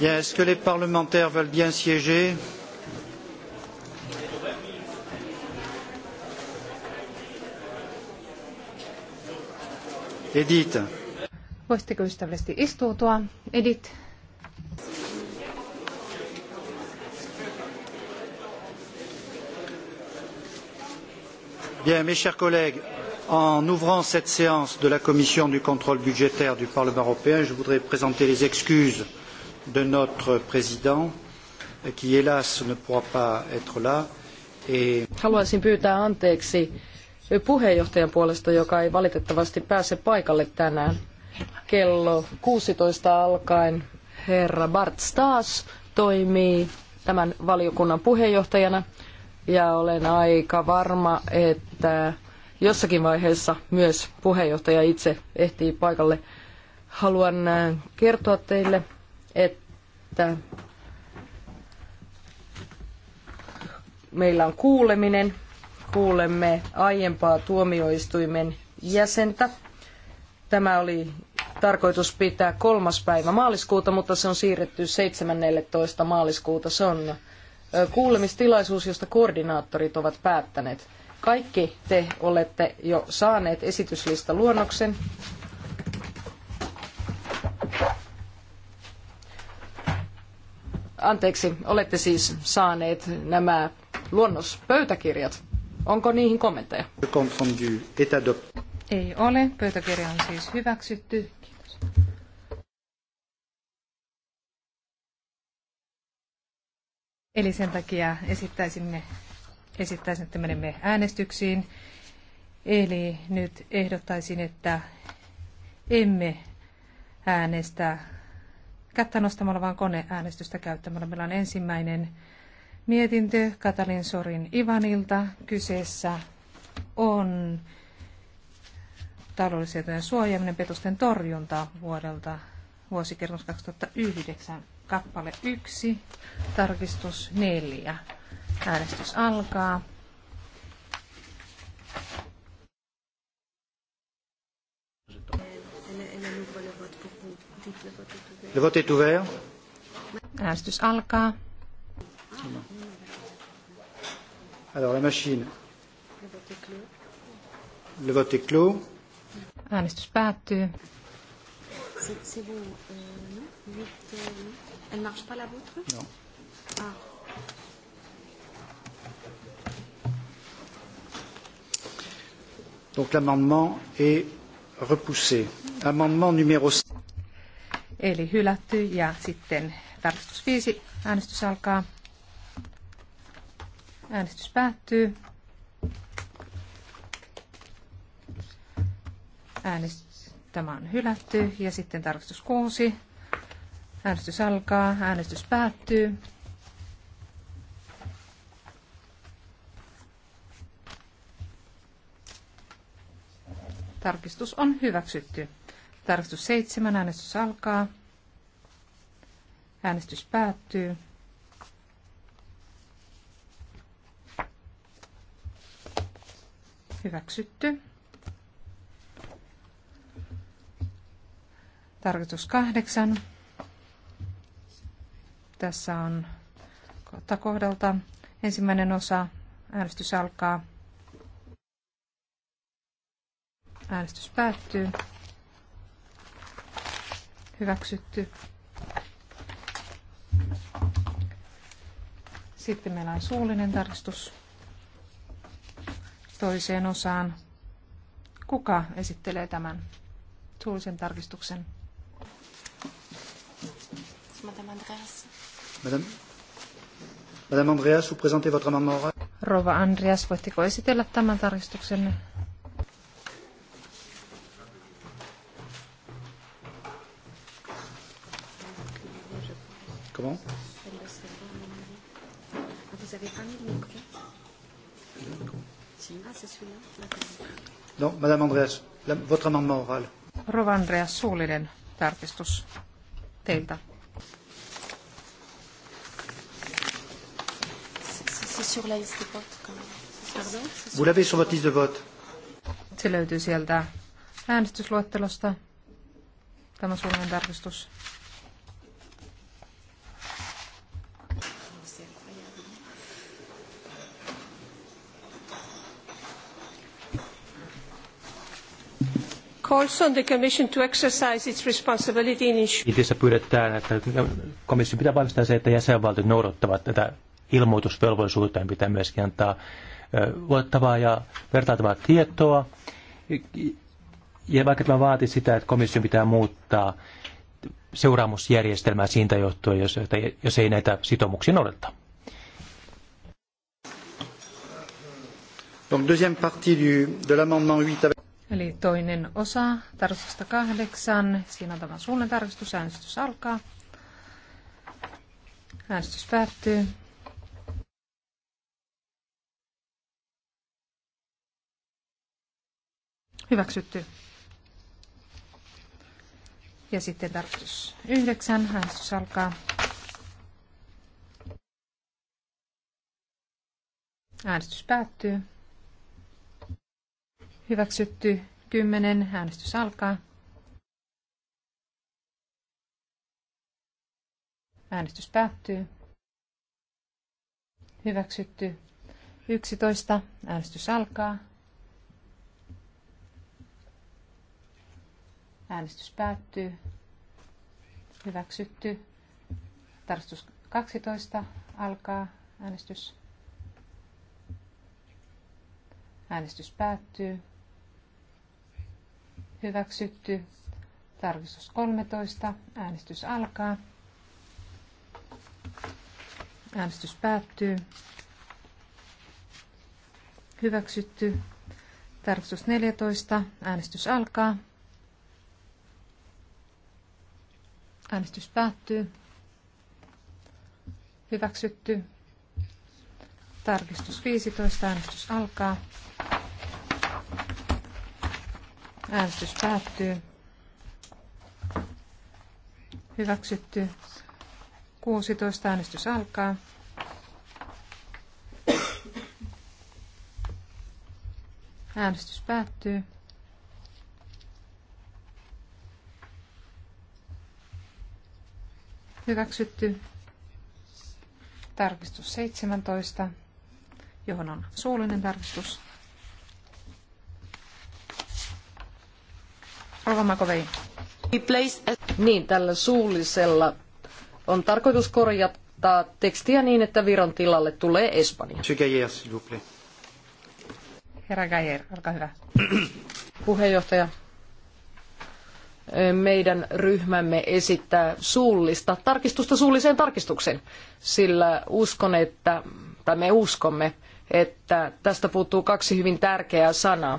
Bien, est-ce que les parlementaires veulent bien siéger Edith. Voisitteko ystävällisesti istuutua? Edith. Bien, mes chers collègues, en ouvrant cette séance de la commission du contrôle budgétaire du Parlement européen, je voudrais présenter les excuses de notre président, qui hélas ne pourra pas être là. Et... Haluaisin pyytää anteeksi puheenjohtajan puolesta, joka ei valitettavasti pääse paikalle tänään. Kello 16 alkaen herra Bart Staas toimii tämän valiokunnan puheenjohtajana ja olen aika varma, että jossakin vaiheessa myös puheenjohtaja itse ehtii paikalle. Haluan äh, kertoa teille että meillä on kuuleminen. Kuulemme aiempaa tuomioistuimen jäsentä. Tämä oli tarkoitus pitää kolmas päivä maaliskuuta, mutta se on siirretty 7.14. maaliskuuta. Se on kuulemistilaisuus, josta koordinaattorit ovat päättäneet. Kaikki te olette jo saaneet esityslista luonnoksen. anteeksi, olette siis saaneet nämä luonnospöytäkirjat. Onko niihin kommentteja? Ei ole. Pöytäkirja on siis hyväksytty. Kiitos. Eli sen takia esittäisimme, esittäisin, että menemme äänestyksiin. Eli nyt ehdottaisin, että emme äänestä kättä nostamalla, vaan koneäänestystä käyttämällä. Meillä on ensimmäinen mietintö Katalin Sorin Ivanilta. Kyseessä on taloudellisietojen suojaaminen petosten torjunta vuodelta vuosikertomus 2009, kappale 1, tarkistus 4. Äänestys alkaa. Enää, enää, enää, Le vote est ouvert. Äänestys alkaa. Alors la machine. Le vote est clos. Äänestys päättyy. C'est bon, euh, non 8, euh, non Elle marche pas la vôtre Non. Ah. Donc l'amendement est repoussé. Amendement numéro 5. Eli hylätty ja sitten tarkistus 5. Äänestys alkaa. Äänestys päättyy. Äänestys, tämä on hylätty ja sitten tarkistus 6. Äänestys alkaa, äänestys päättyy. Tarkistus on hyväksytty. Tarkastus seitsemän, Äänestys alkaa. Äänestys päättyy. Hyväksytty. Tarkoitus kahdeksan. Tässä on kohta kohdalta ensimmäinen osa. Äänestys alkaa. Äänestys päättyy hyväksytty. Sitten meillä on suullinen tarkistus toiseen osaan. Kuka esittelee tämän suullisen tarkistuksen? Madame Andreas. Madame, Madame Andreas, vous présentez votre amendement Rova Andreas, voitteko esitellä tämän tarkistuksenne? Madame Andreas, votre amendement oral. Rova Andreas, suullinen tarkistus teiltä. Vous l'avez sur votre liste de vote. Se löytyy sieltä äänestysluettelosta. Tämä suullinen tarkistus. calls on the Commission to exercise its responsibility in ensuring... pyydetään, että komissio pitää varmistaa se, että jäsenvaltiot noudattavat tätä ilmoitusvelvollisuutta, ja pitää myöskin antaa luottavaa ja vertailtavaa tietoa. Ja vaikka tämä vaati sitä, että komissio pitää muuttaa seuraamusjärjestelmää siitä johtuen, jos, jos ei näitä sitoumuksia noudata. Donc deuxième partie du, de l'amendement 8 avec... Eli toinen osa tarkastusta kahdeksan. Siinä on tämä suullinen tarkistus. Äänestys alkaa. Äänestys päättyy. Hyväksytty. Ja sitten tarkistus yhdeksän. Äänestys alkaa. Äänestys päättyy. Hyväksytty 10. Äänestys alkaa. Äänestys päättyy. Hyväksytty 11. Äänestys alkaa. Äänestys päättyy. Hyväksytty. Tarkastus 12 alkaa. Äänestys. Äänestys päättyy hyväksytty. Tarkistus 13. Äänestys alkaa. Äänestys päättyy. Hyväksytty. Tarkistus 14. Äänestys alkaa. Äänestys päättyy. Hyväksytty. Tarkistus 15. Äänestys alkaa. Äänestys päättyy. Hyväksytty. 16 äänestys alkaa. Äänestys päättyy. Hyväksytty. Tarkistus 17, johon on suullinen tarkistus. Rova Niin, tällä suullisella on tarkoitus korjata tekstiä niin, että Viron tilalle tulee Espanja. Herra Gajer, olkaa hyvä. Puheenjohtaja, meidän ryhmämme esittää suullista tarkistusta suulliseen tarkistukseen, sillä uskon, että, tai me uskomme, että tästä puuttuu kaksi hyvin tärkeää sanaa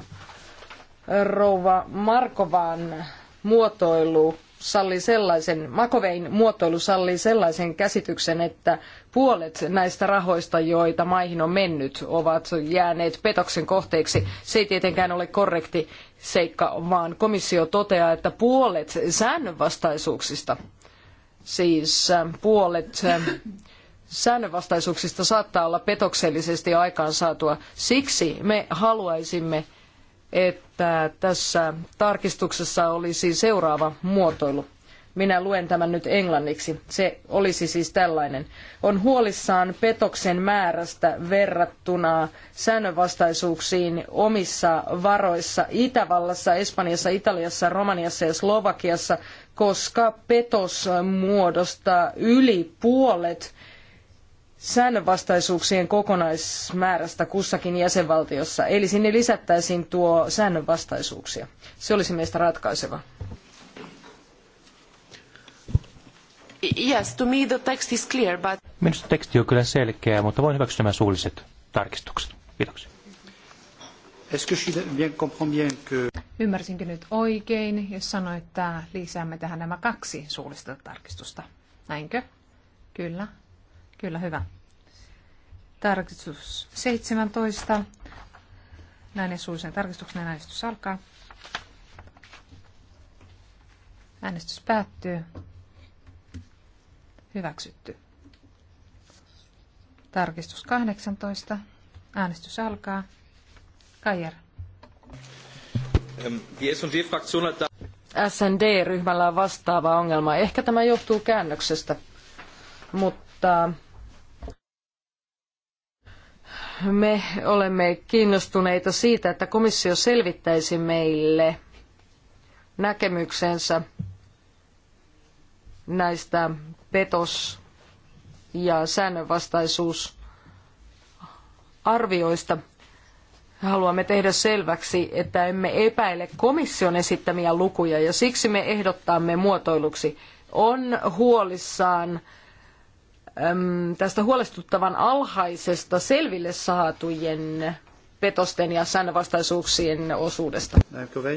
rouva Markovan muotoilu sallii sellaisen, Makovein muotoilu sallii sellaisen käsityksen, että puolet näistä rahoista, joita maihin on mennyt, ovat jääneet petoksen kohteeksi. Se ei tietenkään ole korrekti seikka, vaan komissio toteaa, että puolet säännönvastaisuuksista, siis puolet äh, säännönvastaisuuksista saattaa olla petoksellisesti aikaansaatua. Siksi me haluaisimme että tässä tarkistuksessa olisi seuraava muotoilu. Minä luen tämän nyt englanniksi. Se olisi siis tällainen. On huolissaan petoksen määrästä verrattuna säännönvastaisuuksiin omissa varoissa Itävallassa, Espanjassa, Italiassa, Romaniassa ja Slovakiassa, koska petos muodostaa yli puolet säännönvastaisuuksien kokonaismäärästä kussakin jäsenvaltiossa. Eli sinne lisättäisiin tuo säännönvastaisuuksia. Se olisi meistä ratkaiseva. Yes, to me the text is clear, but... Minusta teksti on kyllä selkeä, mutta voin hyväksyä nämä suulliset tarkistukset. Kiitoksia. Ymmärsinkö nyt oikein, jos sanoin, että lisäämme tähän nämä kaksi suullista tarkistusta? Näinkö? Kyllä, Kyllä, hyvä. Tarkistus 17. Näin suullisen tarkistuksen äänestys alkaa. Äänestys päättyy. Hyväksytty. Tarkistus 18. Äänestys alkaa. Kajer. Ähm, SND-ryhmällä on vastaava ongelma. Ehkä tämä johtuu käännöksestä, mutta me olemme kiinnostuneita siitä, että komissio selvittäisi meille näkemyksensä näistä petos- ja säännönvastaisuusarvioista. Haluamme tehdä selväksi, että emme epäile komission esittämiä lukuja ja siksi me ehdottaamme muotoiluksi on huolissaan tästä huolestuttavan alhaisesta selville saatujen petosten ja säännönvastaisuuksien osuudesta.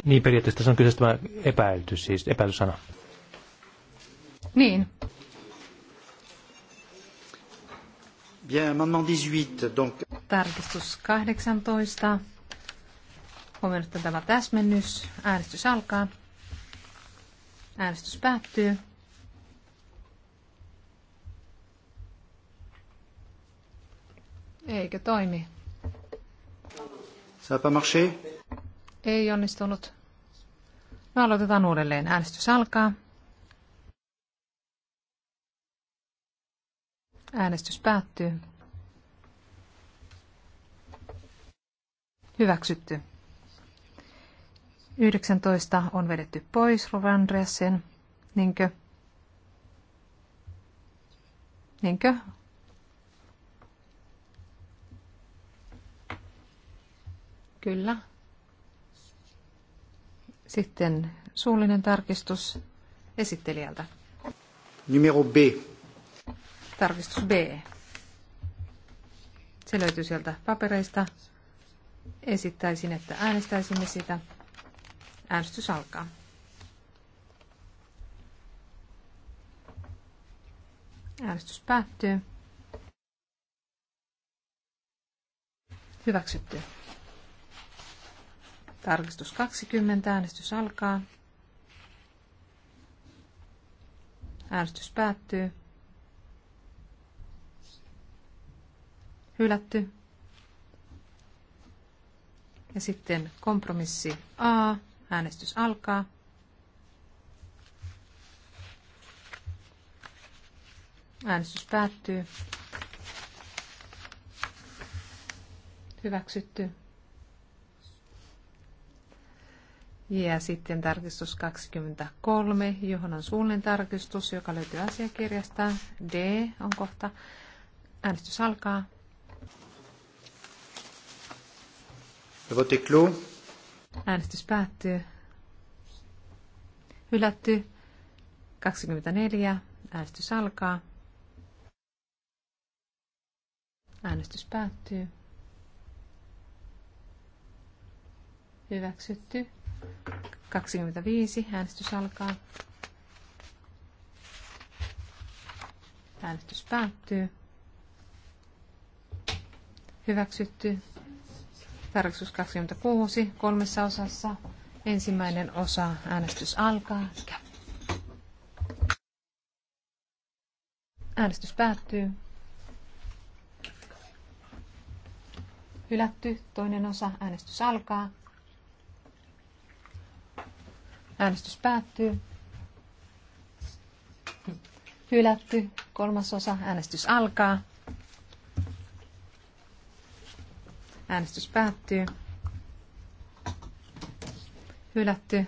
Niin periaatteessa tässä on kyseessä tämä epäilty, siis epäilysana. Niin. Bien, amendement 18, donc... Tarkistus 18. Huomioon tämä täsmennys. Äänestys alkaa. Äänestys päättyy. Eikö toimi? Ça marché? Ei onnistunut. No aloitetaan uudelleen. Äänestys alkaa. Äänestys päättyy. Hyväksytty. 19 on vedetty pois Andreasen. Niinkö? Niinkö? Kyllä. Sitten suullinen tarkistus esittelijältä. Numero B. Tarkistus B. Se löytyy sieltä papereista. Esittäisin, että äänestäisimme sitä. Äänestys alkaa. Äänestys päättyy. Hyväksytty. Tarkistus 20. Äänestys alkaa. Äänestys päättyy. Hylätty. Ja sitten kompromissi A. Äänestys alkaa. Äänestys päättyy. Hyväksytty. Ja sitten tarkistus 23, johon on suullinen tarkistus, joka löytyy asiakirjasta. D on kohta. Äänestys alkaa. Äänestys päättyy. Hylätty. 24. Äänestys alkaa. Äänestys päättyy. Hyväksytty. 25. Äänestys alkaa. Äänestys päättyy. Hyväksytty. Tarkistus 26 kolmessa osassa. Ensimmäinen osa. Äänestys alkaa. Äänestys päättyy. Hylätty. Toinen osa. Äänestys alkaa. Äänestys päättyy. Hylätty. Kolmasosa. Äänestys alkaa. Äänestys päättyy. Hylätty.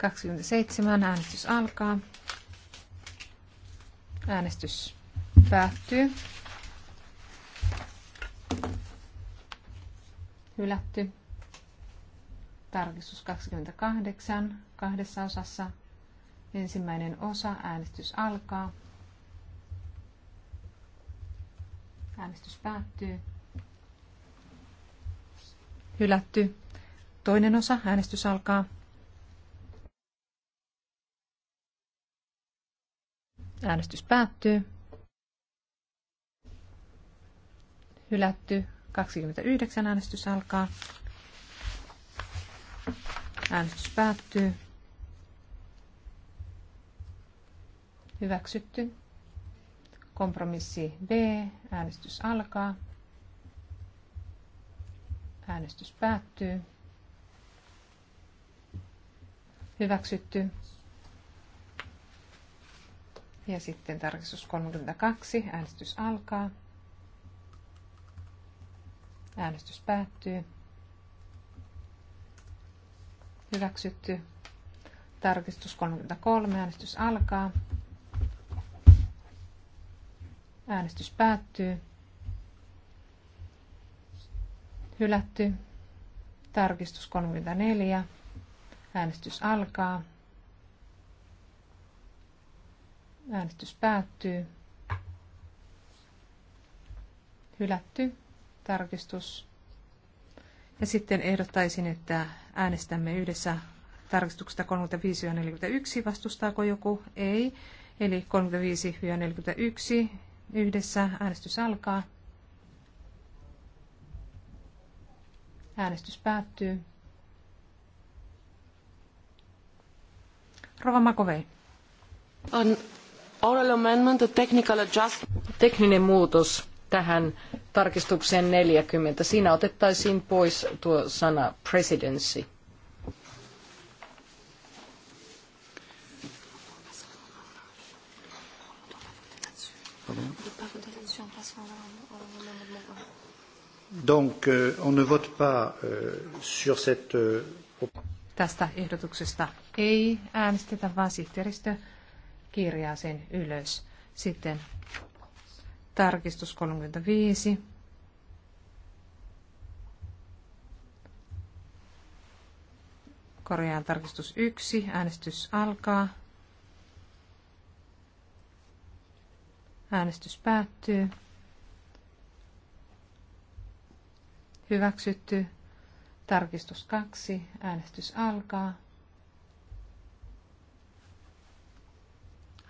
27. Äänestys alkaa. Äänestys päättyy. Hylätty. Tarkistus 28 kahdessa osassa. Ensimmäinen osa, äänestys alkaa. Äänestys päättyy. Hylätty. Toinen osa, äänestys alkaa. Äänestys päättyy. Hylätty. 29 äänestys alkaa. Äänestys päättyy. Hyväksytty. Kompromissi B. Äänestys alkaa. Äänestys päättyy. Hyväksytty. Ja sitten tarkistus 32. Äänestys alkaa. Äänestys päättyy. Hyväksytty. Tarkistus 33. Äänestys alkaa. Äänestys päättyy. Hylätty. Tarkistus 34. Äänestys alkaa. Äänestys päättyy. Hylätty. Tarkistus. Ja sitten ehdottaisin, että Äänestämme yhdessä tarkistuksesta 35-41. Vastustaako joku? Ei. Eli 35-41 yhdessä. Äänestys alkaa. Äänestys päättyy. Rova Makovei. On oral amendment, a technical adjustment. Tekninen muutos tähän tarkistukseen 40. Siinä otettaisiin pois tuo sana presidency. Donc, euh, on ne vote pas euh, sur cette... Euh, Tästä ehdotuksesta ei äänestetä, vaan sihteeristö kirjaa sen ylös. Sitten Tarkistus 35. Korjaan tarkistus 1. Äänestys alkaa. Äänestys päättyy. Hyväksytty. Tarkistus 2. Äänestys alkaa.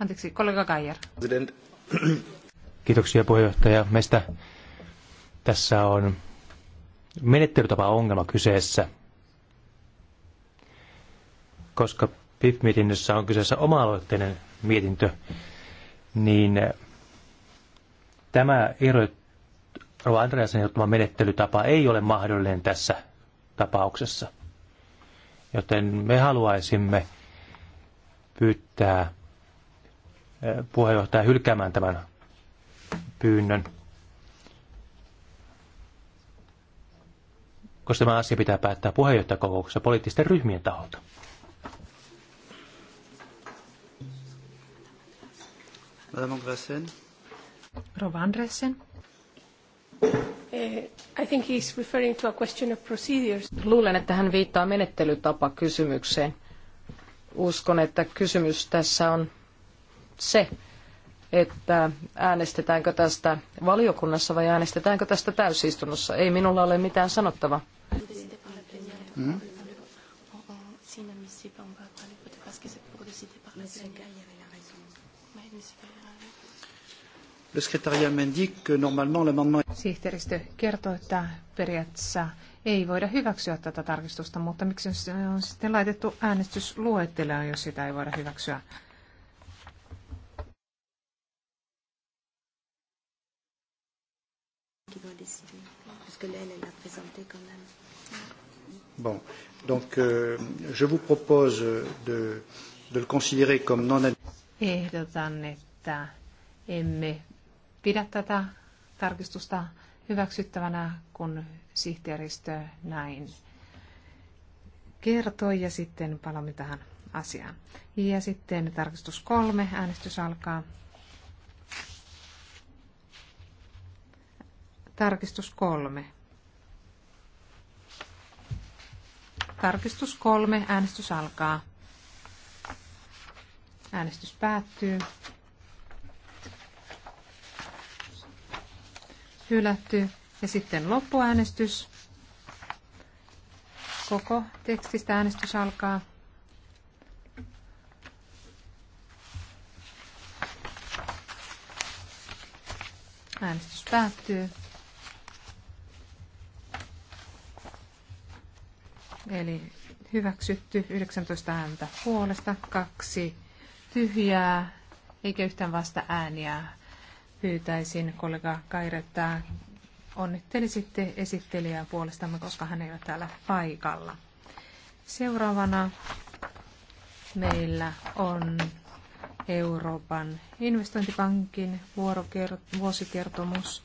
Anteeksi, kollega Kajer. President. Kiitoksia puheenjohtaja. Meistä tässä on menettelytapa ongelma kyseessä, koska PIF-mietinnössä on kyseessä oma-aloitteinen mietintö, niin tämä ero, Rova Andreasen ottama menettelytapa ei ole mahdollinen tässä tapauksessa. Joten me haluaisimme pyytää eh, puheenjohtaja hylkäämään tämän pyynnön. Koska tämä asia pitää päättää puheenjohtajakokouksessa poliittisten ryhmien taholta. Madame Andressen. Rova Andressen. Eh, I think he's referring to a question of procedures. Luulen, että hän viittaa kysymykseen. Uskon, että kysymys tässä on se, että äänestetäänkö tästä valiokunnassa vai äänestetäänkö tästä täysistunnossa. Ei minulla ole mitään sanottavaa. Hmm? Sihteeristö kertoo, että periaatteessa ei voida hyväksyä tätä tarkistusta, mutta miksi se on sitten laitettu äänestysluetteloon, jos sitä ei voida hyväksyä? décidé. parce que elle, elle a présenté quand même. Bon, donc euh, je vous propose de, de le considérer comme non Ehdotan, että emme pidä tätä tarkistusta hyväksyttävänä, kun sihteeristö näin kertoi ja sitten palaamme tähän asiaan. Ja sitten tarkistus kolme, äänestys alkaa. Tarkistus kolme. Tarkistus kolme. Äänestys alkaa. Äänestys päättyy. Hylätty. Ja sitten loppuäänestys. Koko tekstistä äänestys alkaa. Äänestys päättyy. Eli hyväksytty 19 ääntä puolesta, kaksi tyhjää, eikä yhtään vasta ääniä. Pyytäisin kollega Kairetta onnittelisitte esittelijää puolestamme, koska hän ei ole täällä paikalla. Seuraavana meillä on Euroopan investointipankin vuosikertomus.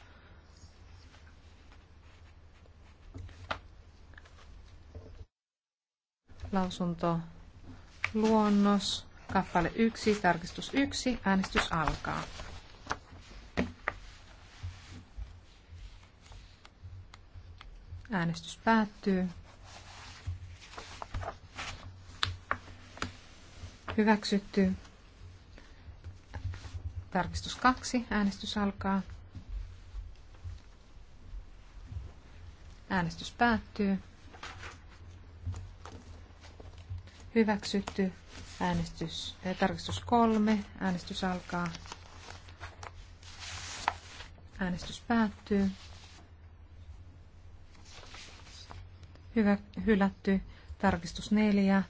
Lausunto luonnos, kappale 1, tarkistus 1, äänestys alkaa. Äänestys päättyy. Hyväksytty. Tarkistus 2. Äänestys alkaa. Äänestys päättyy. Hyväksytty. Äänestys, äh, tarkistus kolme. Äänestys alkaa. Äänestys päättyy. Hyvä, hylätty. Tarkistus neljä.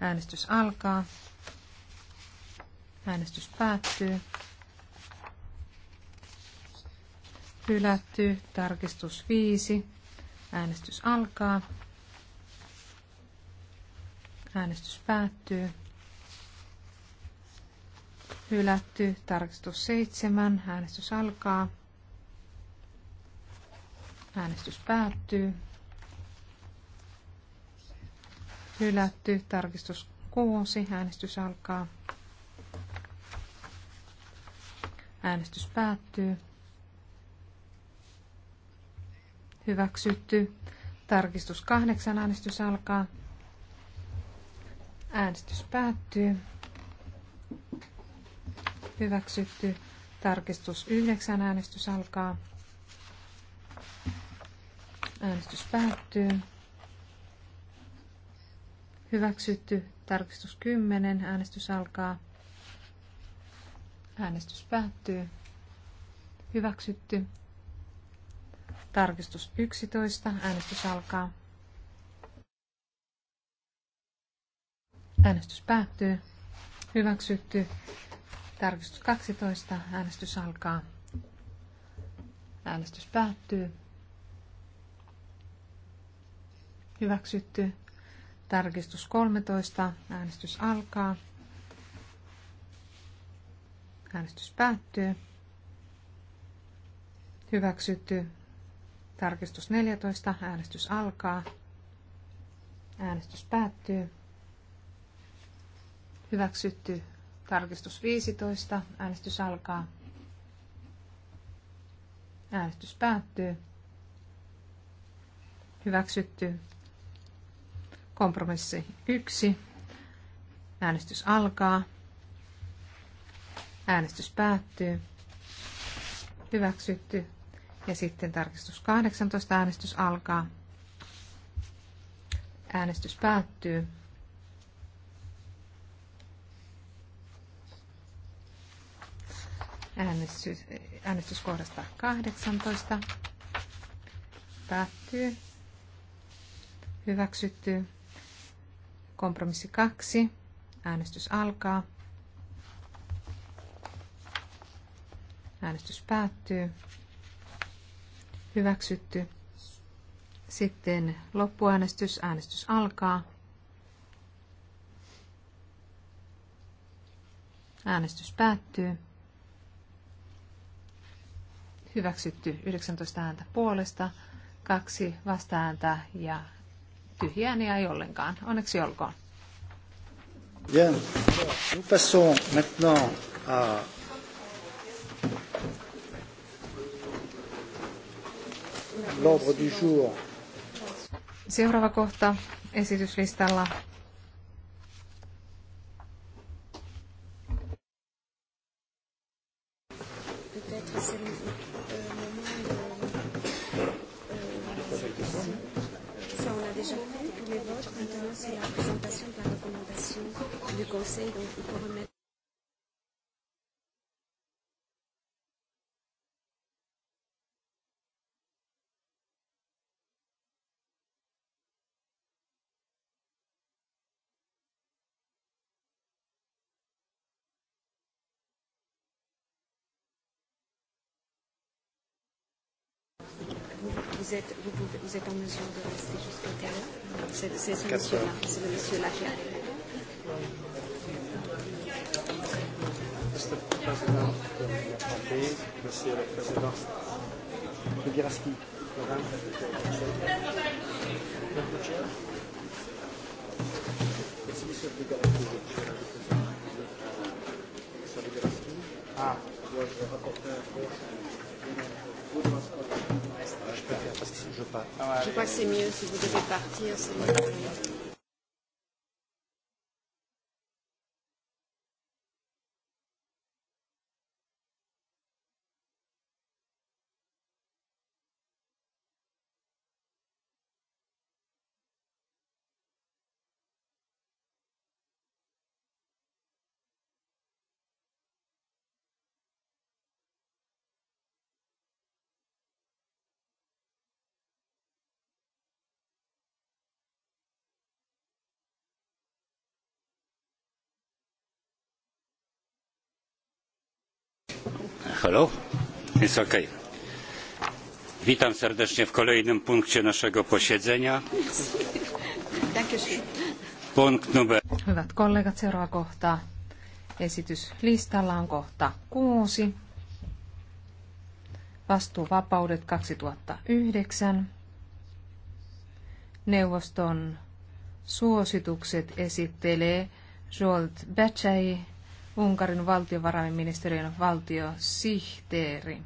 Äänestys alkaa. Äänestys päättyy. Hylätty. Tarkistus viisi. Äänestys alkaa. Äänestys päättyy. Hylätty. Tarkistus 7. Äänestys alkaa. Äänestys päättyy. Hylätty. Tarkistus 6. Äänestys alkaa. Äänestys päättyy. Hyväksytty. Tarkistus 8. Äänestys alkaa. Äänestys päättyy. Hyväksytty. Tarkistus 9. Äänestys alkaa. Äänestys päättyy. Hyväksytty. Tarkistus 10. Äänestys alkaa. Äänestys päättyy. Hyväksytty. Tarkistus 11. Äänestys alkaa. Äänestys päättyy. Hyväksytty. Tarkistus 12. Äänestys alkaa. Äänestys päättyy. Hyväksytty. Tarkistus 13. Äänestys alkaa. Äänestys päättyy. Hyväksytty. Tarkistus 14. Äänestys alkaa. Äänestys päättyy. Hyväksytty. Tarkistus 15. Äänestys alkaa. Äänestys päättyy. Hyväksytty. Kompromissi 1. Äänestys alkaa. Äänestys päättyy. Hyväksytty. Ja sitten tarkistus 18. Äänestys alkaa. Äänestys päättyy. äänestys, äänestyskohdasta 18 päättyy. Hyväksytty. Kompromissi 2. Äänestys alkaa. Äänestys päättyy. Hyväksytty. Sitten loppuäänestys. Äänestys alkaa. Äänestys päättyy hyväksytty 19 ääntä puolesta, kaksi vastaääntä ja tyhjää niin ei ollenkaan. Onneksi olkoon. Bien. Nous passons maintenant à l'ordre du jour. Seuraava kohta esityslistalla vous êtes, vous, pouvez, vous êtes en mesure de rester jusqu'à quelle heure C'est ce monsieur-là monsieur, -là, monsieur -là qui arrive. Monsieur le Président, Monsieur le Président, le Biraski, le Rhin, le Boucher. Merci, Monsieur le Biraski, Monsieur le Biraski. Ah, le rapporteur. Je passe. Je crois que c'est mieux si vous devez partir, c'est mieux. Hello? It's okay. Witam serdecznie w kolejnym punkcie naszego posiedzenia. Punkt numer... Hyvät kollegat, seuraava kohta esityslistalla on kohta kuusi. Vastuuvapaudet 2009. Neuvoston suositukset esittelee Jolt Batchay Unkarin valtiovarainministeriön valtiosihteeri.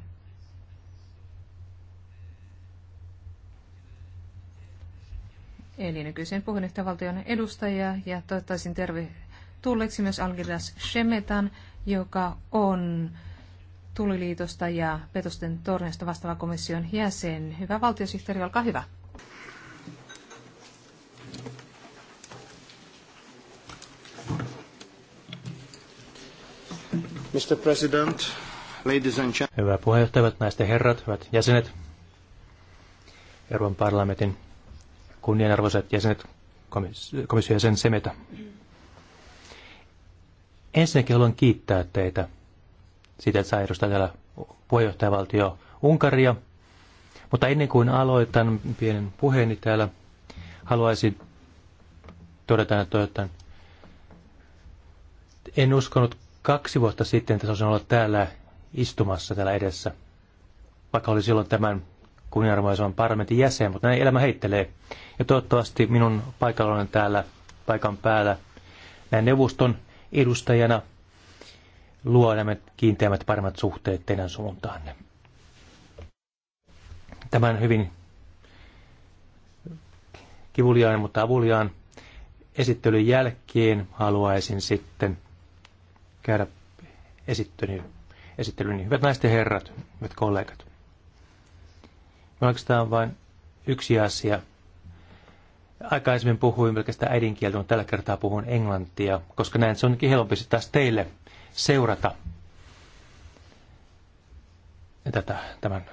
Eli nykyisen valtion edustajia ja toivottaisin tervetulleeksi myös Algirdas Shemetan, joka on tuliliitosta ja petosten torneista vastaava komission jäsen. Hyvä valtiosihteeri, olkaa hyvä. Mr. President, ladies and gentlemen. Hyvä puheenjohtaja, hyvät naiset ja herrat, hyvät jäsenet, Euroopan parlamentin kunnianarvoiset jäsenet, komission jäsen Semeta. Ensinnäkin haluan kiittää teitä siitä, että saa edustaa täällä puheenjohtajavaltio Unkaria. Mutta ennen kuin aloitan pienen puheeni täällä, haluaisin todeta, että en uskonut kaksi vuotta sitten tässä olisin ollut täällä istumassa täällä edessä, vaikka oli silloin tämän kunnianarvoisen parlamentin jäsen, mutta näin elämä heittelee. Ja toivottavasti minun olen täällä paikan päällä näin neuvoston edustajana luo nämä kiinteämmät paremmat suhteet teidän suuntaanne. Tämän hyvin kivuliaan, mutta avuliaan esittelyn jälkeen haluaisin sitten käydä esittelyni. esittelyni. Hyvät naiset ja herrat, hyvät kollegat. Minulla on vain yksi asia. Aikaisemmin puhuin pelkästään äidinkieltä, mutta tällä kertaa puhun englantia, koska näin se onkin helpompi taas teille seurata tätä, tämän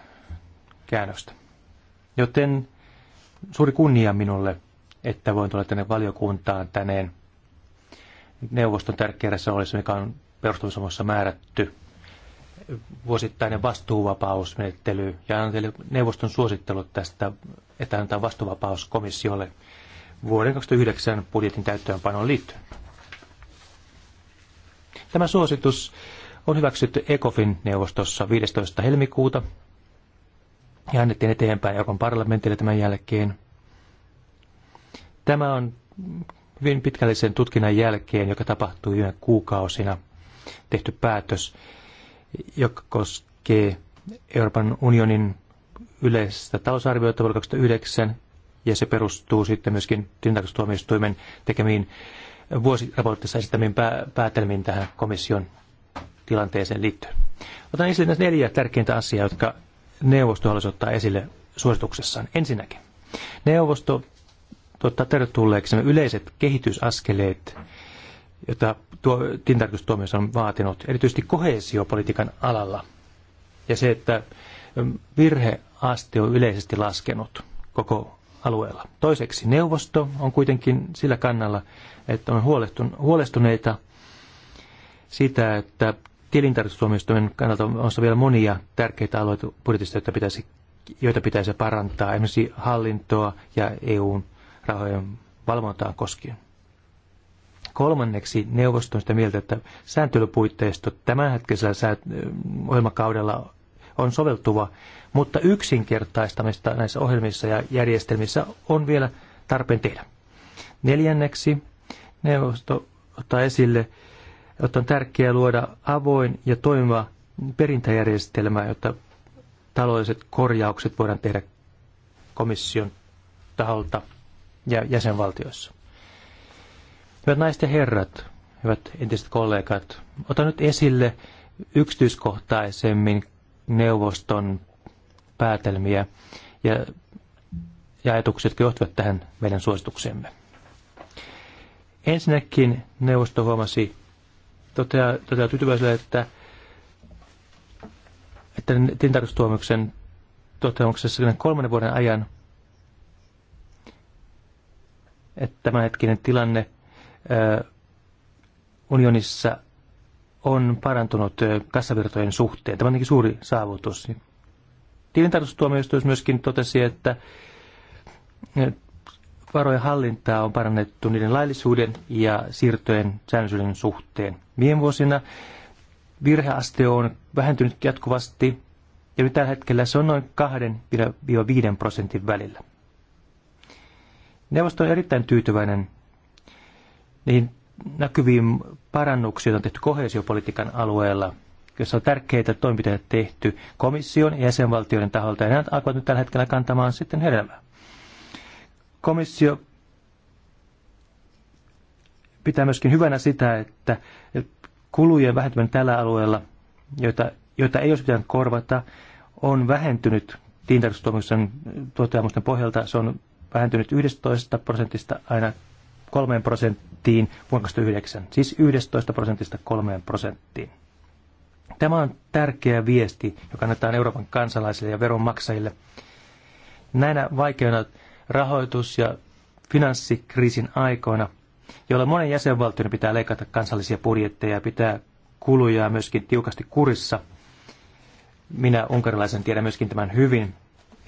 käännöstä. Joten suuri kunnia minulle, että voin tulla tänne valiokuntaan tänne neuvoston tärkeässä olisi, mikä on perustumisomossa määrätty vuosittainen vastuuvapausmenettely ja annan teille neuvoston suosittelut tästä, että antaa vastuuvapaus komissiolle vuoden 2009 budjetin täyttöönpanoon liittyen. Tämä suositus on hyväksytty ECOFIN neuvostossa 15. helmikuuta ja annettiin eteenpäin Euroopan parlamentille tämän jälkeen. Tämä on hyvin pitkällisen tutkinnan jälkeen, joka tapahtui yhden kuukausina – tehty päätös, joka koskee Euroopan unionin yleistä talousarviota vuonna 2009, ja se perustuu sitten myöskin tilintarkastustuomioistuimen tekemiin vuosiraportissa esittämiin päätelmiin tähän komission tilanteeseen liittyen. Otan esille näitä neljä tärkeintä asiaa, jotka neuvosto haluaisi ottaa esille suosituksessaan. Ensinnäkin, neuvosto tuottaa tervetulleeksi yleiset kehitysaskeleet, jota tuo tintarkastustuomioissa on vaatinut, erityisesti kohesiopolitiikan alalla. Ja se, että mm, virheaste on yleisesti laskenut koko alueella. Toiseksi neuvosto on kuitenkin sillä kannalla, että on huolestuneita sitä, että tilintarkastustuomioistuimen kannalta on vielä monia tärkeitä alueita budjetista, joita pitäisi, joita pitäisi parantaa, esimerkiksi hallintoa ja EUn rahojen valvontaa koskien. Kolmanneksi neuvosto on sitä mieltä, että sääntelypuitteisto tämänhetkisellä ohjelmakaudella on soveltuva, mutta yksinkertaistamista näissä ohjelmissa ja järjestelmissä on vielä tarpeen tehdä. Neljänneksi neuvosto ottaa esille, että on tärkeää luoda avoin ja toimiva perintäjärjestelmä, jotta taloudelliset korjaukset voidaan tehdä komission taholta ja jäsenvaltioissa. Hyvät naiset ja herrat, hyvät entiset kollegat, otan nyt esille yksityiskohtaisemmin neuvoston päätelmiä ja, ja ajatuksia, jotka johtuvat tähän meidän suosituksemme. Ensinnäkin neuvosto huomasi toteaa, toteaa tyytyväisellä, että, että tintarkastustuomioiksen toteamuksessa kolmannen vuoden ajan että tämänhetkinen tilanne unionissa on parantunut kassavirtojen suhteen. Tämä on suuri saavutus. Tilintarkastustuomioistuus myöskin totesi, että varojen hallintaa on parannettu niiden laillisuuden ja siirtojen säännöllisyyden suhteen. Viime vuosina virheaste on vähentynyt jatkuvasti ja nyt tällä hetkellä se on noin 2-5 prosentin välillä. Neuvosto on erittäin tyytyväinen niihin näkyviin parannuksiin, joita on tehty kohesiopolitiikan alueella, jossa on tärkeitä toimenpiteitä tehty komission ja jäsenvaltioiden taholta, ja nämä alkavat nyt tällä hetkellä kantamaan sitten hedelmää. Komissio pitää myöskin hyvänä sitä, että kulujen vähentyminen tällä alueella, joita, joita ei olisi pitänyt korvata, on vähentynyt tiintarkastustuomioiden toteamusten pohjalta. Se on vähentynyt 11 prosentista aina 3 prosenttiin vuonna 2009, siis 11 prosentista 3 prosenttiin. Tämä on tärkeä viesti, joka annetaan Euroopan kansalaisille ja veronmaksajille. Näinä vaikeina rahoitus- ja finanssikriisin aikoina, joilla monen jäsenvaltion pitää leikata kansallisia budjetteja ja pitää kuluja myöskin tiukasti kurissa. Minä unkarilaisen tiedän myöskin tämän hyvin.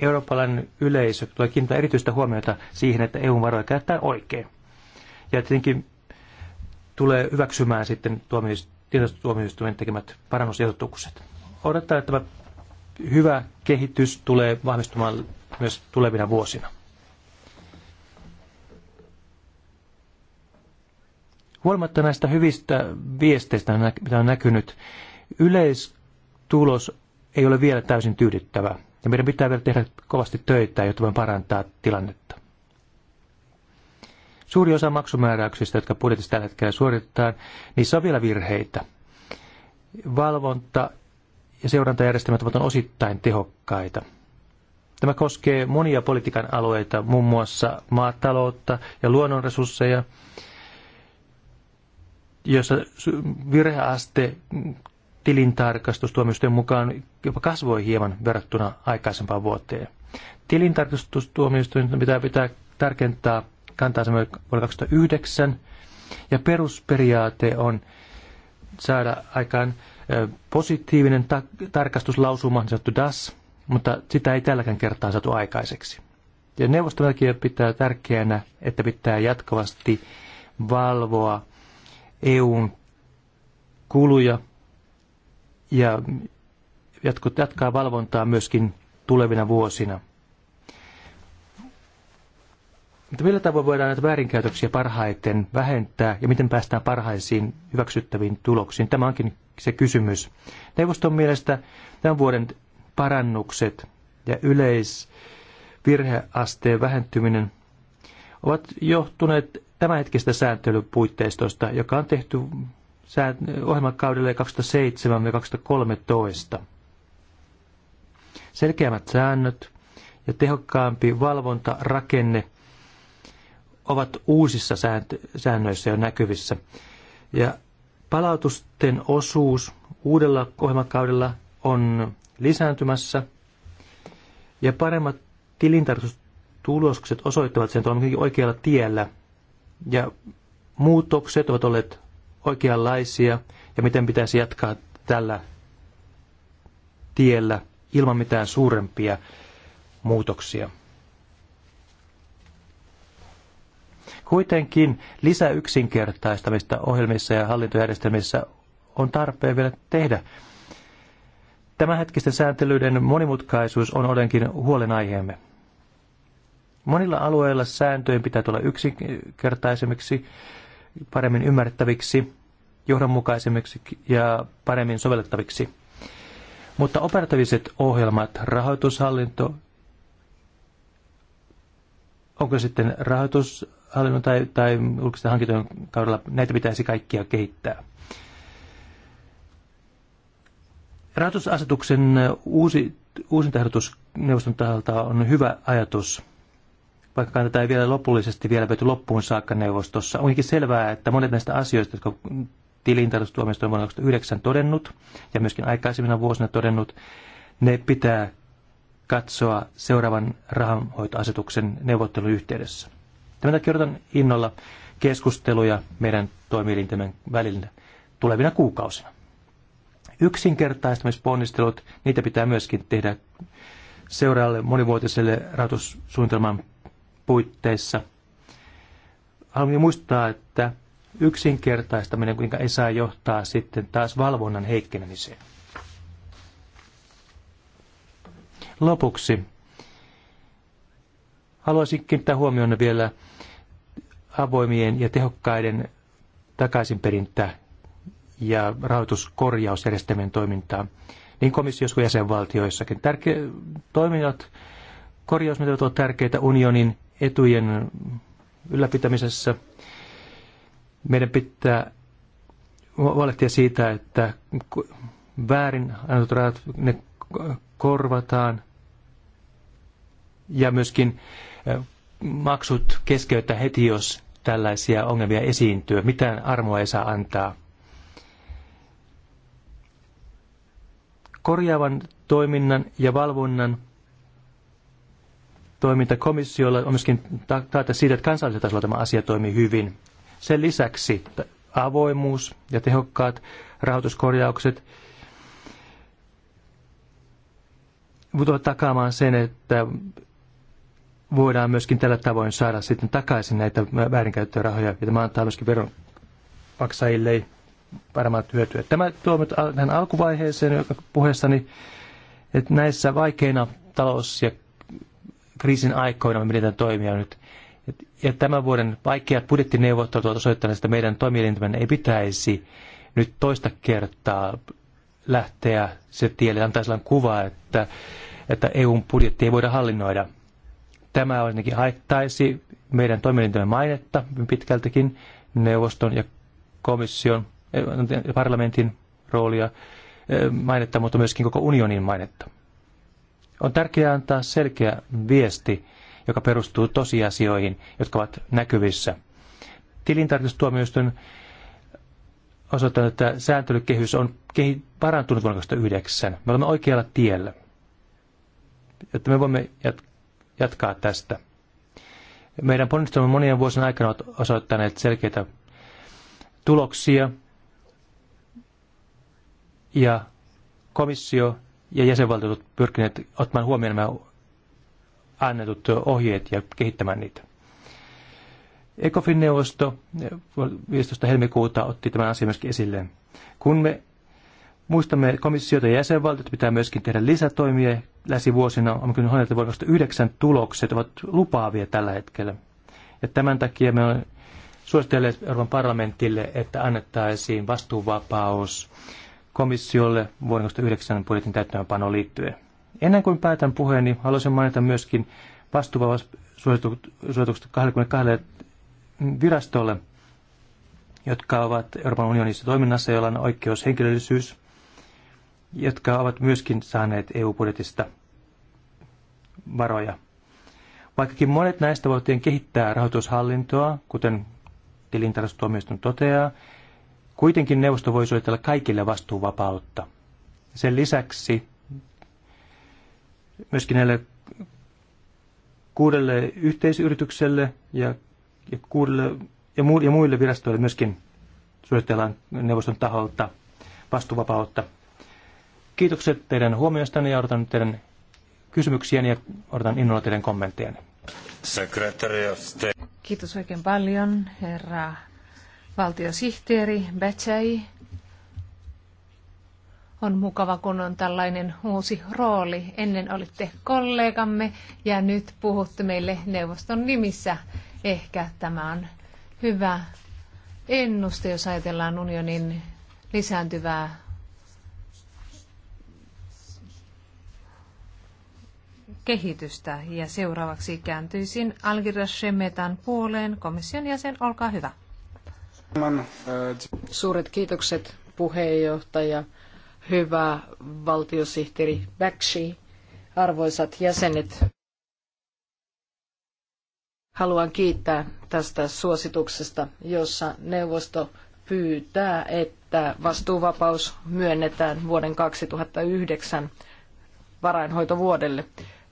Eurooppalainen yleisö tulee kiinnittää erityistä huomiota siihen, että EU-varoja käyttää oikein ja tietenkin tulee hyväksymään sitten tietotuomioistuimen tekemät parannusehdotukset. Odotetaan, että tämä hyvä kehitys tulee vahvistumaan myös tulevina vuosina. Huolimatta näistä hyvistä viesteistä, mitä on näkynyt, yleistulos ei ole vielä täysin tyydyttävä. Ja meidän pitää vielä tehdä kovasti töitä, jotta voimme parantaa tilannetta. Suuri osa maksumääräyksistä, jotka budjetissa tällä hetkellä suoritetaan, niissä on vielä virheitä. Valvonta ja seurantajärjestelmät ovat osittain tehokkaita. Tämä koskee monia politiikan alueita, muun muassa maataloutta ja luonnonresursseja, jossa virheaste tilintarkastustuomioistuimen mukaan jopa kasvoi hieman verrattuna aikaisempaan vuoteen. Tilintarkastustuomioistuin pitää pitää tarkentaa se vuonna 2009. Ja perusperiaate on saada aikaan positiivinen ta- tarkastuslausuma, niin sanottu DAS, mutta sitä ei tälläkään kertaa saatu aikaiseksi. Ja neuvostoväkiä pitää tärkeänä, että pitää jatkuvasti valvoa EUn kuluja ja jatkaa valvontaa myöskin tulevina vuosina. Mutta millä tavoin voidaan näitä väärinkäytöksiä parhaiten vähentää ja miten päästään parhaisiin hyväksyttäviin tuloksiin? Tämä onkin se kysymys. Neuvoston mielestä tämän vuoden parannukset ja yleisvirheasteen vähentyminen ovat johtuneet tämänhetkistä sääntelypuitteistosta, joka on tehty ohjelmakaudelle 2007 ja 2013. Selkeämmät säännöt ja tehokkaampi valvontarakenne ovat uusissa säännöissä jo näkyvissä. Ja palautusten osuus uudella ohjelmakaudella on lisääntymässä ja paremmat tilintarkastustulokset osoittavat sen, että olemme oikealla tiellä ja muutokset ovat olleet oikeanlaisia ja miten pitäisi jatkaa tällä tiellä ilman mitään suurempia muutoksia. Kuitenkin lisäyksinkertaistamista ohjelmissa ja hallintojärjestelmissä on tarpeen vielä tehdä. Tämänhetkisten sääntelyiden monimutkaisuus on olenkin huolenaiheemme. Monilla alueilla sääntöjen pitää tulla yksinkertaisemmiksi, paremmin ymmärrettäviksi, johdonmukaisemmiksi ja paremmin sovellettaviksi. Mutta operatiiviset ohjelmat, rahoitushallinto, onko sitten rahoitus, hallinnon tai, tai julkisten hankintojen kaudella näitä pitäisi kaikkia kehittää. Rahoitusasetuksen uusi, uusintahdotus neuvoston taholta on hyvä ajatus, vaikka tätä ei vielä lopullisesti vielä vety loppuun saakka neuvostossa. Onkin selvää, että monet näistä asioista, jotka on vuonna 2009 todennut ja myöskin aikaisemmina vuosina todennut, ne pitää katsoa seuraavan rahanhoitoasetuksen neuvotteluyhteydessä. Tämän takia odotan innolla keskusteluja meidän toimielintämme välillä tulevina kuukausina. Yksinkertaistamisponnistelut, niitä pitää myöskin tehdä seuraavalle monivuotiselle rahoitussuunnitelman puitteissa. Haluan muistaa, että yksinkertaistaminen kuinka ei saa johtaa sitten taas valvonnan heikkenemiseen. Lopuksi Haluaisin kiinnittää huomioon vielä avoimien ja tehokkaiden takaisinperintä- ja rahoituskorjausjärjestelmien toimintaa niin komissiossa kuin jäsenvaltioissakin. Tärke- toiminnot, korjausmetodit ovat tärkeitä unionin etujen ylläpitämisessä. Meidän pitää huolehtia siitä, että väärin annetut rahat, ne korvataan. Ja myöskin maksut keskeyttää heti, jos tällaisia ongelmia esiintyy. Mitään armoa ei saa antaa. Korjaavan toiminnan ja valvonnan toiminta on myöskin taata siitä, että kansallisella tasolla tämä asia toimii hyvin. Sen lisäksi avoimuus ja tehokkaat rahoituskorjaukset tulevat takaamaan sen, että voidaan myöskin tällä tavoin saada sitten takaisin näitä väärinkäyttörahoja, ja tämä antaa myöskin maksajille varmaan hyötyä. Tämä tuo nyt tähän alkuvaiheeseen puheessani, että näissä vaikeina talous- ja kriisin aikoina me mietitään toimia nyt. Ja tämän vuoden vaikeat budjettineuvottelut ovat osoittaneet, että meidän toimielintämme ei pitäisi nyt toista kertaa lähteä se tielle, antaa sellainen kuva, että, että EUn budjetti ei voida hallinnoida. Tämä ainakin haittaisi meidän toimielintämme mainetta pitkältikin neuvoston ja komission, eh, parlamentin roolia eh, mainetta, mutta myöskin koko unionin mainetta. On tärkeää antaa selkeä viesti, joka perustuu tosiasioihin, jotka ovat näkyvissä. Tilintarkastustuomioistuin osoittanut, että sääntelykehys on parantunut vuonna 2009. Me olemme oikealla tiellä, että me voimme jatkaa jatkaa tästä. Meidän ponnistelumme monien vuosien aikana ovat osoittaneet selkeitä tuloksia, ja komissio ja jäsenvaltiot pyrkineet ottamaan huomioon nämä annetut ohjeet ja kehittämään niitä. ECOFIN-neuvosto 15. helmikuuta otti tämän asian myöskin esille. Kun me Muistamme komissiota ja jäsenvaltiot pitää myöskin tehdä lisätoimia läsivuosina. Ammatillinen hoidon vuoden yhdeksän tulokset ovat lupaavia tällä hetkellä. Ja tämän takia me olemme suositelleet Euroopan parlamentille, että annettaisiin vastuuvapaus komissiolle vuoden 2009 budjetin täyttämäpanoon liittyen. Ennen kuin päätän puheen, niin haluaisin mainita myöskin vastuuvapaus suositukset 22 virastolle, jotka ovat Euroopan unionissa toiminnassa, joilla on oikeus henkilöllisyys, jotka ovat myöskin saaneet EU-budjetista varoja. Vaikkakin monet näistä voitiin kehittää rahoitushallintoa, kuten tilintarkastustuomioistuin toteaa, kuitenkin neuvosto voi suojella kaikille vastuuvapautta. Sen lisäksi myöskin näille kuudelle yhteisyritykselle ja, ja, kuudelle, ja, mu, ja muille virastoille myöskin suositellaan neuvoston taholta vastuuvapautta. Kiitokset teidän huomioistanne ja odotan teidän kysymyksiäni ja odotan innolla teidän kommenttejanne. Kiitos oikein paljon, herra valtiosihteeri Bechai. On mukava, kun on tällainen uusi rooli. Ennen olitte kollegamme ja nyt puhutte meille neuvoston nimissä. Ehkä tämä on hyvä ennuste, jos ajatellaan unionin lisääntyvää kehitystä. Ja seuraavaksi kääntyisin Algiras Shemetan puoleen. Komission jäsen, olkaa hyvä. Suuret kiitokset puheenjohtaja, hyvä valtiosihteeri Bakshi, arvoisat jäsenet. Haluan kiittää tästä suosituksesta, jossa neuvosto pyytää, että vastuuvapaus myönnetään vuoden 2009 varainhoitovuodelle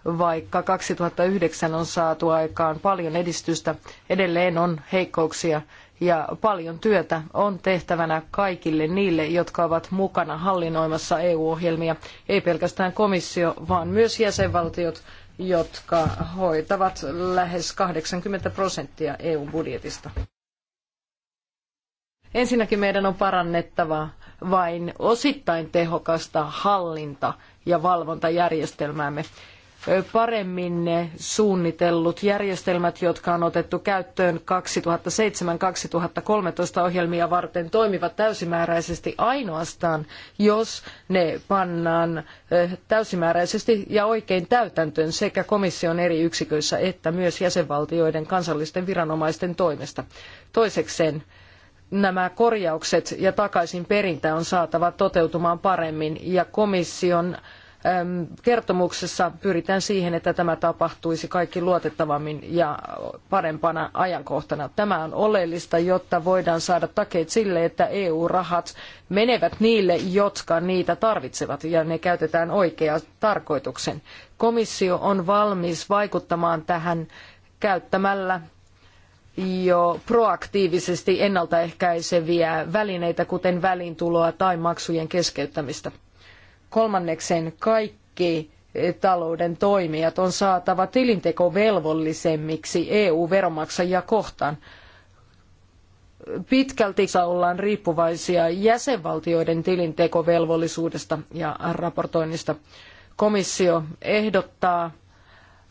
vaikka 2009 on saatu aikaan paljon edistystä, edelleen on heikkouksia ja paljon työtä on tehtävänä kaikille niille, jotka ovat mukana hallinnoimassa EU-ohjelmia, ei pelkästään komissio, vaan myös jäsenvaltiot, jotka hoitavat lähes 80 prosenttia EU-budjetista. Ensinnäkin meidän on parannettava vain osittain tehokasta hallinta- ja valvontajärjestelmäämme paremmin ne suunnitellut järjestelmät, jotka on otettu käyttöön 2007-2013 ohjelmia varten, toimivat täysimääräisesti ainoastaan, jos ne pannaan täysimääräisesti ja oikein täytäntöön sekä komission eri yksiköissä että myös jäsenvaltioiden kansallisten viranomaisten toimesta. Toisekseen nämä korjaukset ja takaisinperintä on saatava toteutumaan paremmin ja komission kertomuksessa pyritään siihen, että tämä tapahtuisi kaikki luotettavammin ja parempana ajankohtana. Tämä on oleellista, jotta voidaan saada takeet sille, että EU-rahat menevät niille, jotka niitä tarvitsevat ja ne käytetään oikeaan tarkoituksen. Komissio on valmis vaikuttamaan tähän käyttämällä jo proaktiivisesti ennaltaehkäiseviä välineitä, kuten väliintuloa tai maksujen keskeyttämistä. Kolmannekseen kaikki eh, talouden toimijat on saatava tilintekovelvollisemmiksi EU-veronmaksajia kohtaan. Pitkälti ollaan riippuvaisia jäsenvaltioiden tilintekovelvollisuudesta ja raportoinnista. Komissio ehdottaa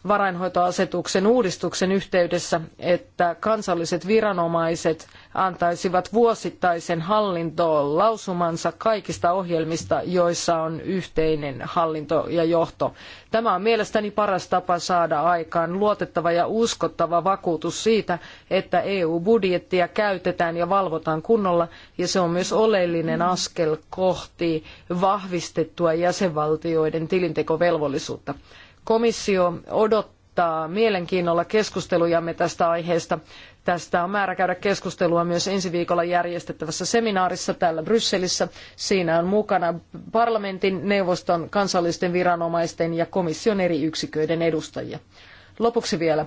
varainhoitoasetuksen uudistuksen yhteydessä, että kansalliset viranomaiset antaisivat vuosittaisen hallintoon lausumansa kaikista ohjelmista, joissa on yhteinen hallinto ja johto. Tämä on mielestäni paras tapa saada aikaan luotettava ja uskottava vakuutus siitä, että EU-budjettia käytetään ja valvotaan kunnolla, ja se on myös oleellinen askel kohti vahvistettua jäsenvaltioiden tilintekovelvollisuutta. Komissio odottaa mielenkiinnolla keskustelujamme tästä aiheesta. Tästä on määrä käydä keskustelua myös ensi viikolla järjestettävässä seminaarissa täällä Brysselissä. Siinä on mukana parlamentin, neuvoston, kansallisten viranomaisten ja komission eri yksiköiden edustajia. Lopuksi vielä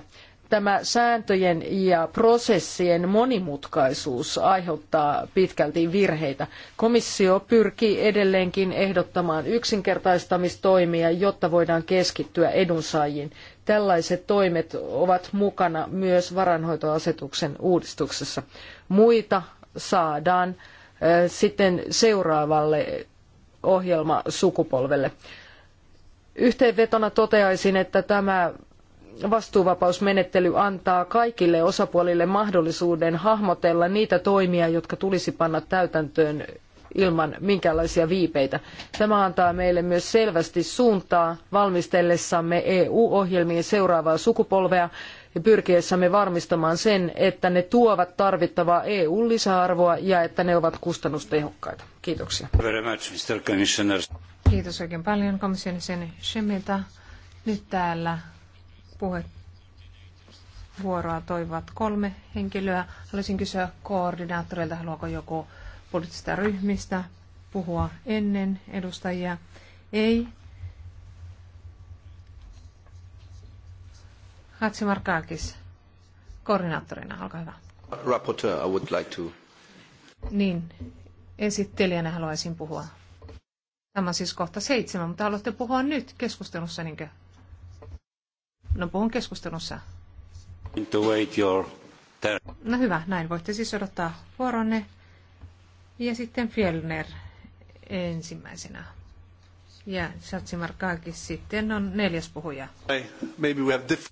tämä sääntöjen ja prosessien monimutkaisuus aiheuttaa pitkälti virheitä. Komissio pyrkii edelleenkin ehdottamaan yksinkertaistamistoimia, jotta voidaan keskittyä edunsaajiin. Tällaiset toimet ovat mukana myös varanhoitoasetuksen uudistuksessa. Muita saadaan sitten seuraavalle ohjelmasukupolvelle. Yhteenvetona toteaisin, että tämä vastuuvapausmenettely antaa kaikille osapuolille mahdollisuuden hahmotella niitä toimia, jotka tulisi panna täytäntöön ilman minkäänlaisia viipeitä. Tämä antaa meille myös selvästi suuntaa valmistellessamme EU-ohjelmien seuraavaa sukupolvea ja pyrkiessämme varmistamaan sen, että ne tuovat tarvittavaa EU-lisäarvoa ja että ne ovat kustannustehokkaita. Kiitoksia. Kiitos oikein paljon komission sen Nyt täällä puheenvuoroa vuoroa toivat kolme henkilöä. Haluaisin kysyä koordinaattorilta, haluaako joku poliittisista ryhmistä puhua ennen edustajia? Ei. Markakis, koordinaattorina, olkaa hyvä. Rapporteur, I would like to... Niin, esittelijänä haluaisin puhua. Tämä on siis kohta seitsemän, mutta haluatte puhua nyt keskustelussa, niinkö? No puhun keskustelussa. No hyvä, näin voitte siis odottaa vuoronne. Ja sitten Fjellner ensimmäisenä. Ja Satsimarkakis sitten on neljäs puhuja.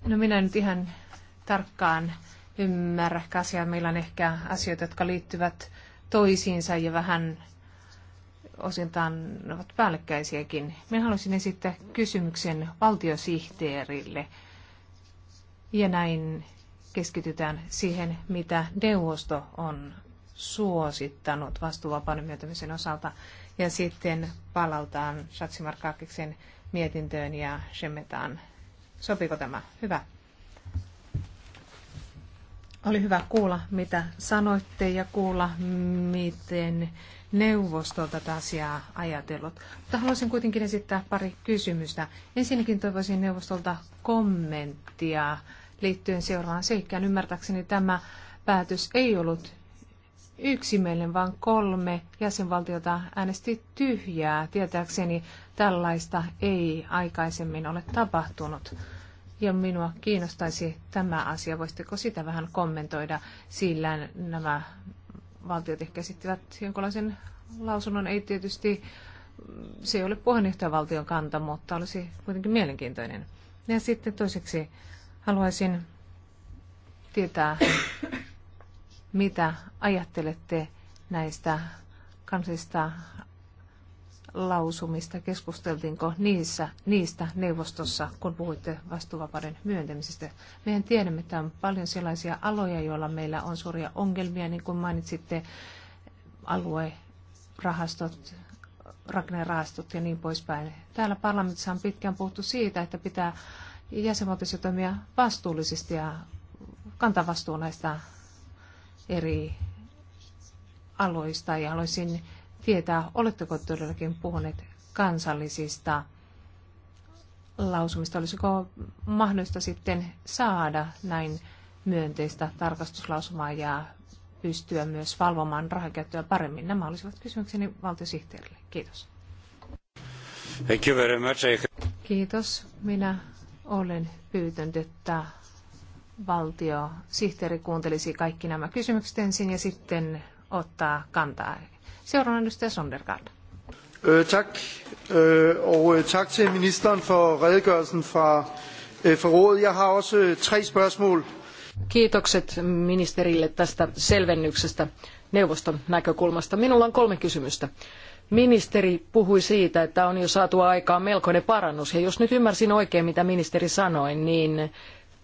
No minä nyt ihan tarkkaan ymmärrä asiaa. Meillä on ehkä asioita, jotka liittyvät toisiinsa ja vähän osintaan ovat päällekkäisiäkin. Minä haluaisin esittää kysymyksen valtiosihteerille. Ja näin keskitytään siihen, mitä neuvosto on suosittanut vastuuvapauden myöntämisen osalta. Ja sitten palautaan Shatsimarkakiksen mietintöön ja Shemmetaan. Sopiko tämä? Hyvä. Oli hyvä kuulla, mitä sanoitte ja kuulla, miten Neuvostolta tätä asiaa ajatellut. Mutta haluaisin kuitenkin esittää pari kysymystä. Ensinnäkin toivoisin neuvostolta kommenttia liittyen seuraavaan seikkaan. Ymmärtääkseni tämä päätös ei ollut yksimielinen, vaan kolme jäsenvaltiota äänesti tyhjää. Tietääkseni tällaista ei aikaisemmin ole tapahtunut. Ja minua kiinnostaisi tämä asia. Voisitteko sitä vähän kommentoida, sillä nämä valtiot ehkä esittivät jonkinlaisen lausunnon. Ei tietysti, se ei ole puheenjohtajavaltion kanta, mutta olisi kuitenkin mielenkiintoinen. Ja sitten toiseksi haluaisin tietää, mitä ajattelette näistä kansallisista lausumista, keskusteltiinko niissä, niistä neuvostossa, kun puhuitte vastuuvapauden myöntämisestä? Mehän tiedämme, että on paljon sellaisia aloja, joilla meillä on suuria ongelmia, niin kuin mainitsitte, aluerahastot, rakennerahastot ja niin poispäin. Täällä parlamentissa on pitkään puhuttu siitä, että pitää jäsenvaltioissa toimia vastuullisesti ja kantaa vastuu näistä eri aloista ja haluaisin tietää, oletteko todellakin puhuneet kansallisista lausumista. Olisiko mahdollista sitten saada näin myönteistä tarkastuslausumaa ja pystyä myös valvomaan rahakäyttöä paremmin? Nämä olisivat kysymykseni valtiosihteerille. Kiitos. Thank you very much. Kiitos. Minä olen pyytänyt, että valtiosihteeri kuuntelisi kaikki nämä kysymykset ensin ja sitten ottaa kantaa Seuraavana edustaja Sondergaard. Øh, tak, øh, og øh, tak til ministeren for redegørelsen fra, rådet. Jeg har også tre spørgsmål. Kiitokset ministerille tästä selvennyksestä neuvoston näkökulmasta. Minulla on kolme kysymystä. Ministeri puhui siitä, että on jo saatu aikaan melkoinen parannus. Ja jos nyt ymmärsin oikein, mitä ministeri sanoi, niin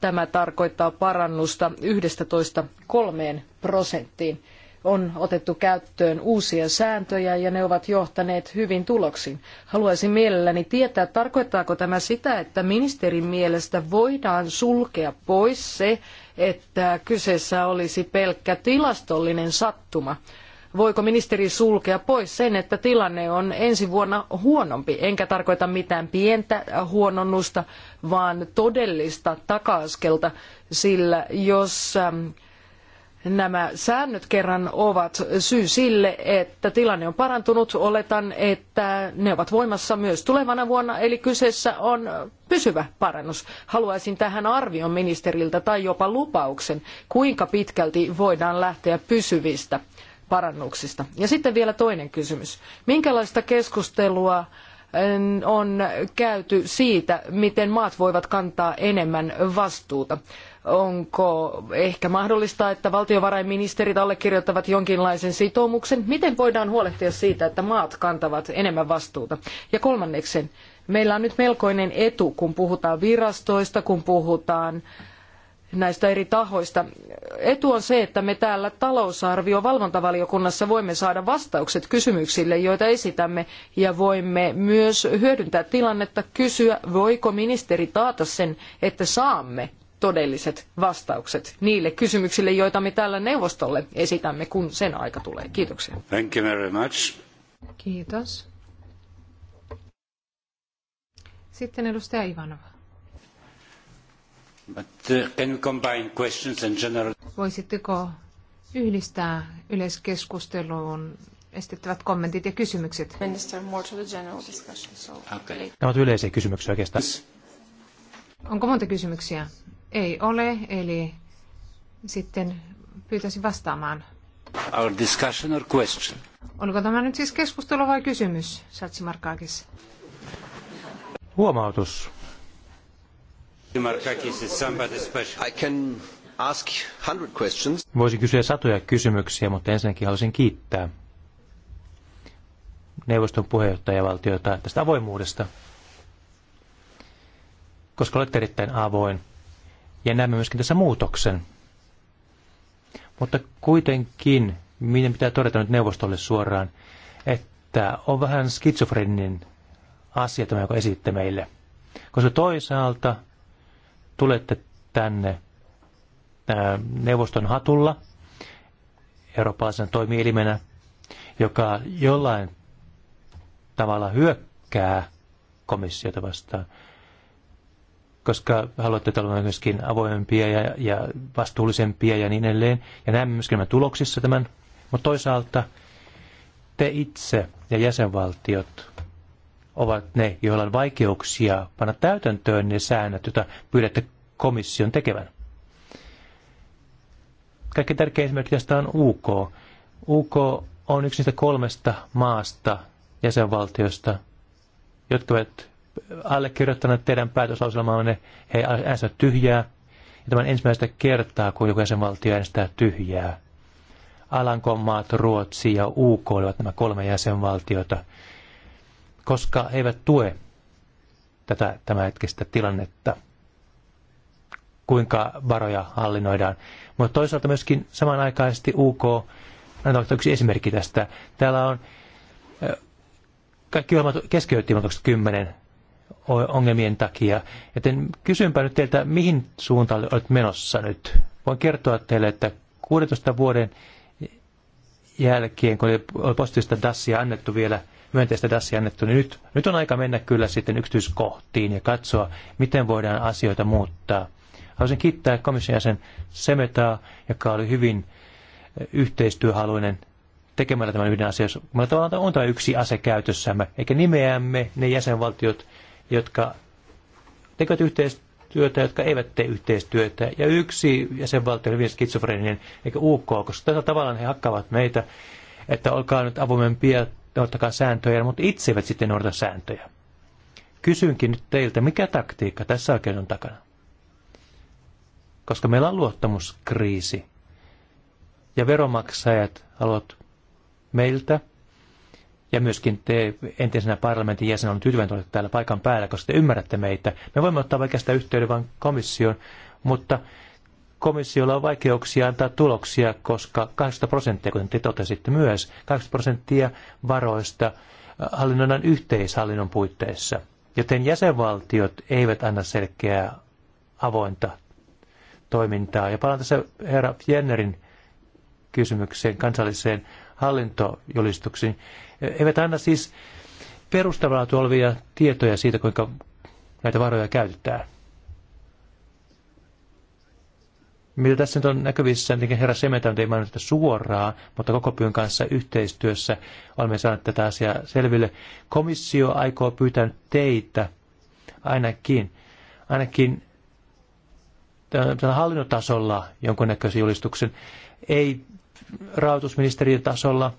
tämä tarkoittaa parannusta 11 kolmeen prosenttiin on otettu käyttöön uusia sääntöjä ja ne ovat johtaneet hyvin tuloksiin. Haluaisin mielelläni tietää, tarkoittaako tämä sitä, että ministerin mielestä voidaan sulkea pois se, että kyseessä olisi pelkkä tilastollinen sattuma. Voiko ministeri sulkea pois sen, että tilanne on ensi vuonna huonompi? Enkä tarkoita mitään pientä huononnusta, vaan todellista taka-askelta, sillä jos nämä säännöt kerran ovat syy sille, että tilanne on parantunut. Oletan, että ne ovat voimassa myös tulevana vuonna, eli kyseessä on pysyvä parannus. Haluaisin tähän arvion ministeriltä tai jopa lupauksen, kuinka pitkälti voidaan lähteä pysyvistä parannuksista. Ja sitten vielä toinen kysymys. Minkälaista keskustelua on käyty siitä, miten maat voivat kantaa enemmän vastuuta. Onko ehkä mahdollista, että valtiovarainministerit allekirjoittavat jonkinlaisen sitoumuksen? Miten voidaan huolehtia siitä, että maat kantavat enemmän vastuuta? Ja kolmanneksen, meillä on nyt melkoinen etu, kun puhutaan virastoista, kun puhutaan näistä eri tahoista. Etu on se, että me täällä talousarvio valvontavaliokunnassa voimme saada vastaukset kysymyksille, joita esitämme, ja voimme myös hyödyntää tilannetta kysyä, voiko ministeri taata sen, että saamme todelliset vastaukset niille kysymyksille, joita me täällä neuvostolle esitämme, kun sen aika tulee. Kiitoksia. Thank you very much. Kiitos. Sitten edustaja Ivanova. But uh, can you combine questions and general... Voisitteko yhdistää yleiskeskusteluun esitettävät kommentit ja kysymykset? Minister, more to the general discussion, so... okay. Nämä ovat yleisiä kysymyksiä oikeastaan. Onko monta kysymyksiä? Ei ole, eli sitten pyytäisin vastaamaan. Our discussion or question? Oliko tämä nyt siis keskustelu vai kysymys, Satsimarkakis? Huomautus. I can ask hundred questions. Voisin kysyä satoja kysymyksiä, mutta ensinnäkin haluaisin kiittää neuvoston puheenjohtajavaltiota tästä avoimuudesta, koska olette erittäin avoin ja näemme myöskin tässä muutoksen. Mutta kuitenkin, miten pitää todeta nyt neuvostolle suoraan, että on vähän skitsofreninen asia tämä, joka esitte meille. Koska toisaalta tulette tänne neuvoston hatulla, eurooppalaisena toimielimenä, joka jollain tavalla hyökkää komissiota vastaan koska haluatte olla myöskin avoimempia ja, ja vastuullisempia ja niin edelleen. Ja näemme myöskin nämä tuloksissa tämän. Mutta toisaalta te itse ja jäsenvaltiot ovat ne, joilla on vaikeuksia panna täytäntöön ne säännöt, joita pyydätte komission tekevän. Kaikki tärkein esimerkki tästä on UK. UK on yksi niistä kolmesta maasta jäsenvaltiosta, jotka ovat allekirjoittaneet teidän päätöslauselmaanne, he äänestävät tyhjää. Ja tämän ensimmäistä kertaa, kun joku jäsenvaltio äänestää tyhjää. Alankomaat, Ruotsi ja UK olivat nämä kolme jäsenvaltiota, koska he eivät tue tätä tämänhetkistä tilannetta, kuinka varoja hallinnoidaan. Mutta toisaalta myöskin samanaikaisesti UK, annetaan yksi esimerkki tästä, täällä on kaikki ohjelmat keskeytettiin kymmenen ongelmien takia. Joten kysynpä nyt teiltä, mihin suuntaan olet menossa nyt? Voin kertoa teille, että 16 vuoden jälkeen, kun oli positiivista dassia annettu vielä, myönteistä dassia annettu, niin nyt, nyt on aika mennä kyllä sitten yksityiskohtiin ja katsoa, miten voidaan asioita muuttaa. Haluaisin kiittää komission jäsen Semetaa, joka oli hyvin eh, yhteistyöhaluinen tekemällä tämän yhden asian. Meillä on tämä yksi ase käytössämme, eikä nimeämme ne jäsenvaltiot, jotka tekevät yhteistyötä, jotka eivät tee yhteistyötä. Ja yksi jäsenvaltio on hyvin skitsofreninen, eikä UK, koska tällä tavallaan he hakkaavat meitä, että olkaa nyt avoimempia, noudattakaa sääntöjä, mutta itse eivät sitten noudata sääntöjä. Kysynkin nyt teiltä, mikä taktiikka tässä oikein on takana? Koska meillä on luottamuskriisi. Ja veromaksajat haluat meiltä ja myöskin te entisenä parlamentin jäsen on tyytyväinen olette täällä paikan päällä, koska te ymmärrätte meitä. Me voimme ottaa sitä yhteyden vain komission, mutta komissiolla on vaikeuksia antaa tuloksia, koska 80 prosenttia, kuten te totesitte myös, 80 prosenttia varoista äh, hallinnonan yhteishallinnon puitteissa. Joten jäsenvaltiot eivät anna selkeää avointa toimintaa. Ja palaan tässä herra Jennerin kysymykseen kansalliseen hallintojulistuksiin. Eivät anna siis perustavalla olevia tietoja siitä, kuinka näitä varoja käytetään. Mitä tässä nyt on näkyvissä, niin herra Semeta ei mainita suoraan, mutta koko pyyn kanssa yhteistyössä olemme saaneet tätä asiaa selville. Komissio aikoo pyytää teitä ainakin, ainakin hallinnotasolla jonkunnäköisen julistuksen. Ei rahoitusministeriötasolla,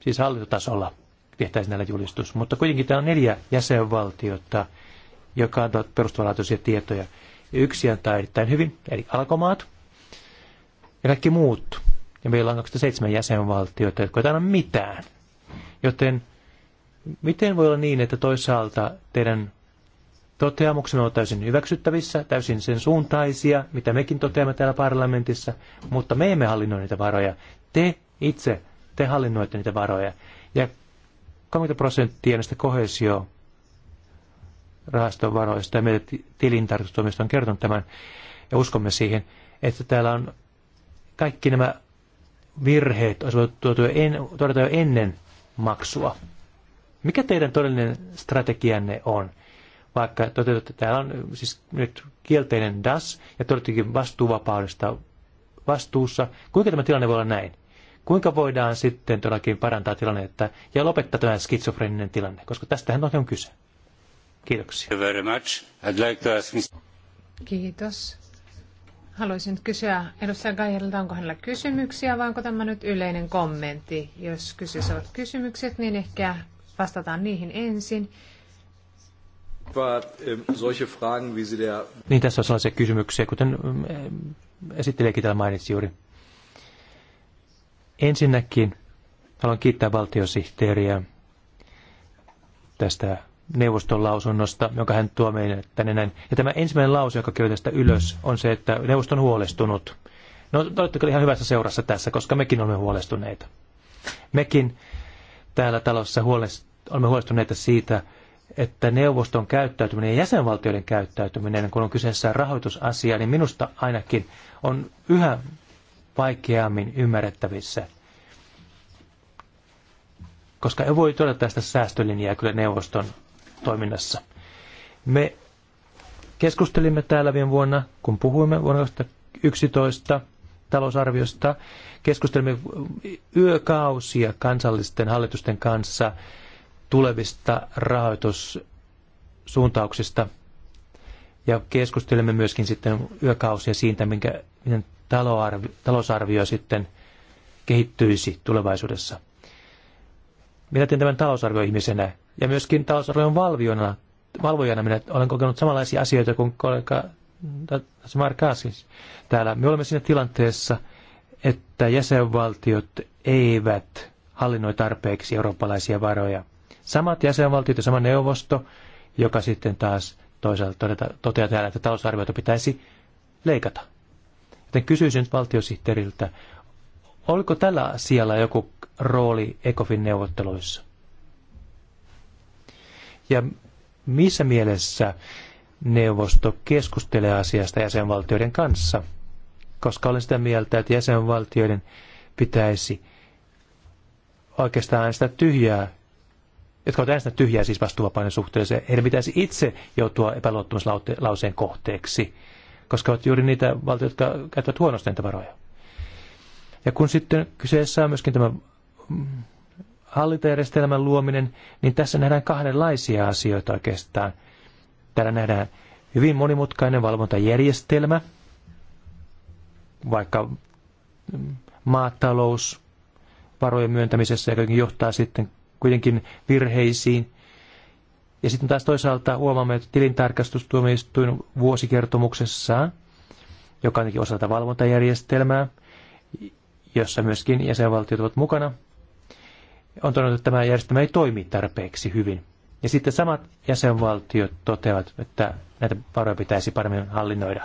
siis hallintotasolla tehtäisiin näillä julistus. Mutta kuitenkin tämä on neljä jäsenvaltiota, joka antavat perustavanlaatuisia tietoja. Ja yksi antaa erittäin hyvin, eli alkomaat ja kaikki muut. Ja meillä on 27 jäsenvaltiota, jotka ei anna mitään. Joten miten voi olla niin, että toisaalta teidän toteamuksemme ovat täysin hyväksyttävissä, täysin sen suuntaisia, mitä mekin toteamme täällä parlamentissa, mutta me emme hallinnoi niitä varoja. Te itse, te hallinnoitte niitä varoja. Ja 30 prosenttia näistä kohesio rahaston varoista ja meidän tilintarkastustoimisto on kertonut tämän ja uskomme siihen, että täällä on kaikki nämä virheet olisi voitu tuotu jo en, todeta jo ennen maksua. Mikä teidän todellinen strategianne on? vaikka toteutettu, täällä on siis nyt kielteinen DAS ja todettikin vastuuvapaudesta vastuussa. Kuinka tämä tilanne voi olla näin? Kuinka voidaan sitten todellakin parantaa tilannetta ja lopettaa tämä skitsofreninen tilanne, koska tästähän on kyse. Kiitoksia. Very much. I'd like to ask... Kiitos. Haluaisin kysyä edustaja Gajerilta, onko hänellä kysymyksiä vai onko tämä nyt yleinen kommentti? Jos kyseessä ovat kysymykset, niin ehkä vastataan niihin ensin. Ähm, niin tässä on sellaisia kysymyksiä, kuten ähm, esittelijäkin täällä mainitsi juuri. Ensinnäkin haluan kiittää valtiosihteeriä tästä neuvoston lausunnosta, jonka hän tuo meille tänne näin. Ja tämä ensimmäinen lause, joka käy tästä ylös, on se, että neuvosto on huolestunut. No, olette kyllä ihan hyvässä seurassa tässä, koska mekin olemme huolestuneita. Mekin täällä talossa huolest- olemme huolestuneita siitä, että neuvoston käyttäytyminen ja jäsenvaltioiden käyttäytyminen, kun on kyseessä rahoitusasia, niin minusta ainakin on yhä vaikeammin ymmärrettävissä. Koska ei voi todeta tästä säästölinjaa kyllä neuvoston toiminnassa. Me keskustelimme täällä viime vuonna, kun puhuimme vuonna 2011 talousarviosta, keskustelimme yökausia kansallisten hallitusten kanssa – tulevista rahoitussuuntauksista. Ja keskustelemme myöskin sitten yökausia siitä, minkä, miten taloarvio, talousarvio sitten kehittyisi tulevaisuudessa. Minä teen tämän talousarvioihmisenä ja myöskin talousarvion valvojana, valvojana minä olen kokenut samanlaisia asioita kuin kollega Markasis täällä. Me olemme siinä tilanteessa, että jäsenvaltiot eivät hallinnoi tarpeeksi eurooppalaisia varoja – samat jäsenvaltiot ja sama neuvosto, joka sitten taas toisaalta todeta, toteaa täällä, että talousarviota pitäisi leikata. Joten kysyisin nyt valtiosihteeriltä, oliko tällä asialla joku rooli ECOFIN neuvotteluissa? Ja missä mielessä neuvosto keskustelee asiasta jäsenvaltioiden kanssa? Koska olen sitä mieltä, että jäsenvaltioiden pitäisi oikeastaan äänestää tyhjää jotka ovat äänestäneet tyhjää siis vastuuvapauden suhteeseen, heidän pitäisi itse joutua epäluottamuslauseen kohteeksi, koska ovat juuri niitä valtioita, jotka käyttävät huonosti näitä varoja. Ja kun sitten kyseessä on myöskin tämä hallintajärjestelmän luominen, niin tässä nähdään kahdenlaisia asioita oikeastaan. Täällä nähdään hyvin monimutkainen valvontajärjestelmä, vaikka maatalous varojen myöntämisessä, joka johtaa sitten kuitenkin virheisiin. Ja sitten taas toisaalta huomaamme, että tilintarkastustuomioistuin vuosikertomuksessaan, joka on osa tätä valvontajärjestelmää, jossa myöskin jäsenvaltiot ovat mukana, on todennut, että tämä järjestelmä ei toimi tarpeeksi hyvin. Ja sitten samat jäsenvaltiot toteavat, että näitä varoja pitäisi paremmin hallinnoida.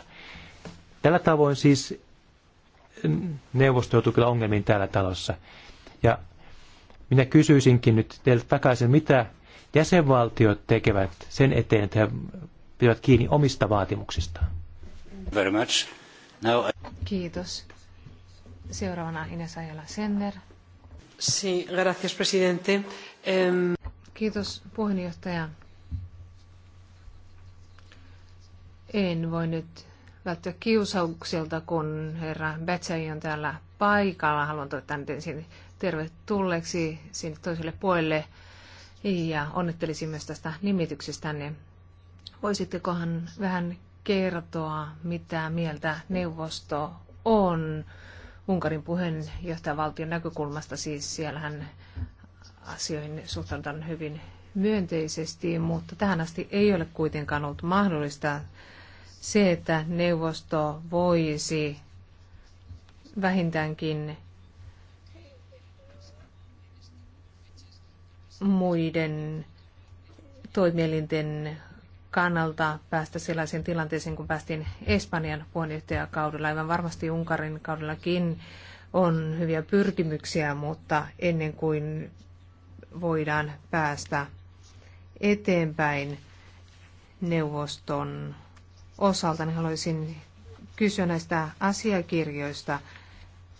Tällä tavoin siis neuvosto joutuu kyllä ongelmiin täällä talossa. Ja minä kysyisinkin nyt teiltä takaisin, mitä jäsenvaltiot tekevät sen eteen, että he pitävät kiinni omista vaatimuksistaan? Very much. Now I... Kiitos. Seuraavana Ines Ajala Sender. Sí, gracias, presidente. Um... Kiitos puheenjohtaja. En voi nyt välttyä kiusaukselta, kun herra Betsäi on täällä paikalla. Haluan toivottaa ensin tervetulleeksi sinne toiselle puolelle ja onnittelisin myös tästä nimityksestänne. Voisittekohan vähän kertoa, mitä mieltä neuvosto on Unkarin puheenjohtajavaltion näkökulmasta, siis siellähän asioihin suhtaudutaan hyvin myönteisesti, mutta tähän asti ei ole kuitenkaan ollut mahdollista se, että neuvosto voisi vähintäänkin muiden toimielinten kannalta päästä sellaiseen tilanteeseen, kun päästiin Espanjan puheenjohtajakaudella. Aivan varmasti Unkarin kaudellakin on hyviä pyrkimyksiä, mutta ennen kuin voidaan päästä eteenpäin neuvoston osalta, niin haluaisin kysyä näistä asiakirjoista,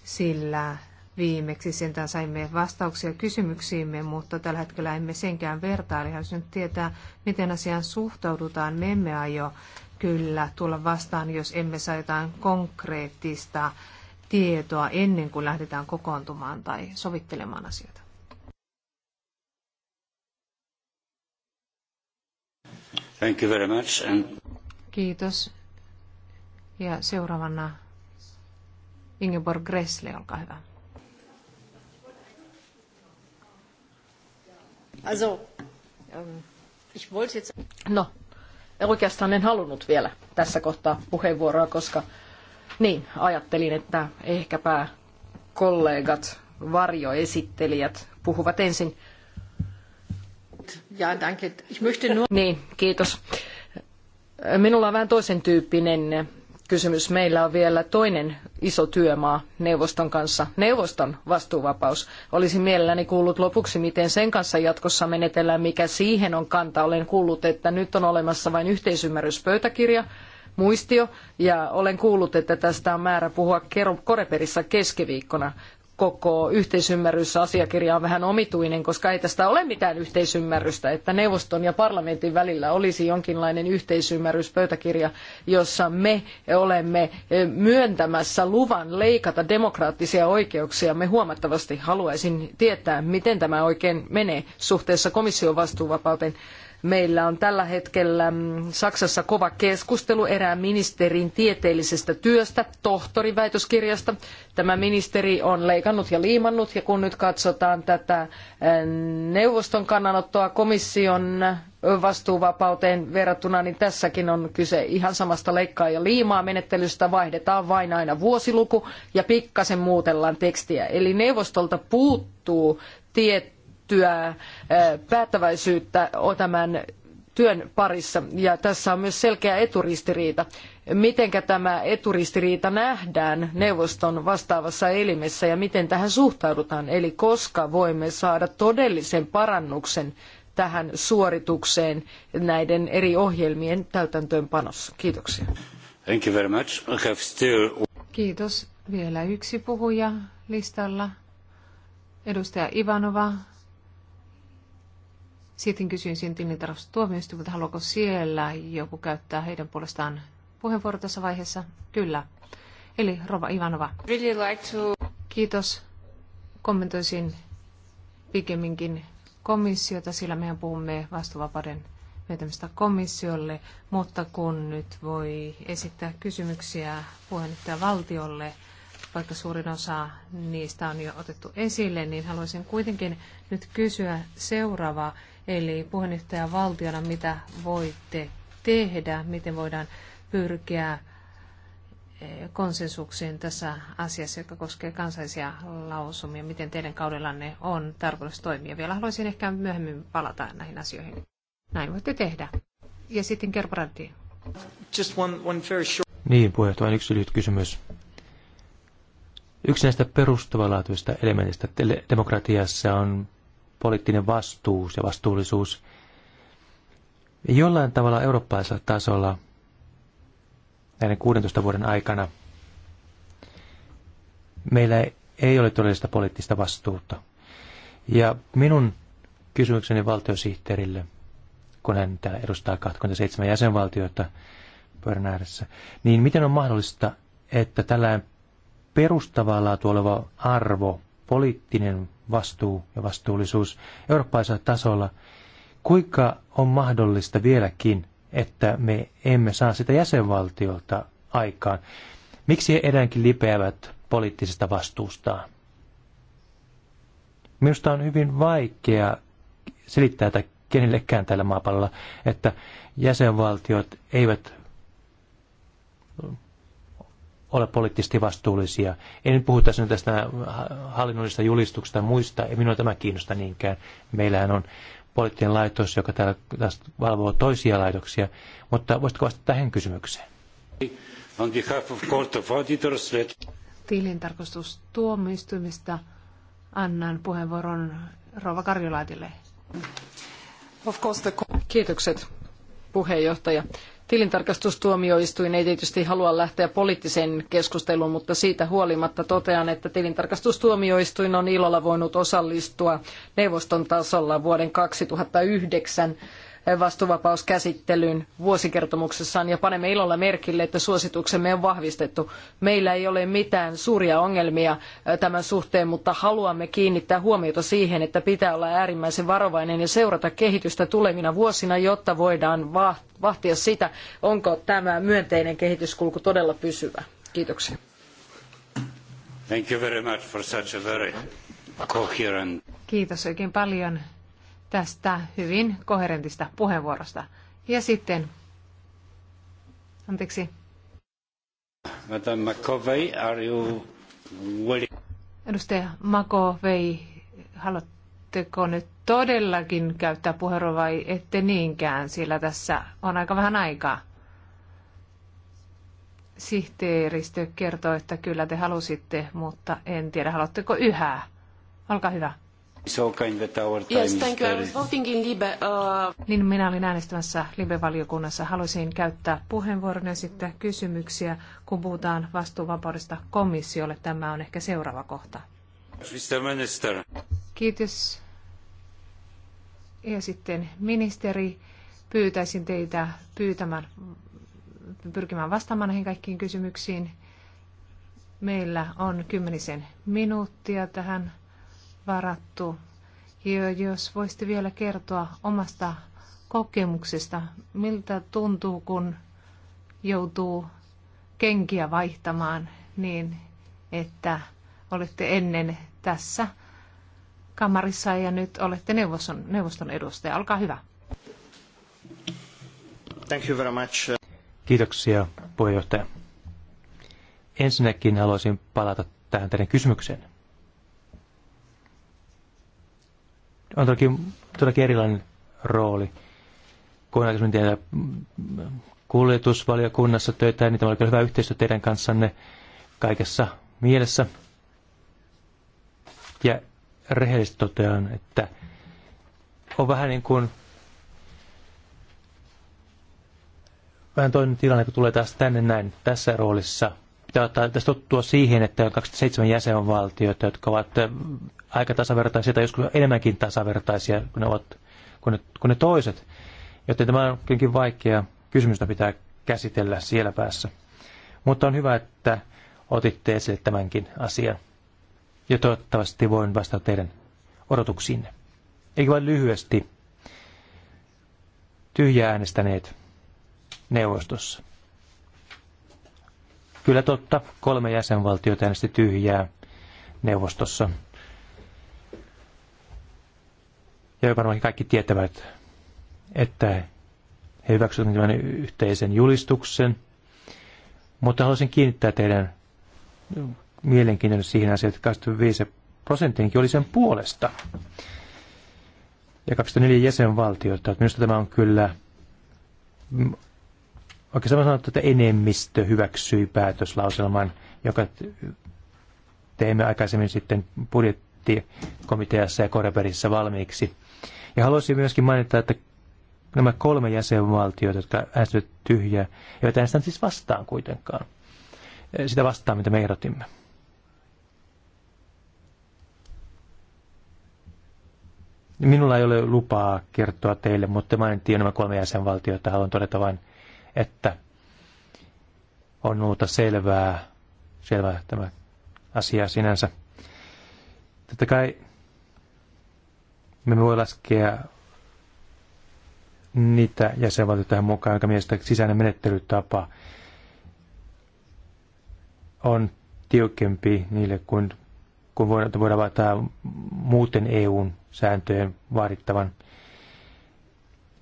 sillä viimeksi. Sentään saimme vastauksia kysymyksiimme, mutta tällä hetkellä emme senkään vertaile. Jos nyt tietää, miten asiaan suhtaudutaan, me emme aio kyllä tulla vastaan, jos emme saa jotain konkreettista tietoa ennen kuin lähdetään kokoontumaan tai sovittelemaan asioita. Thank you very much. And... Kiitos. Ja seuraavana Ingeborg Gressle, olkaa hyvä. Also, ähm, ich wollte jetzt... No, oikeastaan en halunnut vielä tässä kohtaa puheenvuoroa, koska niin, ajattelin, että ehkäpä kollegat, varjoesittelijät puhuvat ensin. Ja, danke. Ich möchte nur... Niin, kiitos. Minulla on vähän toisen tyyppinen kysymys. Meillä on vielä toinen iso työmaa neuvoston kanssa, neuvoston vastuuvapaus. Olisin mielelläni kuullut lopuksi, miten sen kanssa jatkossa menetellään, mikä siihen on kanta. Olen kuullut, että nyt on olemassa vain yhteisymmärryspöytäkirja, muistio, ja olen kuullut, että tästä on määrä puhua Koreperissä keskiviikkona koko asiakirja on vähän omituinen, koska ei tästä ole mitään yhteisymmärrystä, että neuvoston ja parlamentin välillä olisi jonkinlainen pöytäkirja, jossa me olemme e, myöntämässä luvan leikata demokraattisia oikeuksia. Me huomattavasti haluaisin tietää, miten tämä oikein menee suhteessa komission vastuuvapauteen. Meillä on tällä hetkellä mm, Saksassa kova keskustelu erään ministerin tieteellisestä työstä, tohtorin väitöskirjasta. Tämä ministeri on leikannut ja liimannut ja kun nyt katsotaan tätä äh, neuvoston kannanottoa komission vastuuvapauteen verrattuna, niin tässäkin on kyse ihan samasta leikkaa ja liimaa menettelystä. Vaihdetaan vain aina vuosiluku ja pikkasen muutellaan tekstiä. Eli neuvostolta puuttuu tietty tiettyä päättäväisyyttä tämän työn parissa ja tässä on myös selkeä eturistiriita. Miten tämä eturistiriita nähdään neuvoston vastaavassa elimessä ja miten tähän suhtaudutaan? Eli koska voimme saada todellisen parannuksen tähän suoritukseen näiden eri ohjelmien täytäntöönpanossa? Kiitoksia. Thank you very much. I have still... Kiitos. Vielä yksi puhuja listalla. Edustaja Ivanova, sitten kysyisin tuomioistuvilta, haluaako siellä joku käyttää heidän puolestaan puheenvuoro tässä vaiheessa? Kyllä. Eli Rova Ivanova. Really like to... Kiitos. Kommentoisin pikemminkin komissiota, sillä mehän puhumme vastuvapauden myötämistä komissiolle, mutta kun nyt voi esittää kysymyksiä puheenjohtaja valtiolle, vaikka suurin osa niistä on jo otettu esille, niin haluaisin kuitenkin nyt kysyä seuraavaa. Eli puheenjohtaja valtiona, mitä voitte tehdä, miten voidaan pyrkiä eh, konsensuksiin tässä asiassa, joka koskee kansallisia lausumia, miten teidän kaudellanne on tarkoitus toimia. Vielä haluaisin ehkä myöhemmin palata näihin asioihin. Näin voitte tehdä. Ja sitten Gerbrandi. Just one, one very short... Niin, puheenjohtaja, yksi lyhyt kysymys. Yksi näistä perustavanlaatuista elementeistä demokratiassa on poliittinen vastuus ja vastuullisuus. Ja jollain tavalla eurooppalaisella tasolla näiden 16 vuoden aikana meillä ei ole todellista poliittista vastuuta. Ja minun kysymykseni valtiosihteerille, kun hän täällä edustaa 27 jäsenvaltiota pöydän ääressä, niin miten on mahdollista, että tällainen perustavaa laatu oleva arvo, poliittinen vastuu ja vastuullisuus eurooppalaisella tasolla. Kuinka on mahdollista vieläkin, että me emme saa sitä jäsenvaltiolta aikaan? Miksi he edelleenkin lipeävät poliittisesta vastuustaan? Minusta on hyvin vaikea selittää tätä kenellekään tällä maapallolla, että jäsenvaltiot eivät ole poliittisesti vastuullisia. En puhu tässä nyt tästä hallinnollisesta julistuksesta ja muista, ei minua tämä kiinnosta niinkään. Meillähän on poliittinen laitos, joka täällä taas valvoo toisia laitoksia, mutta voisitko vastata tähän kysymykseen? On behalf of court of auditors, let... annan puheenvuoron Rova Karjolaitille. Of course the... Kiitokset puheenjohtaja. Tilintarkastustuomioistuin ei tietysti halua lähteä poliittiseen keskusteluun, mutta siitä huolimatta totean, että tilintarkastustuomioistuin on ilolla voinut osallistua neuvoston tasolla vuoden 2009 vastuuvapauskäsittelyn vuosikertomuksessaan ja panemme ilolla merkille, että suosituksemme on vahvistettu. Meillä ei ole mitään suuria ongelmia tämän suhteen, mutta haluamme kiinnittää huomiota siihen, että pitää olla äärimmäisen varovainen ja seurata kehitystä tulevina vuosina, jotta voidaan vahtia sitä, onko tämä myönteinen kehityskulku todella pysyvä. Kiitoksia. Kiitos oikein paljon tästä hyvin koherentista puheenvuorosta. Ja sitten, anteeksi. Madame are you willing? Edustaja McAvey, haluatteko nyt todellakin käyttää puheenvuoroa vai ette niinkään, sillä tässä on aika vähän aikaa? Sihteeristö kertoo, että kyllä te halusitte, mutta en tiedä, haluatteko yhä. Olkaa hyvä. So kind that our time yes, thank you. I was voting in Libe. Uh... Niin minä olin äänestämässä Libe-valiokunnassa. Haluaisin käyttää puheenvuoron ja sitten kysymyksiä, kun puhutaan vastuuvapaudesta komissiolle. Tämä on ehkä seuraava kohta. Mr. Minister. Kiitos. Ja sitten ministeri, pyytäisin teitä pyytämään, pyrkimään vastaamaan näihin kaikkiin kysymyksiin. Meillä on kymmenisen minuuttia tähän varattu. Ja jos voisitte vielä kertoa omasta kokemuksesta, miltä tuntuu, kun joutuu kenkiä vaihtamaan niin, että olette ennen tässä kamarissa ja nyt olette neuvoston, neuvoston edustaja. Olkaa hyvä. Thank you very much. Kiitoksia puheenjohtaja. Ensinnäkin haluaisin palata tähän teidän kysymykseen. on toki, toki erilainen rooli. Kun aikaisemmin teillä kuljetusvaliokunnassa töitä, niin tämä oli hyvä yhteistyö teidän kanssanne kaikessa mielessä. Ja rehellisesti totean, että on vähän niin kuin vähän toinen tilanne, kun tulee taas tänne näin tässä roolissa pitää ottaa tässä tottua siihen, että on 27 jäsenvaltiota, jotka ovat aika tasavertaisia tai joskus enemmänkin tasavertaisia kuin ne, ovat, kuin ne, kuin ne toiset. Joten tämä on kuitenkin vaikea kysymys, jota pitää käsitellä siellä päässä. Mutta on hyvä, että otitte esille tämänkin asian. Ja toivottavasti voin vastata teidän odotuksiinne. Eikä vain lyhyesti tyhjää äänestäneet neuvostossa. Kyllä totta, kolme jäsenvaltiota äänesti tyhjää neuvostossa. Ja varmaan kaikki tietävät, että he hyväksyvät tämän yhteisen julistuksen. Mutta haluaisin kiinnittää teidän mielenkiinnon siihen asiaan, että 25 prosenttiinkin oli sen puolesta. Ja 24 jäsenvaltiota. Minusta tämä on kyllä oikeastaan sanottu, että enemmistö hyväksyi päätöslauselman, joka teimme aikaisemmin sitten budjettikomiteassa ja Koreperissä valmiiksi. Ja haluaisin myöskin mainita, että nämä kolme jäsenvaltiota, jotka äänestivät tyhjää, joita äänestän siis vastaan kuitenkaan. Sitä vastaan, mitä me ehdotimme. Minulla ei ole lupaa kertoa teille, mutta mainittiin nämä kolme jäsenvaltiota. Haluan todeta vain, että on muuta selvää, selvää tämä asia sinänsä. Totta kai me voi laskea niitä jäsenvaltioita tähän mukaan, jonka mielestä sisäinen menettelytapa on tiukempi niille kuin, kun voidaan, vaihtaa muuten EUn sääntöjen vaadittavan.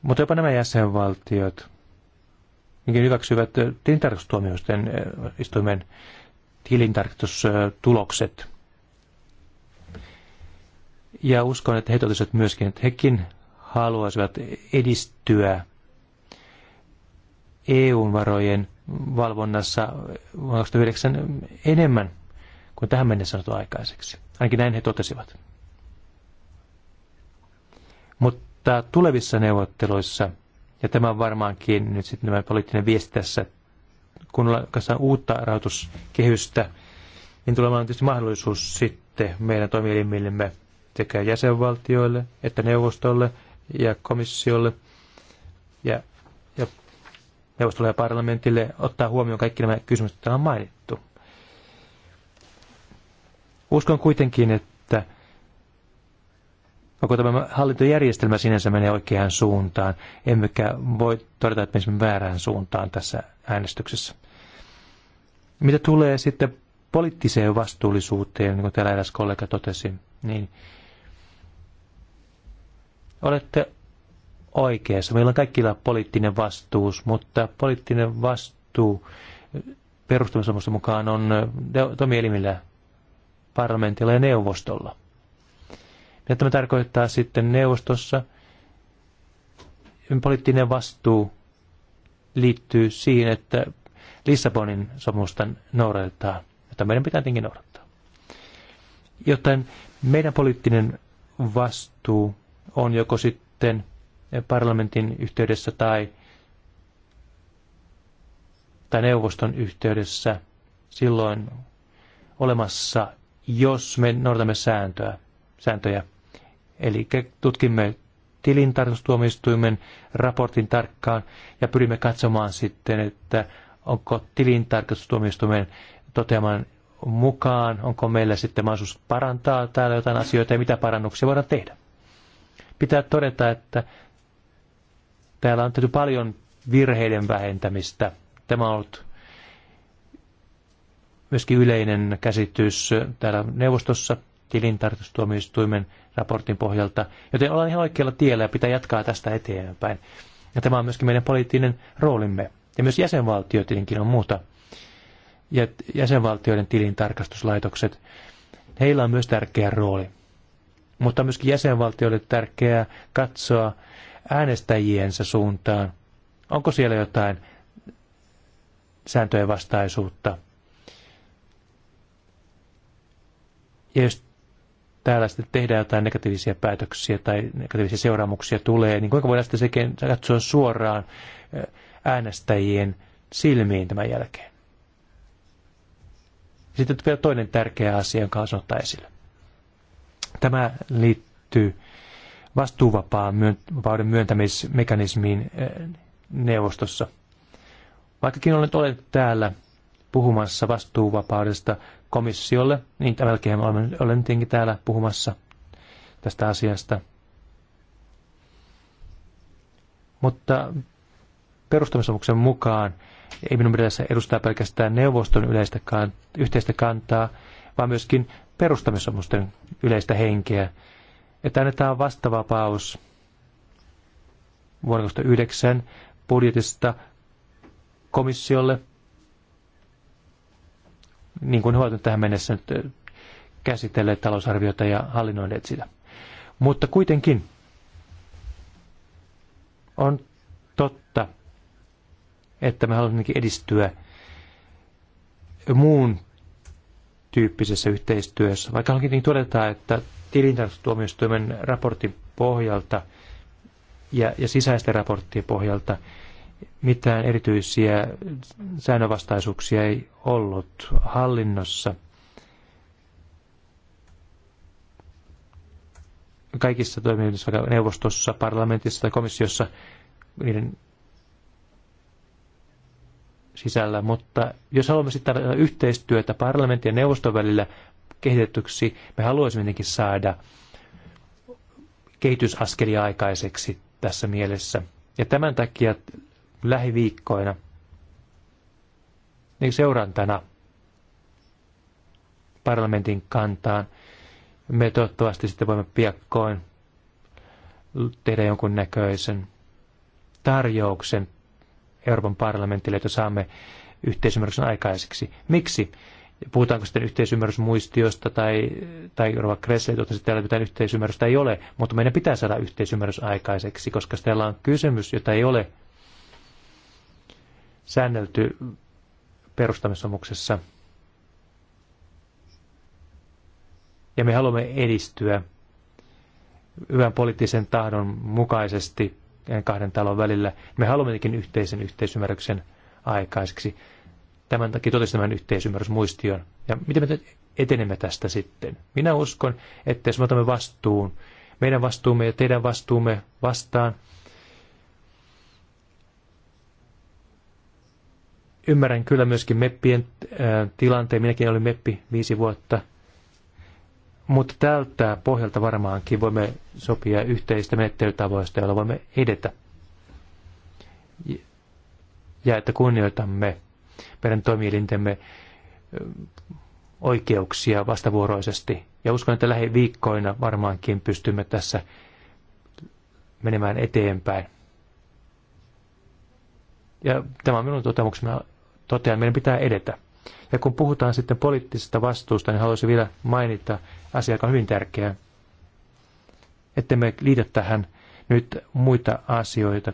Mutta jopa nämä jäsenvaltiot minkä hyväksyvät äh, tilintarkastustuomioisten äh, istuimen tilintarkastustulokset. Ja uskon, että he totesivat myöskin, että hekin haluaisivat edistyä EU-varojen valvonnassa vuonna 2009 enemmän kuin tähän mennessä sanottu aikaiseksi. Ainakin näin he totesivat. Mutta tulevissa neuvotteluissa – ja tämä on varmaankin nyt sitten tämä poliittinen viesti tässä, kun ollaan uutta rahoituskehystä, niin tulemaan tietysti mahdollisuus sitten meidän toimielimillemme sekä jäsenvaltioille että neuvostolle ja komissiolle ja, ja neuvostolle ja parlamentille ottaa huomioon kaikki nämä kysymykset, joita on mainittu. Uskon kuitenkin, että Koko tämä hallintojärjestelmä sinänsä menee oikeaan suuntaan, emmekä voi todeta, että menisimme väärään suuntaan tässä äänestyksessä. Mitä tulee sitten poliittiseen vastuullisuuteen, niin kuin täällä eräs kollega totesi, niin olette oikeassa. Meillä on kaikilla poliittinen vastuus, mutta poliittinen vastuu perustamisomusten mukaan on toimielimillä, parlamentilla ja neuvostolla – ja tämä tarkoittaa sitten neuvostossa, poliittinen vastuu liittyy siihen, että Lissabonin sopimusta noudatetaan, jota meidän pitää tietenkin noudattaa. Joten meidän poliittinen vastuu on joko sitten parlamentin yhteydessä tai, tai neuvoston yhteydessä silloin olemassa, jos me noudatamme sääntöä, sääntöjä. Eli tutkimme tilintarkastustuomioistuimen raportin tarkkaan ja pyrimme katsomaan sitten, että onko tilintarkastustuomioistuimen toteaman mukaan, onko meillä sitten mahdollisuus parantaa täällä jotain asioita ja mitä parannuksia voidaan tehdä. Pitää todeta, että täällä on tehty paljon virheiden vähentämistä. Tämä on ollut myöskin yleinen käsitys täällä neuvostossa – tilintarkastustuomioistuimen raportin pohjalta. Joten ollaan ihan oikealla tiellä ja pitää jatkaa tästä eteenpäin. Ja tämä on myöskin meidän poliittinen roolimme. Ja myös jäsenvaltio tietenkin on muuta. Ja jäsenvaltioiden tilintarkastuslaitokset, heillä on myös tärkeä rooli. Mutta myöskin jäsenvaltioille tärkeää katsoa äänestäjiensä suuntaan. Onko siellä jotain sääntöjen vastaisuutta? Ja jos täällä sitten tehdään jotain negatiivisia päätöksiä tai negatiivisia seuraamuksia tulee, niin kuinka voidaan sitten sekin katsoa suoraan eh, äänestäjien silmiin tämän jälkeen? Sitten vielä toinen tärkeä asia, jonka haluaisin ottaa esille. Tämä liittyy vastuuvapauden myöntämismekanismiin eh, neuvostossa. Vaikkakin olen, olen täällä puhumassa vastuuvapaudesta, komissiolle. Niin melkein olen, olen tietenkin täällä puhumassa tästä asiasta. Mutta perustamissopimuksen mukaan ei minun mielestä edustaa pelkästään neuvoston yleistä kant- yhteistä kantaa, vaan myöskin perustamissopimusten yleistä henkeä. Että annetaan vastavapaus vuonna 2009 budjetista komissiolle niin kuin he ovat tähän mennessä nyt käsitelleet talousarviota ja hallinnoineet sitä. Mutta kuitenkin on totta, että me haluamme edistyä muun tyyppisessä yhteistyössä. Vaikka onkin todetaan, että tilintarkastustuomioistuimen raportin pohjalta ja, ja sisäisten raporttien pohjalta – mitään erityisiä säännövastaisuuksia ei ollut hallinnossa. Kaikissa toimijoissa, vaikka neuvostossa, parlamentissa tai komissiossa, niiden sisällä, mutta jos haluamme sitten yhteistyötä parlamentin ja neuvoston välillä kehitettyksi, me haluaisimme jotenkin saada kehitysaskelia aikaiseksi tässä mielessä. Ja tämän takia lähiviikkoina, niin seurantana parlamentin kantaan. Me toivottavasti sitten voimme piakkoin tehdä jonkun näköisen tarjouksen Euroopan parlamentille, että saamme yhteisymmärryksen aikaiseksi. Miksi? Puhutaanko sitten yhteisymmärrysmuistiosta tai, tai Rova Kressel totesi, että täällä mitään yhteisymmärrystä ei ole, mutta meidän pitää saada yhteisymmärrys aikaiseksi, koska täällä on kysymys, jota ei ole säännelty perustamisomuksessa. Ja me haluamme edistyä hyvän poliittisen tahdon mukaisesti kahden talon välillä. Me haluamme jotenkin yhteisen yhteisymmärryksen aikaiseksi. Tämän takia totesin tämän yhteisymmärrysmuistion. Ja miten me etenemme tästä sitten? Minä uskon, että jos me otamme vastuun, meidän vastuumme ja teidän vastuumme vastaan – ymmärrän kyllä myöskin meppien tilanteen. Minäkin olin meppi viisi vuotta. Mutta tältä pohjalta varmaankin voimme sopia yhteistä menettelytavoista, joilla voimme edetä. Ja että kunnioitamme meidän toimielintemme oikeuksia vastavuoroisesti. Ja uskon, että lähiviikkoina varmaankin pystymme tässä menemään eteenpäin. Ja tämä on minun totemuksena totean, meidän pitää edetä. Ja kun puhutaan sitten poliittisesta vastuusta, niin haluaisin vielä mainita asia, joka on hyvin tärkeä. Että me liitä tähän nyt muita asioita,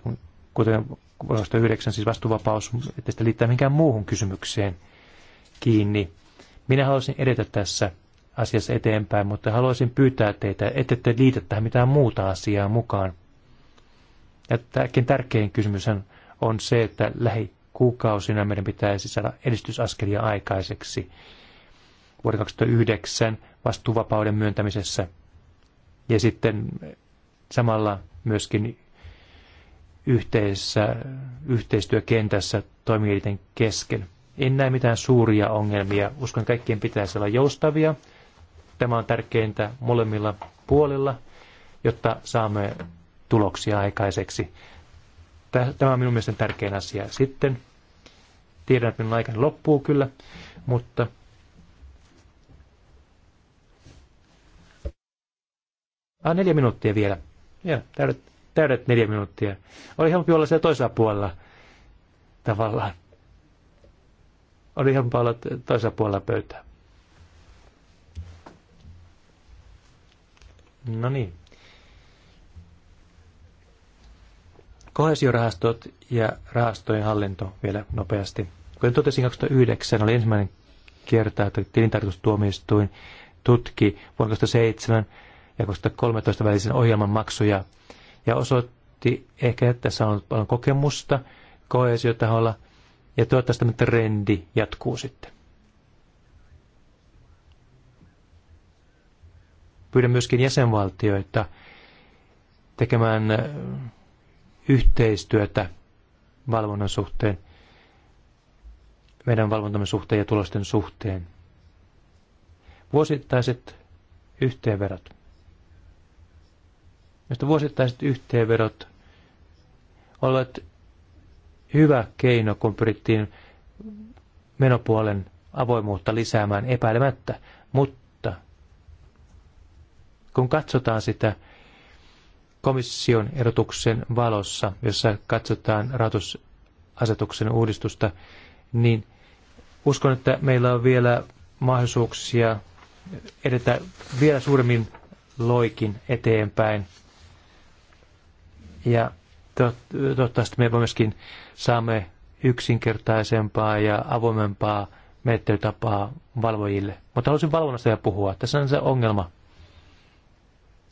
kuten vuodesta 9, siis vastuuvapaus, että sitä liittää minkään muuhun kysymykseen kiinni. Minä haluaisin edetä tässä asiassa eteenpäin, mutta haluaisin pyytää teitä, ette te liitä tähän mitään muuta asiaa mukaan. Ja tärkein kysymys on se, että lähi kuukausina meidän pitäisi saada edistysaskelia aikaiseksi vuoden 2009 vastuuvapauden myöntämisessä ja sitten samalla myöskin yhteisessä, yhteistyökentässä toimijoiden kesken. En näe mitään suuria ongelmia. Uskon, että kaikkien pitäisi olla joustavia. Tämä on tärkeintä molemmilla puolilla, jotta saamme tuloksia aikaiseksi. Tämä on minun mielestäni tärkein asia. Sitten tiedän, että minun aikani loppuu kyllä, mutta Ah, neljä minuuttia vielä. Joo, täydet, täydet neljä minuuttia. Oli helpompi olla siellä toisella puolella tavallaan. Oli helpompi olla toisella puolella pöytää. No niin. Kohesiorahastot ja rahastojen hallinto vielä nopeasti. Kuten totesin, 2009 oli ensimmäinen kerta, että tilintarkastustuomioistuin tutki vuonna 2007 ja 2013 välisen ohjelman maksuja ja osoitti ehkä, että tässä on paljon kokemusta koesiotaholla ja toivottavasti tämä trendi jatkuu sitten. Pyydän myöskin jäsenvaltioita tekemään yhteistyötä valvonnan suhteen, meidän valvontamme suhteen ja tulosten suhteen. Vuosittaiset yhteenverot. Mistä vuosittaiset yhteenverot olivat hyvä keino, kun pyrittiin menopuolen avoimuutta lisäämään epäilemättä, mutta kun katsotaan sitä komission erotuksen valossa, jossa katsotaan rahoitusasetuksen uudistusta, niin uskon, että meillä on vielä mahdollisuuksia edetä vielä suuremmin loikin eteenpäin. Ja toivottavasti me myöskin saamme yksinkertaisempaa ja avoimempaa menettelytapaa valvojille. Mutta haluaisin valvonnasta ja puhua. Tässä on se ongelma,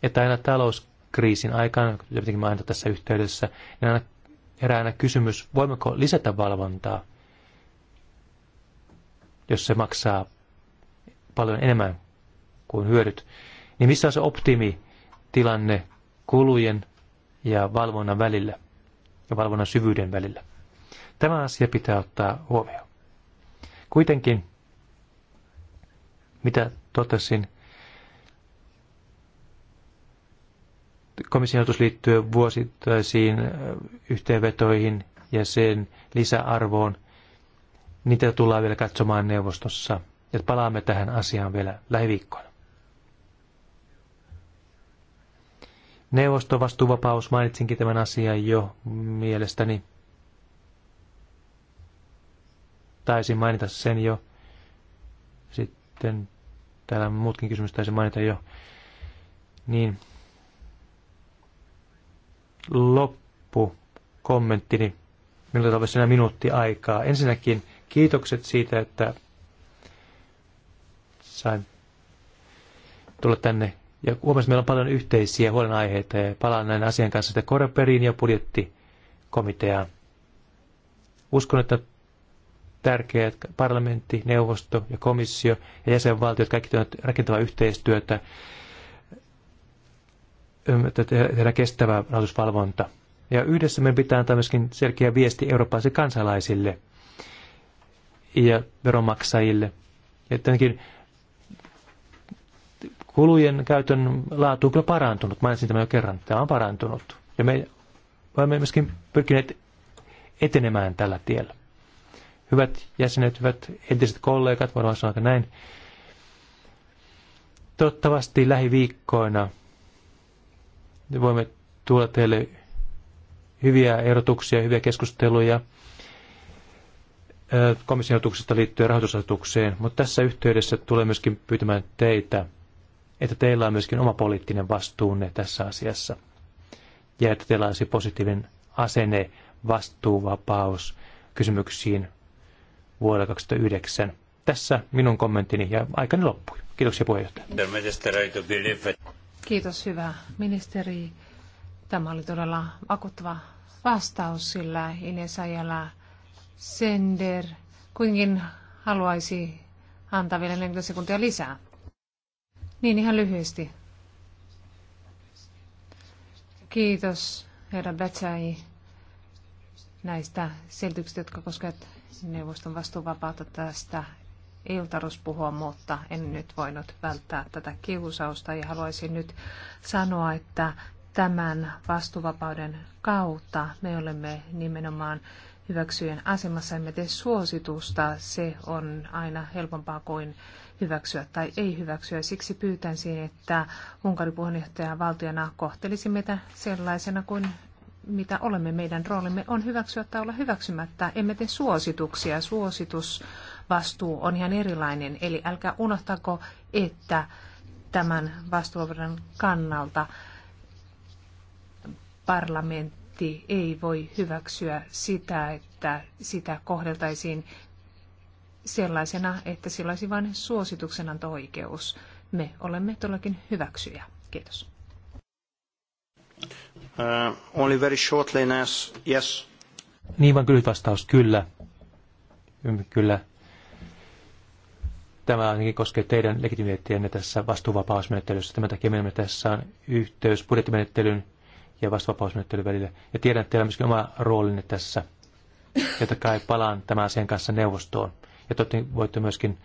että aina talous kriisin aikana, jotenkin mainita tässä yhteydessä, niin aina herää aina kysymys, voimmeko lisätä valvontaa, jos se maksaa paljon enemmän kuin hyödyt. Niin missä on se optimitilanne kulujen ja valvonnan välillä ja valvonnan syvyyden välillä? Tämä asia pitää ottaa huomioon. Kuitenkin, mitä totesin, komission ehdotus liittyy vuosittaisiin yhteenvetoihin ja sen lisäarvoon. Niitä tullaan vielä katsomaan neuvostossa. Ja palaamme tähän asiaan vielä lähiviikkoina. Neuvoston vastuuvapaus, mainitsinkin tämän asian jo mielestäni. Taisin mainita sen jo. Sitten täällä muutkin kysymys taisin mainita jo. Niin, loppu kommenttini, millä tavalla sinä minuutti aikaa. Ensinnäkin kiitokset siitä, että sain tulla tänne. Ja huomasin, meillä on paljon yhteisiä huolenaiheita ja palaan näin asian kanssa sitten koreperiin ja budjettikomiteaan. Uskon, että tärkeät että parlamentti, neuvosto ja komissio ja jäsenvaltiot kaikki tekevät rakentavaa yhteistyötä että tehdä kestävä rahoitusvalvonta. Ja yhdessä meidän pitää antaa myöskin selkeä viesti eurooppalaisille kansalaisille ja veronmaksajille. Ja tietenkin kulujen käytön laatu on kyllä parantunut. Mainitsin tämän jo kerran. Tämä on parantunut. Ja me olemme myöskin pyrkineet etenemään tällä tiellä. Hyvät jäsenet, hyvät entiset kollegat, voidaan sanoa näin. Toivottavasti lähiviikkoina – voimme tuoda teille hyviä ehdotuksia, hyviä keskusteluja äh, komission ehdotuksesta liittyen rahoitusasetukseen, mutta tässä yhteydessä tulee myöskin pyytämään teitä, että teillä on myöskin oma poliittinen vastuunne tässä asiassa ja että teillä olisi positiivinen asenne vastuuvapaus kysymyksiin vuodelle 2009. Tässä minun kommenttini ja aikani loppui. Kiitoksia puheenjohtaja. Kiitos hyvä ministeri. Tämä oli todella vakuuttava vastaus, sillä Ines Ajala Sender kuitenkin haluaisi antaa vielä 40 sekuntia lisää. Niin ihan lyhyesti. Kiitos herra Batsai näistä selityksistä, jotka koskevat neuvoston vastuuvapautta tästä iltarus puhua, mutta en nyt voinut välttää tätä kiusausta ja haluaisin nyt sanoa, että tämän vastuvapauden kautta me olemme nimenomaan hyväksyjen asemassa, emme tee suositusta, se on aina helpompaa kuin hyväksyä tai ei hyväksyä. Siksi pyytäisin, että Unkarin puheenjohtaja valtiona kohtelisi meitä sellaisena kuin mitä olemme. Meidän roolimme on hyväksyä tai olla hyväksymättä. Emme tee suosituksia. Suositus vastuu on ihan erilainen. Eli älkää unohtako, että tämän vastuuvuoden kannalta parlamentti ei voi hyväksyä sitä, että sitä kohdeltaisiin sellaisena, että sillä olisi vain suosituksenanto-oikeus. Me olemme todellakin hyväksyjä. Kiitos. Uh, only very shortly, yes. Niin vaan kyllä vastaus, kyllä. Kyllä, Tämä ainakin koskee teidän legitimiteettiänne tässä vastuuvapausmenettelyssä. Tämän takia meillä tässä on yhteys budjettimenettelyn ja vastuuvapausmenettelyn välillä. Ja tiedän, että teillä on myöskin oma roolinne tässä. jotta kai palaan tämän asian kanssa neuvostoon. Ja totti voitte myöskin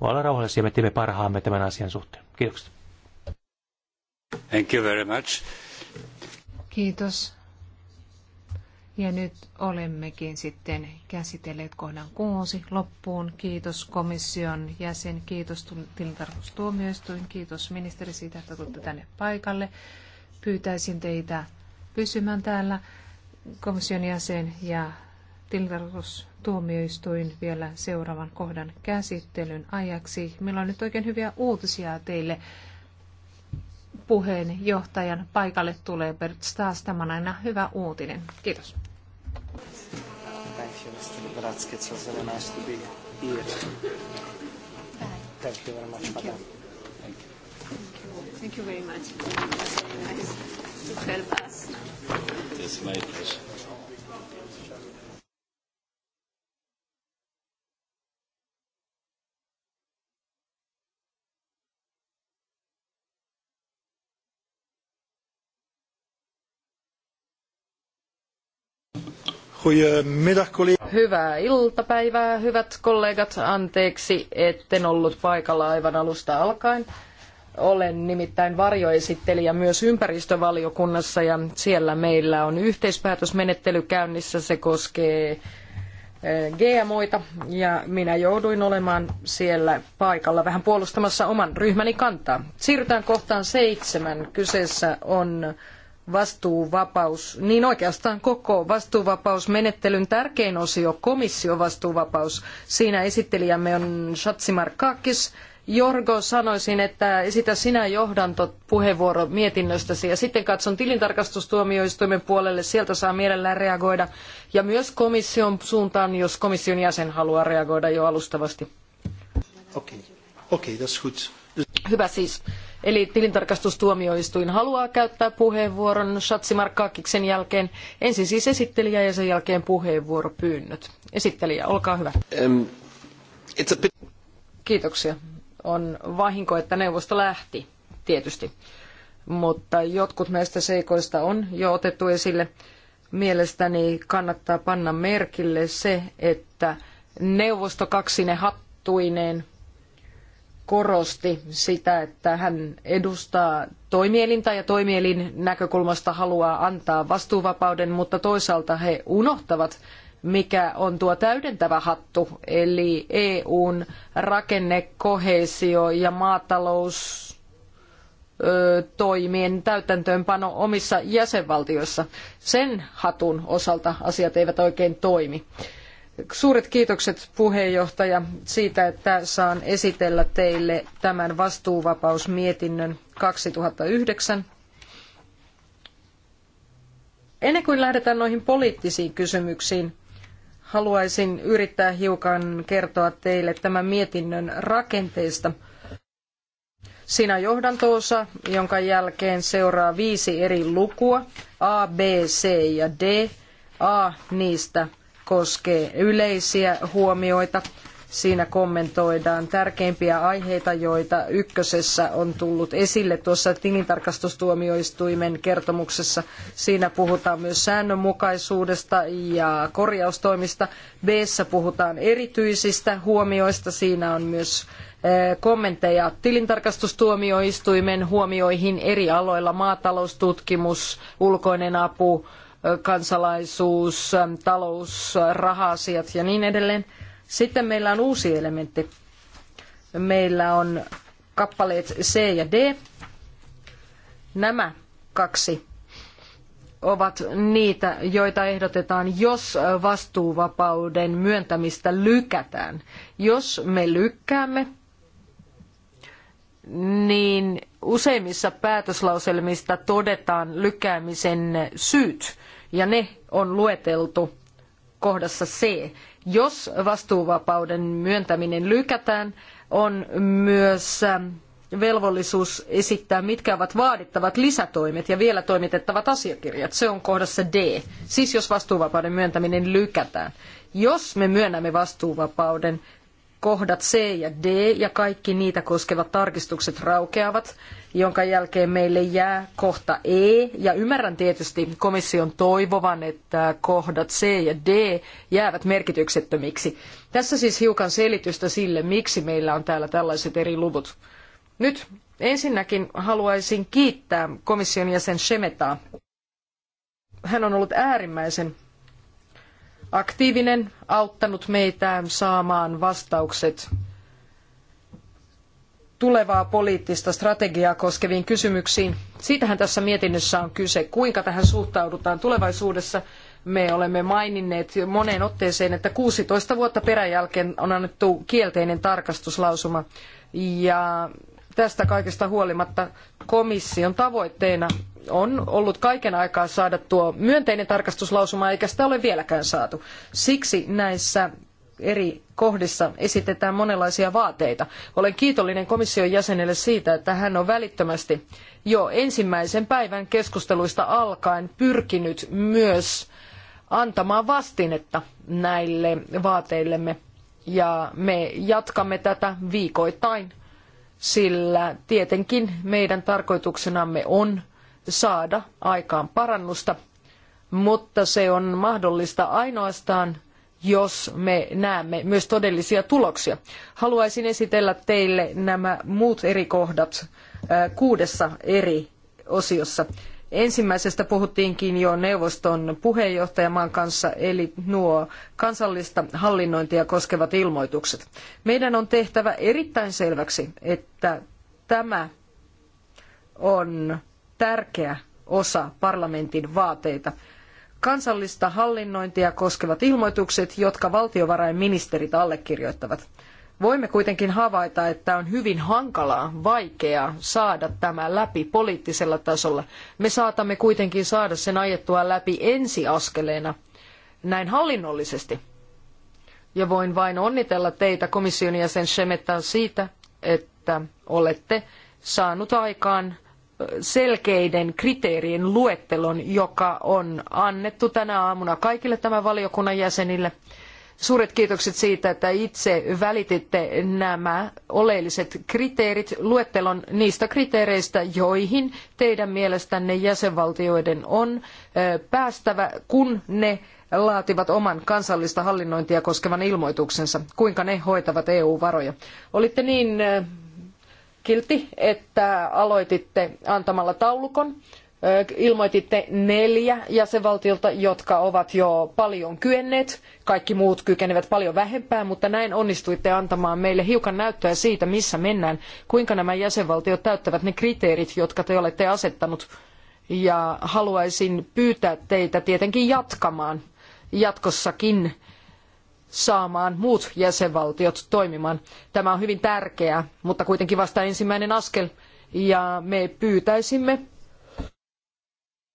olla rauhallisia. Me teemme parhaamme tämän asian suhteen. Kiitokset. Thank you very much. Kiitos. Ja nyt olemmekin sitten käsitelleet kohdan kuusi loppuun. Kiitos komission jäsen, kiitos tilintarkastustuomioistuin, kiitos ministeri siitä, että tulitte tänne paikalle. Pyytäisin teitä pysymään täällä komission jäsen ja tilintarkastustuomioistuin vielä seuraavan kohdan käsittelyn ajaksi. Meillä on nyt oikein hyviä uutisia teille puheenjohtajan paikalle tulee Bert Staas. Tämä on aina hyvä uutinen. Kiitos. But that's it's also very nice to be here. Bye. Thank you very much, Thank madam. You. Thank you. Thank you. Thank you very much. It was very nice to help us. It's my pleasure. Hyvää iltapäivää, hyvät kollegat. Anteeksi, etten ollut paikalla aivan alusta alkaen. Olen nimittäin varjoesittelijä myös ympäristövaliokunnassa ja siellä meillä on yhteispäätösmenettely käynnissä. Se koskee eh, GMOita ja minä jouduin olemaan siellä paikalla vähän puolustamassa oman ryhmäni kantaa. Siirrytään kohtaan seitsemän. Kyseessä on vastuuvapaus, niin oikeastaan koko vastuuvapausmenettelyn tärkein osio, komission vastuuvapaus, siinä esittelijämme on Shatsimarkakis. Jorgo, sanoisin, että esitä sinä johdantopuheenvuoro mietinnöstäsi ja sitten katson tilintarkastustuomioistuimen puolelle, sieltä saa mielellään reagoida ja myös komission suuntaan, jos komission jäsen haluaa reagoida jo alustavasti. Okei, okay. okei, okay, that's good. Hyvä siis. Eli tilintarkastustuomioistuin haluaa käyttää puheenvuoron Shatsimarkkaakiksen jälkeen. Ensin siis esittelijä ja sen jälkeen puheenvuoropyynnöt. Esittelijä, olkaa hyvä. Um, bit... Kiitoksia. On vahinko, että neuvosto lähti, tietysti. Mutta jotkut näistä seikoista on jo otettu esille. Mielestäni kannattaa panna merkille se, että neuvosto kaksine hattuineen – korosti sitä, että hän edustaa toimielintä ja toimielin näkökulmasta haluaa antaa vastuuvapauden, mutta toisaalta he unohtavat, mikä on tuo täydentävä hattu, eli EUn rakenne, kohesio ja maatalous toimien täytäntöönpano omissa jäsenvaltioissa. Sen hatun osalta asiat eivät oikein toimi. Suuret kiitokset puheenjohtaja siitä, että saan esitellä teille tämän vastuuvapausmietinnön 2009. Ennen kuin lähdetään noihin poliittisiin kysymyksiin, haluaisin yrittää hiukan kertoa teille tämän mietinnön rakenteesta. Siinä on johdantoosa, jonka jälkeen seuraa viisi eri lukua, A, B, C ja D. A niistä koskee yleisiä huomioita. Siinä kommentoidaan tärkeimpiä aiheita, joita ykkösessä on tullut esille tuossa tilintarkastustuomioistuimen kertomuksessa. Siinä puhutaan myös säännönmukaisuudesta ja korjaustoimista. b puhutaan erityisistä huomioista. Siinä on myös eh, kommentteja tilintarkastustuomioistuimen huomioihin eri aloilla maataloustutkimus, ulkoinen apu, kansalaisuus, talous, raha-asiat ja niin edelleen. Sitten meillä on uusi elementti. Meillä on kappaleet C ja D. Nämä kaksi ovat niitä, joita ehdotetaan, jos vastuuvapauden myöntämistä lykätään. Jos me lykkäämme, niin useimmissa päätöslauselmista todetaan lykkäämisen syyt ja ne on lueteltu kohdassa C. Jos vastuuvapauden myöntäminen lykätään, on myös ähm, velvollisuus esittää, mitkä ovat vaadittavat lisätoimet ja vielä toimitettavat asiakirjat. Se on kohdassa D, siis jos vastuuvapauden myöntäminen lykätään. Jos me myönnämme vastuuvapauden, kohdat C ja D ja kaikki niitä koskevat tarkistukset raukeavat, jonka jälkeen meille jää kohta E. Ja ymmärrän tietysti komission toivovan, että kohdat C ja D jäävät merkityksettömiksi. Tässä siis hiukan selitystä sille, miksi meillä on täällä tällaiset eri luvut. Nyt ensinnäkin haluaisin kiittää komission jäsen Shemetaa. Hän on ollut äärimmäisen aktiivinen, auttanut meitä saamaan vastaukset tulevaa poliittista strategiaa koskeviin kysymyksiin. Siitähän tässä mietinnössä on kyse, kuinka tähän suhtaudutaan tulevaisuudessa. Me olemme maininneet moneen otteeseen, että 16 vuotta peräjälkeen on annettu kielteinen tarkastuslausuma. Ja tästä kaikesta huolimatta komission tavoitteena on ollut kaiken aikaa saada tuo myönteinen tarkastuslausuma, eikä sitä ole vieläkään saatu. Siksi näissä eri kohdissa esitetään monenlaisia vaateita. Olen kiitollinen komission jäsenelle siitä, että hän on välittömästi jo ensimmäisen päivän keskusteluista alkaen pyrkinyt myös antamaan vastinetta näille vaateillemme. Ja me jatkamme tätä viikoittain, sillä tietenkin meidän tarkoituksenamme on saada aikaan parannusta, mutta se on mahdollista ainoastaan, jos me näemme myös todellisia tuloksia. Haluaisin esitellä teille nämä muut eri kohdat kuudessa eri osiossa. Ensimmäisestä puhuttiinkin jo neuvoston puheenjohtajamaan kanssa, eli nuo kansallista hallinnointia koskevat ilmoitukset. Meidän on tehtävä erittäin selväksi, että tämä on tärkeä osa parlamentin vaateita. Kansallista hallinnointia koskevat ilmoitukset, jotka valtiovarainministerit allekirjoittavat. Voimme kuitenkin havaita, että on hyvin hankalaa, vaikeaa saada tämä läpi poliittisella tasolla. Me saatamme kuitenkin saada sen ajettua läpi ensiaskeleena näin hallinnollisesti. Ja voin vain onnitella teitä komission jäsen Shemettaa siitä, että olette saanut aikaan selkeiden kriteerien luettelon, joka on annettu tänä aamuna kaikille tämän valiokunnan jäsenille. Suuret kiitokset siitä, että itse välititte nämä oleelliset kriteerit luettelon niistä kriteereistä, joihin teidän mielestänne jäsenvaltioiden on päästävä, kun ne laativat oman kansallista hallinnointia koskevan ilmoituksensa, kuinka ne hoitavat EU-varoja. Olitte niin kilti, että aloititte antamalla taulukon. Ilmoititte neljä jäsenvaltiolta, jotka ovat jo paljon kyenneet. Kaikki muut kykenevät paljon vähempään, mutta näin onnistuitte antamaan meille hiukan näyttöä siitä, missä mennään, kuinka nämä jäsenvaltiot täyttävät ne kriteerit, jotka te olette asettanut. Ja haluaisin pyytää teitä tietenkin jatkamaan jatkossakin saamaan muut jäsenvaltiot toimimaan. Tämä on hyvin tärkeää, mutta kuitenkin vasta ensimmäinen askel. Ja me pyytäisimme,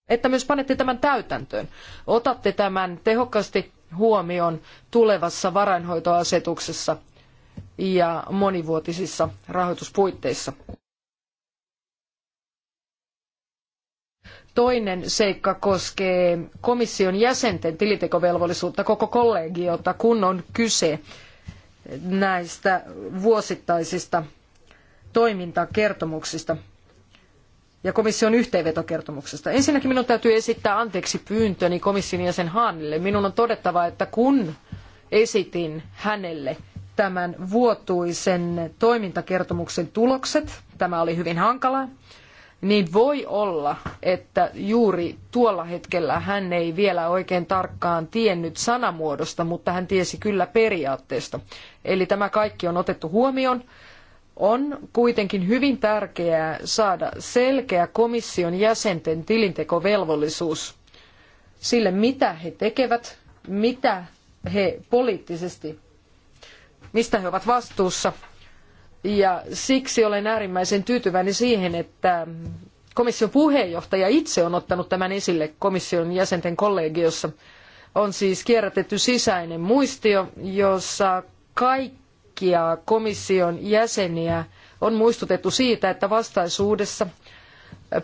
että myös panette tämän täytäntöön. Otatte tämän tehokkaasti huomioon tulevassa varainhoitoasetuksessa ja monivuotisissa rahoituspuitteissa. Toinen seikka koskee komission jäsenten tilitekovelvollisuutta koko kollegiota, kun on kyse näistä vuosittaisista toimintakertomuksista ja komission yhteenvetokertomuksesta. Ensinnäkin minun täytyy esittää anteeksi pyyntöni komission jäsen Haanille. Minun on todettava, että kun esitin hänelle tämän vuotuisen toimintakertomuksen tulokset, tämä oli hyvin hankalaa, niin voi olla, että juuri tuolla hetkellä hän ei vielä oikein tarkkaan tiennyt sanamuodosta, mutta hän tiesi kyllä periaatteesta. Eli tämä kaikki on otettu huomioon. On kuitenkin hyvin tärkeää saada selkeä komission jäsenten tilintekovelvollisuus sille, mitä he tekevät, mitä he poliittisesti, mistä he ovat vastuussa ja siksi olen äärimmäisen tyytyväinen siihen, että komission puheenjohtaja itse on ottanut tämän esille komission jäsenten kollegiossa. On siis kierrätetty sisäinen muistio, jossa kaikkia komission jäseniä on muistutettu siitä, että vastaisuudessa –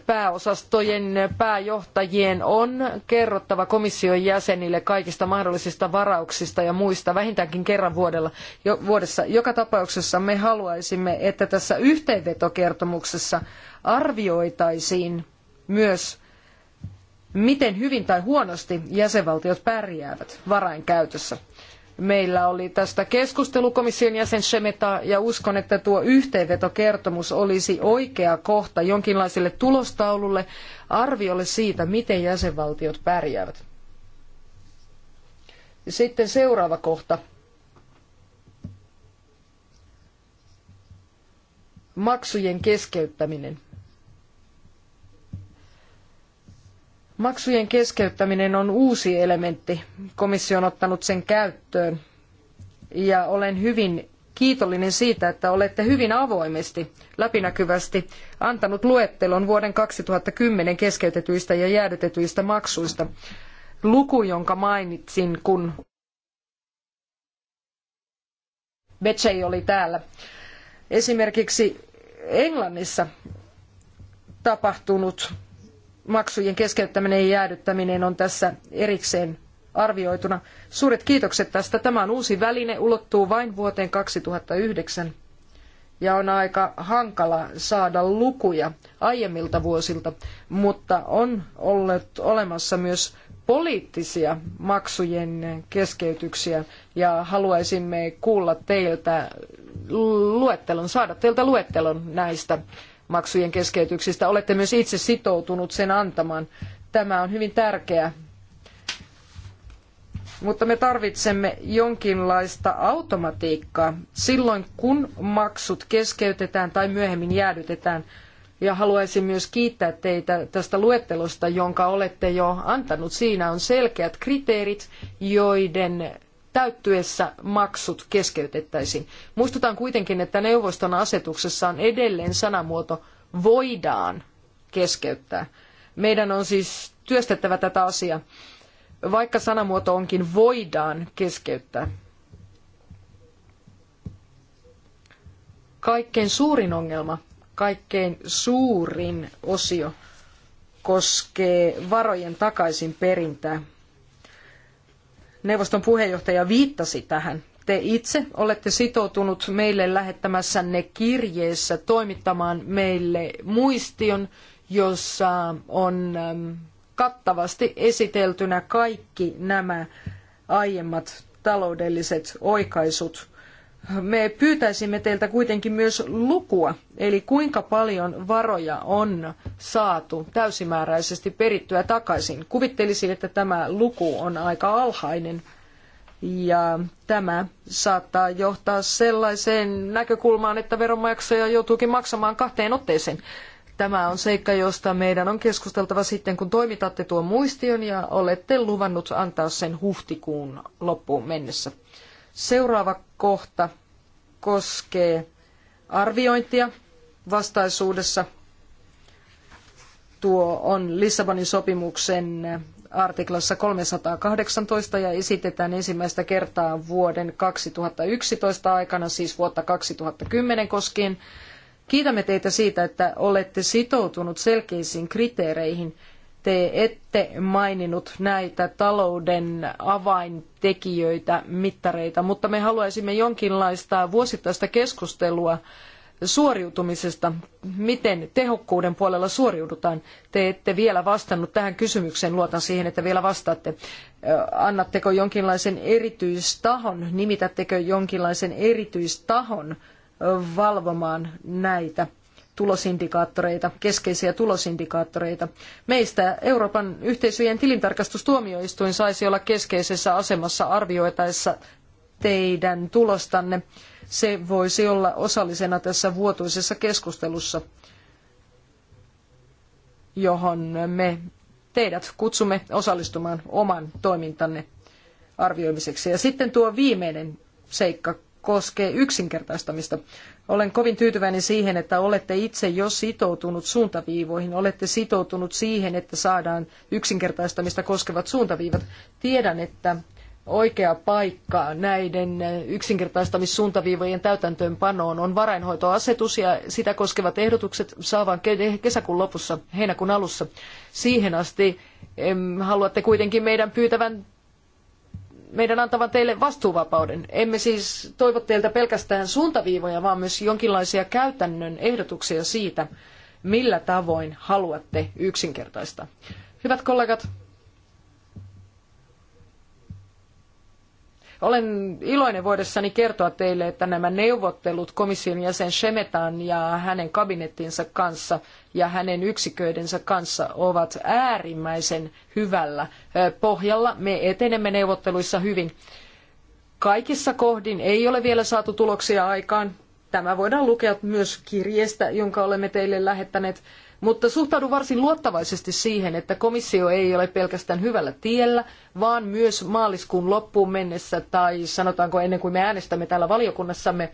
pääosastojen pääjohtajien on kerrottava komission jäsenille kaikista mahdollisista varauksista ja muista vähintäänkin kerran vuodella, jo, vuodessa. Joka tapauksessa me haluaisimme, että tässä yhteenvetokertomuksessa arvioitaisiin myös miten hyvin tai huonosti jäsenvaltiot pärjäävät varainkäytössä. Meillä oli tästä keskustelu komission jäsen Shemeta ja uskon, että tuo yhteenvetokertomus olisi oikea kohta jonkinlaiselle tulostaululle arviolle siitä, miten jäsenvaltiot pärjäävät. Sitten seuraava kohta. Maksujen keskeyttäminen. Maksujen keskeyttäminen on uusi elementti. Komissio on ottanut sen käyttöön. Ja olen hyvin kiitollinen siitä, että olette hyvin avoimesti, läpinäkyvästi antanut luettelon vuoden 2010 keskeytetyistä ja jäädytetyistä maksuista. Luku, jonka mainitsin, kun Becei oli täällä. Esimerkiksi Englannissa tapahtunut maksujen keskeyttäminen ja jäädyttäminen on tässä erikseen arvioituna. Suuret kiitokset tästä. Tämä on uusi väline, ulottuu vain vuoteen 2009 ja on aika hankala saada lukuja aiemmilta vuosilta, mutta on ollut olemassa myös poliittisia maksujen keskeytyksiä ja haluaisimme kuulla teiltä luettelon, saada teiltä luettelon näistä maksujen keskeytyksistä. Olette myös itse sitoutunut sen antamaan. Tämä on hyvin tärkeää. Mutta me tarvitsemme jonkinlaista automatiikkaa silloin, kun maksut keskeytetään tai myöhemmin jäädytetään. Ja haluaisin myös kiittää teitä tästä luettelosta, jonka olette jo antanut. Siinä on selkeät kriteerit, joiden täyttyessä maksut keskeytettäisiin. Muistutan kuitenkin, että neuvoston asetuksessa on edelleen sanamuoto voidaan keskeyttää. Meidän on siis työstettävä tätä asiaa, vaikka sanamuoto onkin voidaan keskeyttää. Kaikkein suurin ongelma, kaikkein suurin osio koskee varojen takaisin perintää neuvoston puheenjohtaja viittasi tähän. Te itse olette sitoutunut meille lähettämässänne kirjeessä toimittamaan meille muistion, jossa on kattavasti esiteltynä kaikki nämä aiemmat taloudelliset oikaisut me pyytäisimme teiltä kuitenkin myös lukua, eli kuinka paljon varoja on saatu täysimääräisesti perittyä takaisin. Kuvittelisin, että tämä luku on aika alhainen. Ja tämä saattaa johtaa sellaiseen näkökulmaan, että veronmaksaja joutuukin maksamaan kahteen otteeseen. Tämä on seikka, josta meidän on keskusteltava sitten, kun toimitatte tuon muistion ja olette luvannut antaa sen huhtikuun loppuun mennessä. Seuraava kohta koskee arviointia vastaisuudessa. Tuo on Lissabonin sopimuksen artiklassa 318 ja esitetään ensimmäistä kertaa vuoden 2011 aikana, siis vuotta 2010 koskien. Kiitämme teitä siitä, että olette sitoutunut selkeisiin kriteereihin – te ette maininnut näitä talouden avaintekijöitä, mittareita, mutta me haluaisimme jonkinlaista vuosittaista keskustelua suoriutumisesta, miten tehokkuuden puolella suoriudutaan. Te ette vielä vastannut tähän kysymykseen, luotan siihen, että vielä vastaatte. Annatteko jonkinlaisen erityistahon, nimitättekö jonkinlaisen erityistahon valvomaan näitä tulosindikaattoreita, keskeisiä tulosindikaattoreita. Meistä Euroopan yhteisöjen tilintarkastustuomioistuin saisi olla keskeisessä asemassa arvioitaessa teidän tulostanne. Se voisi olla osallisena tässä vuotuisessa keskustelussa, johon me teidät kutsumme osallistumaan oman toimintanne arvioimiseksi. Ja sitten tuo viimeinen seikka koskee yksinkertaistamista. Olen kovin tyytyväinen siihen, että olette itse jo sitoutunut suuntaviivoihin. Olette sitoutunut siihen, että saadaan yksinkertaistamista koskevat suuntaviivat. Tiedän, että oikea paikka näiden yksinkertaistamissuuntaviivojen täytäntöönpanoon on varainhoitoasetus ja sitä koskevat ehdotukset saavan kesäkuun lopussa, heinäkuun alussa. Siihen asti em, haluatte kuitenkin meidän pyytävän meidän antavan teille vastuuvapauden. Emme siis toivo teiltä pelkästään suuntaviivoja, vaan myös jonkinlaisia käytännön ehdotuksia siitä, millä tavoin haluatte yksinkertaista. Hyvät kollegat, Olen iloinen voidessani kertoa teille, että nämä neuvottelut komission jäsen Shemetan ja hänen kabinettinsa kanssa ja hänen yksiköidensä kanssa ovat äärimmäisen hyvällä pohjalla. Me etenemme neuvotteluissa hyvin. Kaikissa kohdin ei ole vielä saatu tuloksia aikaan. Tämä voidaan lukea myös kirjeestä, jonka olemme teille lähettäneet. Mutta suhtaudun varsin luottavaisesti siihen, että komissio ei ole pelkästään hyvällä tiellä, vaan myös maaliskuun loppuun mennessä tai sanotaanko ennen kuin me äänestämme täällä valiokunnassamme,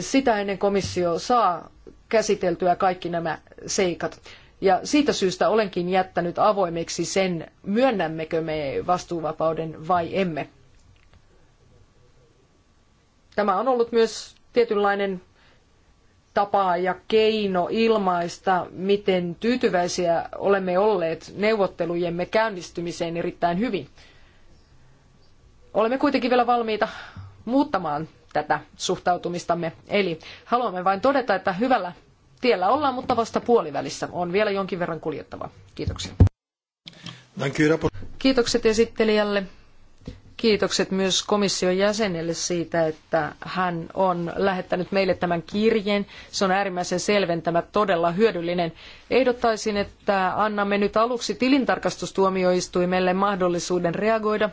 sitä ennen komissio saa käsiteltyä kaikki nämä seikat. Ja siitä syystä olenkin jättänyt avoimeksi sen, myönnämmekö me vastuuvapauden vai emme. Tämä on ollut myös tietynlainen tapa ja keino ilmaista, miten tyytyväisiä olemme olleet neuvottelujemme käynnistymiseen erittäin hyvin. Olemme kuitenkin vielä valmiita muuttamaan tätä suhtautumistamme. Eli haluamme vain todeta, että hyvällä tiellä ollaan, mutta vasta puolivälissä. On vielä jonkin verran kuljettava. Kiitoksia. Kiitokset esittelijälle. Kiitokset myös komission jäsenelle siitä, että hän on lähettänyt meille tämän kirjeen. Se on äärimmäisen selventämä, todella hyödyllinen. Ehdottaisin, että annamme nyt aluksi tilintarkastustuomioistuimelle mahdollisuuden reagoida.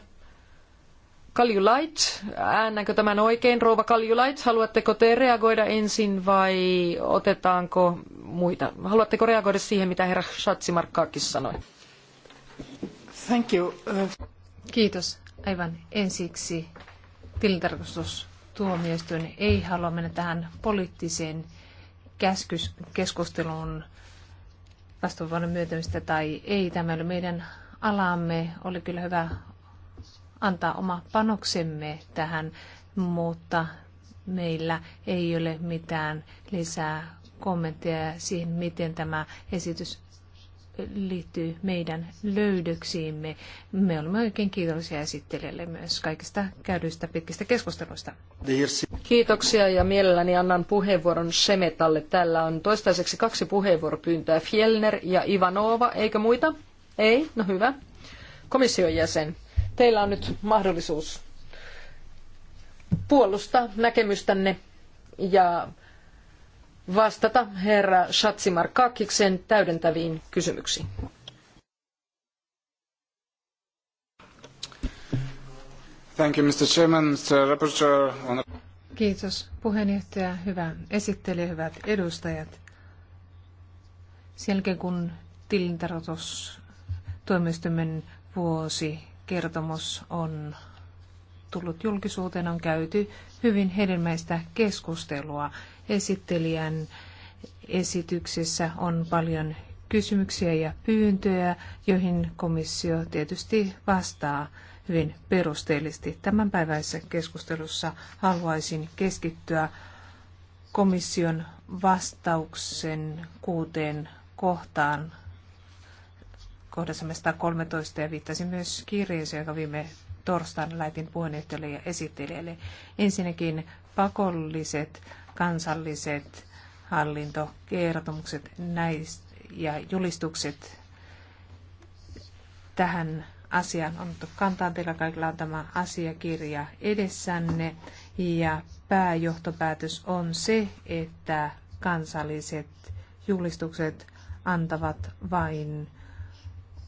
Kaljulait, äännänkö tämän oikein? Rouva Kaljulait, haluatteko te reagoida ensin vai otetaanko muita? Haluatteko reagoida siihen, mitä herra Shatsimarkkaakis sanoi? Thank you. Kiitos. Aivan ensiksi tilintarkastustuomioistuin ei halua mennä tähän poliittiseen käskys, keskusteluun vastuuvuoden myöntämistä tai ei. Tämä oli meidän alamme. Oli kyllä hyvä antaa oma panoksemme tähän, mutta meillä ei ole mitään lisää kommentteja siihen, miten tämä esitys liittyy meidän löydöksiimme. Me olemme oikein kiitollisia esittelijälle myös kaikista käydyistä pitkistä keskusteluista. Kiitoksia ja mielelläni annan puheenvuoron Semetalle. Täällä on toistaiseksi kaksi puheenvuoropyyntöä, Fjellner ja Ivanova, eikö muita? Ei? No hyvä. Komission jäsen, teillä on nyt mahdollisuus puolustaa näkemystänne ja vastata herra Shatsimar täydentäviin kysymyksiin. Thank you, Mr. Chairman, Mr. Rapporteur. Kiitos puheenjohtaja, hyvä esittelijä, hyvät edustajat. Sen jälkeen kun tilintarkastustoimistomen vuosikertomus on tullut julkisuuteen, on käyty hyvin hedelmäistä keskustelua esittelijän esityksessä on paljon kysymyksiä ja pyyntöjä, joihin komissio tietysti vastaa hyvin perusteellisesti. Tämänpäiväisessä keskustelussa haluaisin keskittyä komission vastauksen kuuteen kohtaan kohdassa 113 ja viittasin myös kirjeeseen, joka viime torstaina laitin puheenjohtajalle ja esittelijälle. Ensinnäkin pakolliset kansalliset hallintokertomukset näistä ja julistukset tähän asiaan on otettu kantaa. Teillä kaikilla on tämä asiakirja edessänne ja pääjohtopäätös on se, että kansalliset julistukset antavat vain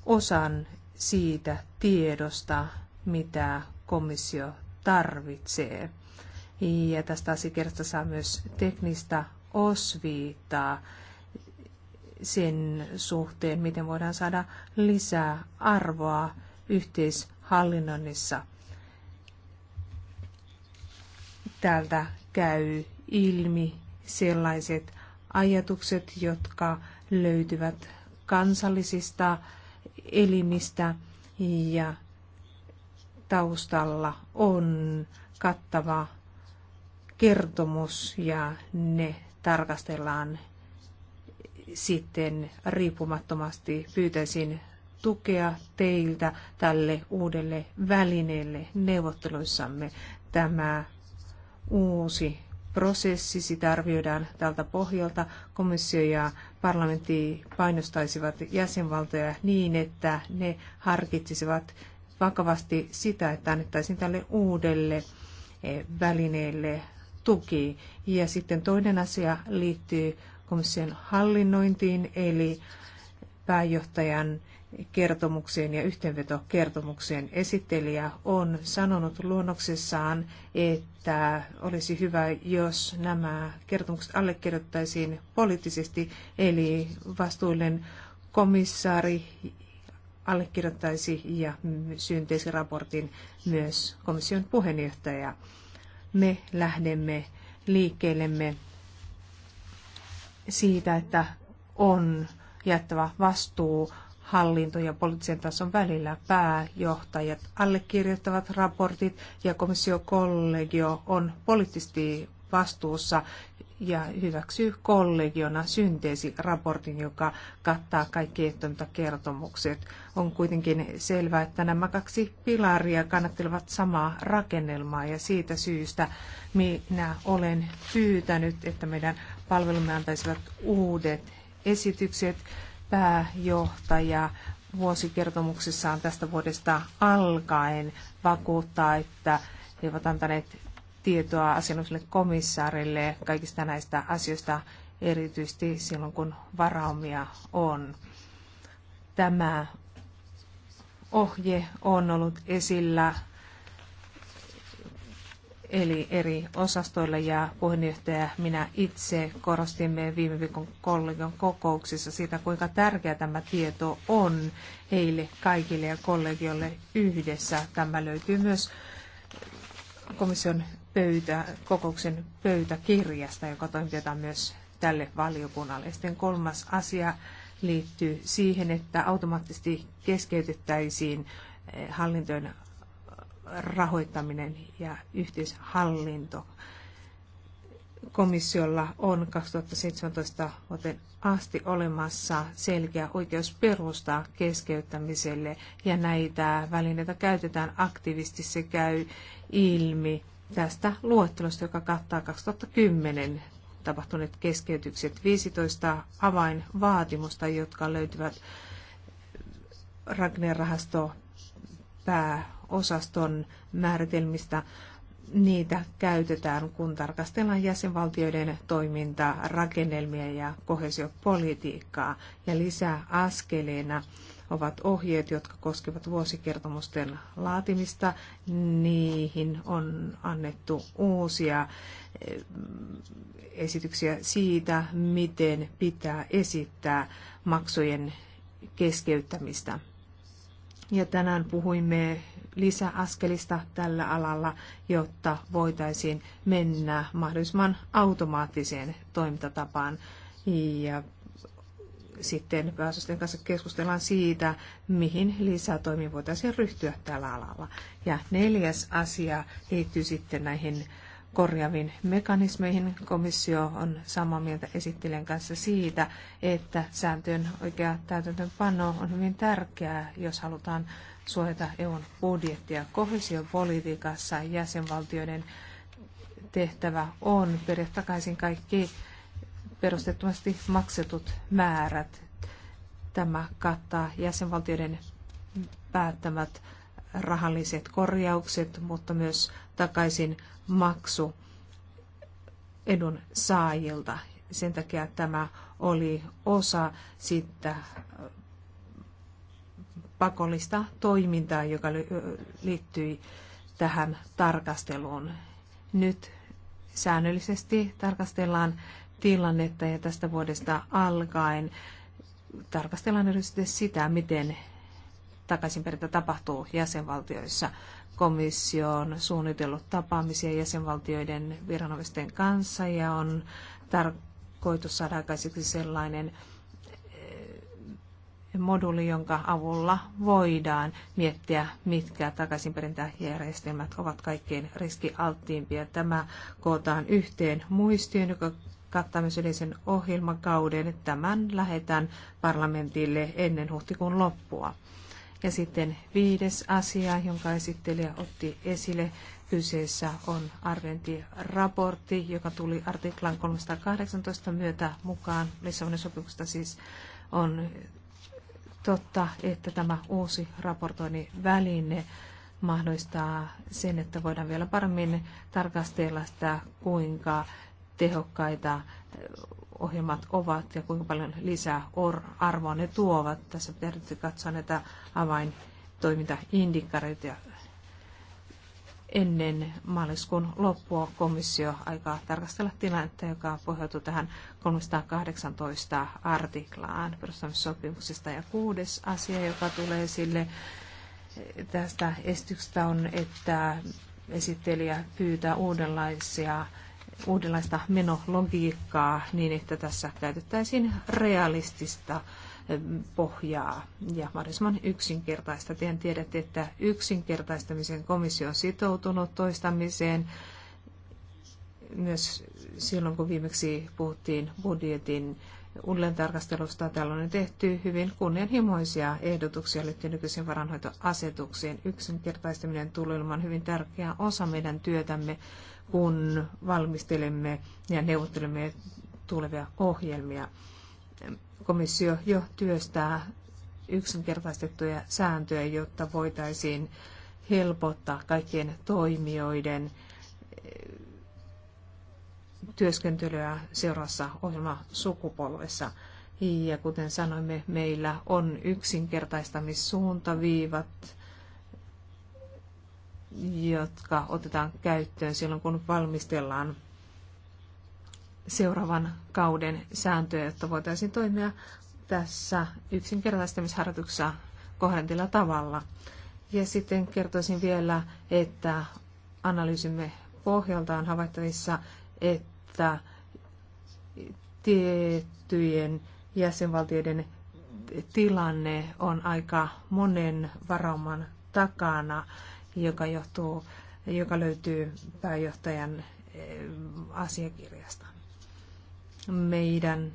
osan siitä tiedosta, mitä komissio tarvitsee. Ja tästä asiakirjasta saa myös teknistä osviittaa sen suhteen, miten voidaan saada lisää arvoa yhteishallinnonnissa. Täältä käy ilmi sellaiset ajatukset, jotka löytyvät kansallisista elimistä ja taustalla on kattava kertomus ja ne tarkastellaan sitten riippumattomasti. Pyytäisin tukea teiltä tälle uudelle välineelle neuvotteluissamme. Tämä uusi prosessi, sitä arvioidaan tältä pohjalta. Komissio ja parlamentti painostaisivat jäsenvaltoja niin, että ne harkitsisivat vakavasti sitä, että annettaisiin tälle uudelle eh, välineelle tuki. Ja sitten toinen asia liittyy komission hallinnointiin, eli pääjohtajan kertomukseen ja yhteenvetokertomukseen esittelijä on sanonut luonnoksessaan, että olisi hyvä, jos nämä kertomukset allekirjoittaisiin poliittisesti, eli vastuullinen komissaari allekirjoittaisi ja synteisi raportin myös komission puheenjohtaja. Me lähdemme liikkeellemme siitä, että on jättävä vastuu hallinto- ja poliittisen tason välillä pääjohtajat allekirjoittavat raportit ja komissiokollegio on poliittisesti vastuussa ja hyväksyy kollegiona synteesiraportin, joka kattaa kaikki kertomukset. On kuitenkin selvää, että nämä kaksi pilaria kannattelevat samaa rakennelmaa ja siitä syystä minä olen pyytänyt, että meidän palvelumme antaisivat uudet esitykset. Pääjohtaja vuosikertomuksessaan tästä vuodesta alkaen vakuuttaa, että he ovat antaneet tietoa asianomaiselle komissaarille kaikista näistä asioista, erityisesti silloin kun varaumia on. Tämä ohje on ollut esillä eli eri osastoille ja puheenjohtaja minä itse korostimme viime viikon kollegion kokouksissa sitä, kuinka tärkeä tämä tieto on heille kaikille ja kollegiolle yhdessä. Tämä löytyy myös komission pöytä, kokouksen pöytäkirjasta, joka toimitetaan myös tälle valiokunnalle. Sitten kolmas asia liittyy siihen, että automaattisesti keskeytettäisiin eh, hallintojen rahoittaminen ja yhteishallinto. Komissiolla on 2017 vuoteen asti olemassa selkeä oikeus perustaa keskeyttämiselle ja näitä välineitä käytetään aktiivisesti. Se käy ilmi tästä luettelosta, joka kattaa 2010 tapahtuneet keskeytykset, 15 avainvaatimusta, jotka löytyvät Ragnar-rahasto pääosaston määritelmistä. Niitä käytetään, kun tarkastellaan jäsenvaltioiden toimintaa, rakennelmia ja kohesiopolitiikkaa. Ja lisää askeleena ovat ohjeet, jotka koskevat vuosikertomusten laatimista. Niihin on annettu uusia eh, esityksiä siitä, miten pitää esittää maksujen keskeyttämistä. Ja tänään puhuimme lisäaskelista tällä alalla, jotta voitaisiin mennä mahdollisimman automaattiseen toimintatapaan. Ja sitten pääosasten kanssa keskustellaan siitä, mihin lisätoimiin voitaisiin ryhtyä tällä alalla. Ja neljäs asia liittyy sitten näihin korjaaviin mekanismeihin. Komissio on samaa mieltä esittelijän kanssa siitä, että sääntöjen oikea täytäntöönpano on hyvin tärkeää, jos halutaan suojata EUn budjettia. Kohesiopolitiikassa jäsenvaltioiden tehtävä on periaatteessa takaisin kaikki perustettomasti maksetut määrät. Tämä kattaa jäsenvaltioiden päättämät rahalliset korjaukset, mutta myös takaisin maksu edun saajilta. Sen takia tämä oli osa sitä pakollista toimintaa, joka liittyi tähän tarkasteluun. Nyt säännöllisesti tarkastellaan tilannetta ja tästä vuodesta alkaen tarkastellaan erityisesti sitä, miten takaisinperintä tapahtuu jäsenvaltioissa. Komissio on suunnitellut tapaamisia jäsenvaltioiden viranomaisten kanssa ja on tarkoitus saada aikaiseksi sellainen eh, moduli, jonka avulla voidaan miettiä, mitkä takaisinperintäjärjestelmät ovat kaikkein riskialttiimpia. Tämä kootaan yhteen muistiin, joka kattamisellisen ohjelmakauden. Tämän lähetän parlamentille ennen huhtikuun loppua. Ja sitten viides asia, jonka esittelijä otti esille, kyseessä on arviointiraportti, joka tuli artiklan 318 myötä mukaan Lissabonin sopimuksesta siis on totta, että tämä uusi väline mahdollistaa sen, että voidaan vielä paremmin tarkastella sitä, kuinka tehokkaita ohjelmat ovat ja kuinka paljon lisää arvoa ne tuovat. Tässä pitäisi katsoa näitä avaintoimintaindikareita ennen maaliskuun loppua komissio aikaa tarkastella tilannetta, joka pohjautuu tähän 318 artiklaan perustamissopimuksesta. Ja kuudes asia, joka tulee sille tästä esityksestä on, että esittelijä pyytää uudenlaisia uudenlaista menologiikkaa niin, että tässä käytettäisiin realistista eh, pohjaa ja mahdollisimman yksinkertaista. Tehän tiedätte, että yksinkertaistamisen komissio on sitoutunut toistamiseen myös silloin, kun viimeksi puhuttiin budjetin uudelleen tarkastelusta. Täällä on tehty hyvin kunnianhimoisia ehdotuksia liittyen nykyisen varanhoitoasetukseen. Yksinkertaistaminen tulee olemaan hyvin tärkeä osa meidän työtämme kun valmistelemme ja neuvottelemme tulevia ohjelmia. Komissio jo työstää yksinkertaistettuja sääntöjä, jotta voitaisiin helpottaa kaikkien toimijoiden eh, työskentelyä seuraavassa ohjelmasukupolvessa. Ja kuten sanoimme, meillä on yksinkertaistamissuuntaviivat jotka otetaan käyttöön silloin, kun valmistellaan seuraavan kauden sääntöjä, jotta voitaisiin toimia tässä yksinkertaistamisharjoituksessa kohdentilla tavalla. Ja sitten kertoisin vielä, että analyysimme pohjalta on havaittavissa, että tiettyjen jäsenvaltioiden tilanne on aika monen varauman takana joka, johtuu, joka löytyy pääjohtajan eh, asiakirjasta. Meidän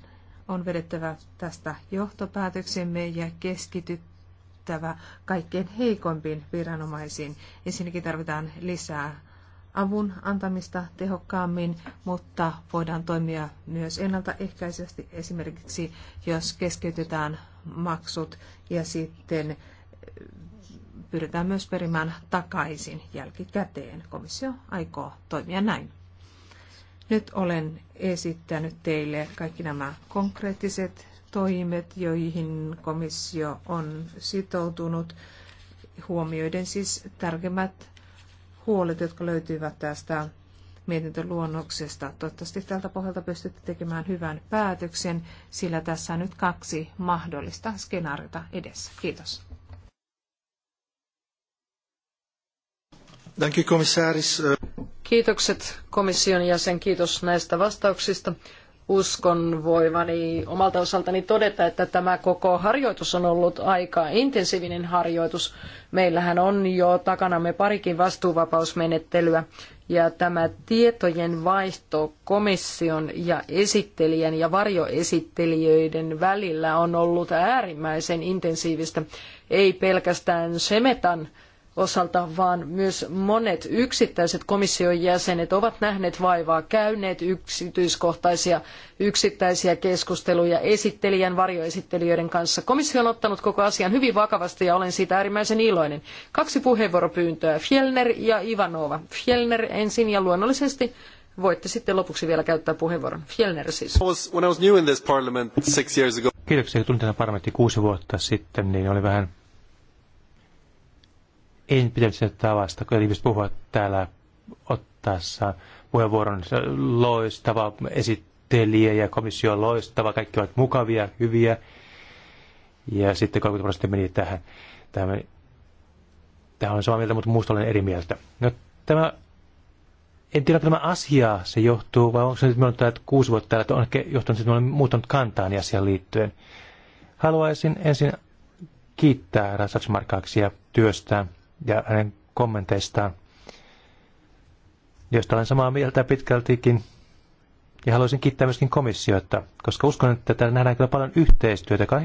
on vedettävä tästä johtopäätöksemme ja keskityttävä kaikkein heikompiin viranomaisiin. Ensinnäkin tarvitaan lisää avun antamista tehokkaammin, mutta voidaan toimia myös ennaltaehkäisesti esimerkiksi, jos keskeytetään maksut ja sitten pyritään myös perimään takaisin jälkikäteen. Komissio aikoo toimia näin. Nyt olen esittänyt teille kaikki nämä konkreettiset toimet, joihin komissio on sitoutunut, huomioiden siis tärkeimmät huolet, jotka löytyvät tästä mietintöluonnoksesta. Toivottavasti tältä pohjalta pystytte tekemään hyvän päätöksen, sillä tässä on nyt kaksi mahdollista skenaariota edessä. Kiitos. Uh, Kiitokset komission jäsen, kiitos näistä vastauksista. Uskon voivani omalta osaltani todeta, että tämä koko harjoitus on ollut aika intensiivinen harjoitus. Meillähän on jo takanamme parikin vastuuvapausmenettelyä ja tämä tietojen vaihto komission ja esittelijän ja varjoesittelijöiden välillä on ollut äärimmäisen intensiivistä. Ei pelkästään Semetan osalta, vaan myös monet yksittäiset komission jäsenet ovat nähneet vaivaa, käyneet yksityiskohtaisia yksittäisiä keskusteluja esittelijän, varjoesittelijöiden kanssa. Komissio on ottanut koko asian hyvin vakavasti ja olen siitä äärimmäisen iloinen. Kaksi puheenvuoropyyntöä, Fjellner ja Ivanova. Fjellner ensin ja luonnollisesti voitte sitten lopuksi vielä käyttää puheenvuoron. Fjellner siis. When I was new in this parliament six years ago. Kiitoksia, kun tulin tänne parlamenttiin kuusi vuotta sitten, niin oli vähän en sitä tavasta, kun ihmiset puhuvat täällä ottaessa puheenvuoron loistava esittelijä ja komissio on loistava, kaikki ovat mukavia, hyviä. Ja sitten 30 prosenttia meni tähän. Tämä, tämä on samaa mieltä, mutta muusta olen eri mieltä. No, tämä, en tiedä, onko tämä asia se johtuu, vai onko se nyt minulla täällä kuusi vuotta täällä, että on ehkä johtunut, että olen muuttanut kantaani asiaan liittyen. Haluaisin ensin kiittää ja työstään ja hänen kommenteistaan, joista olen samaa mieltä pitkältikin. Ja haluaisin kiittää myöskin komissiota, koska uskon, että täällä nähdään kyllä paljon yhteistyötä, joka on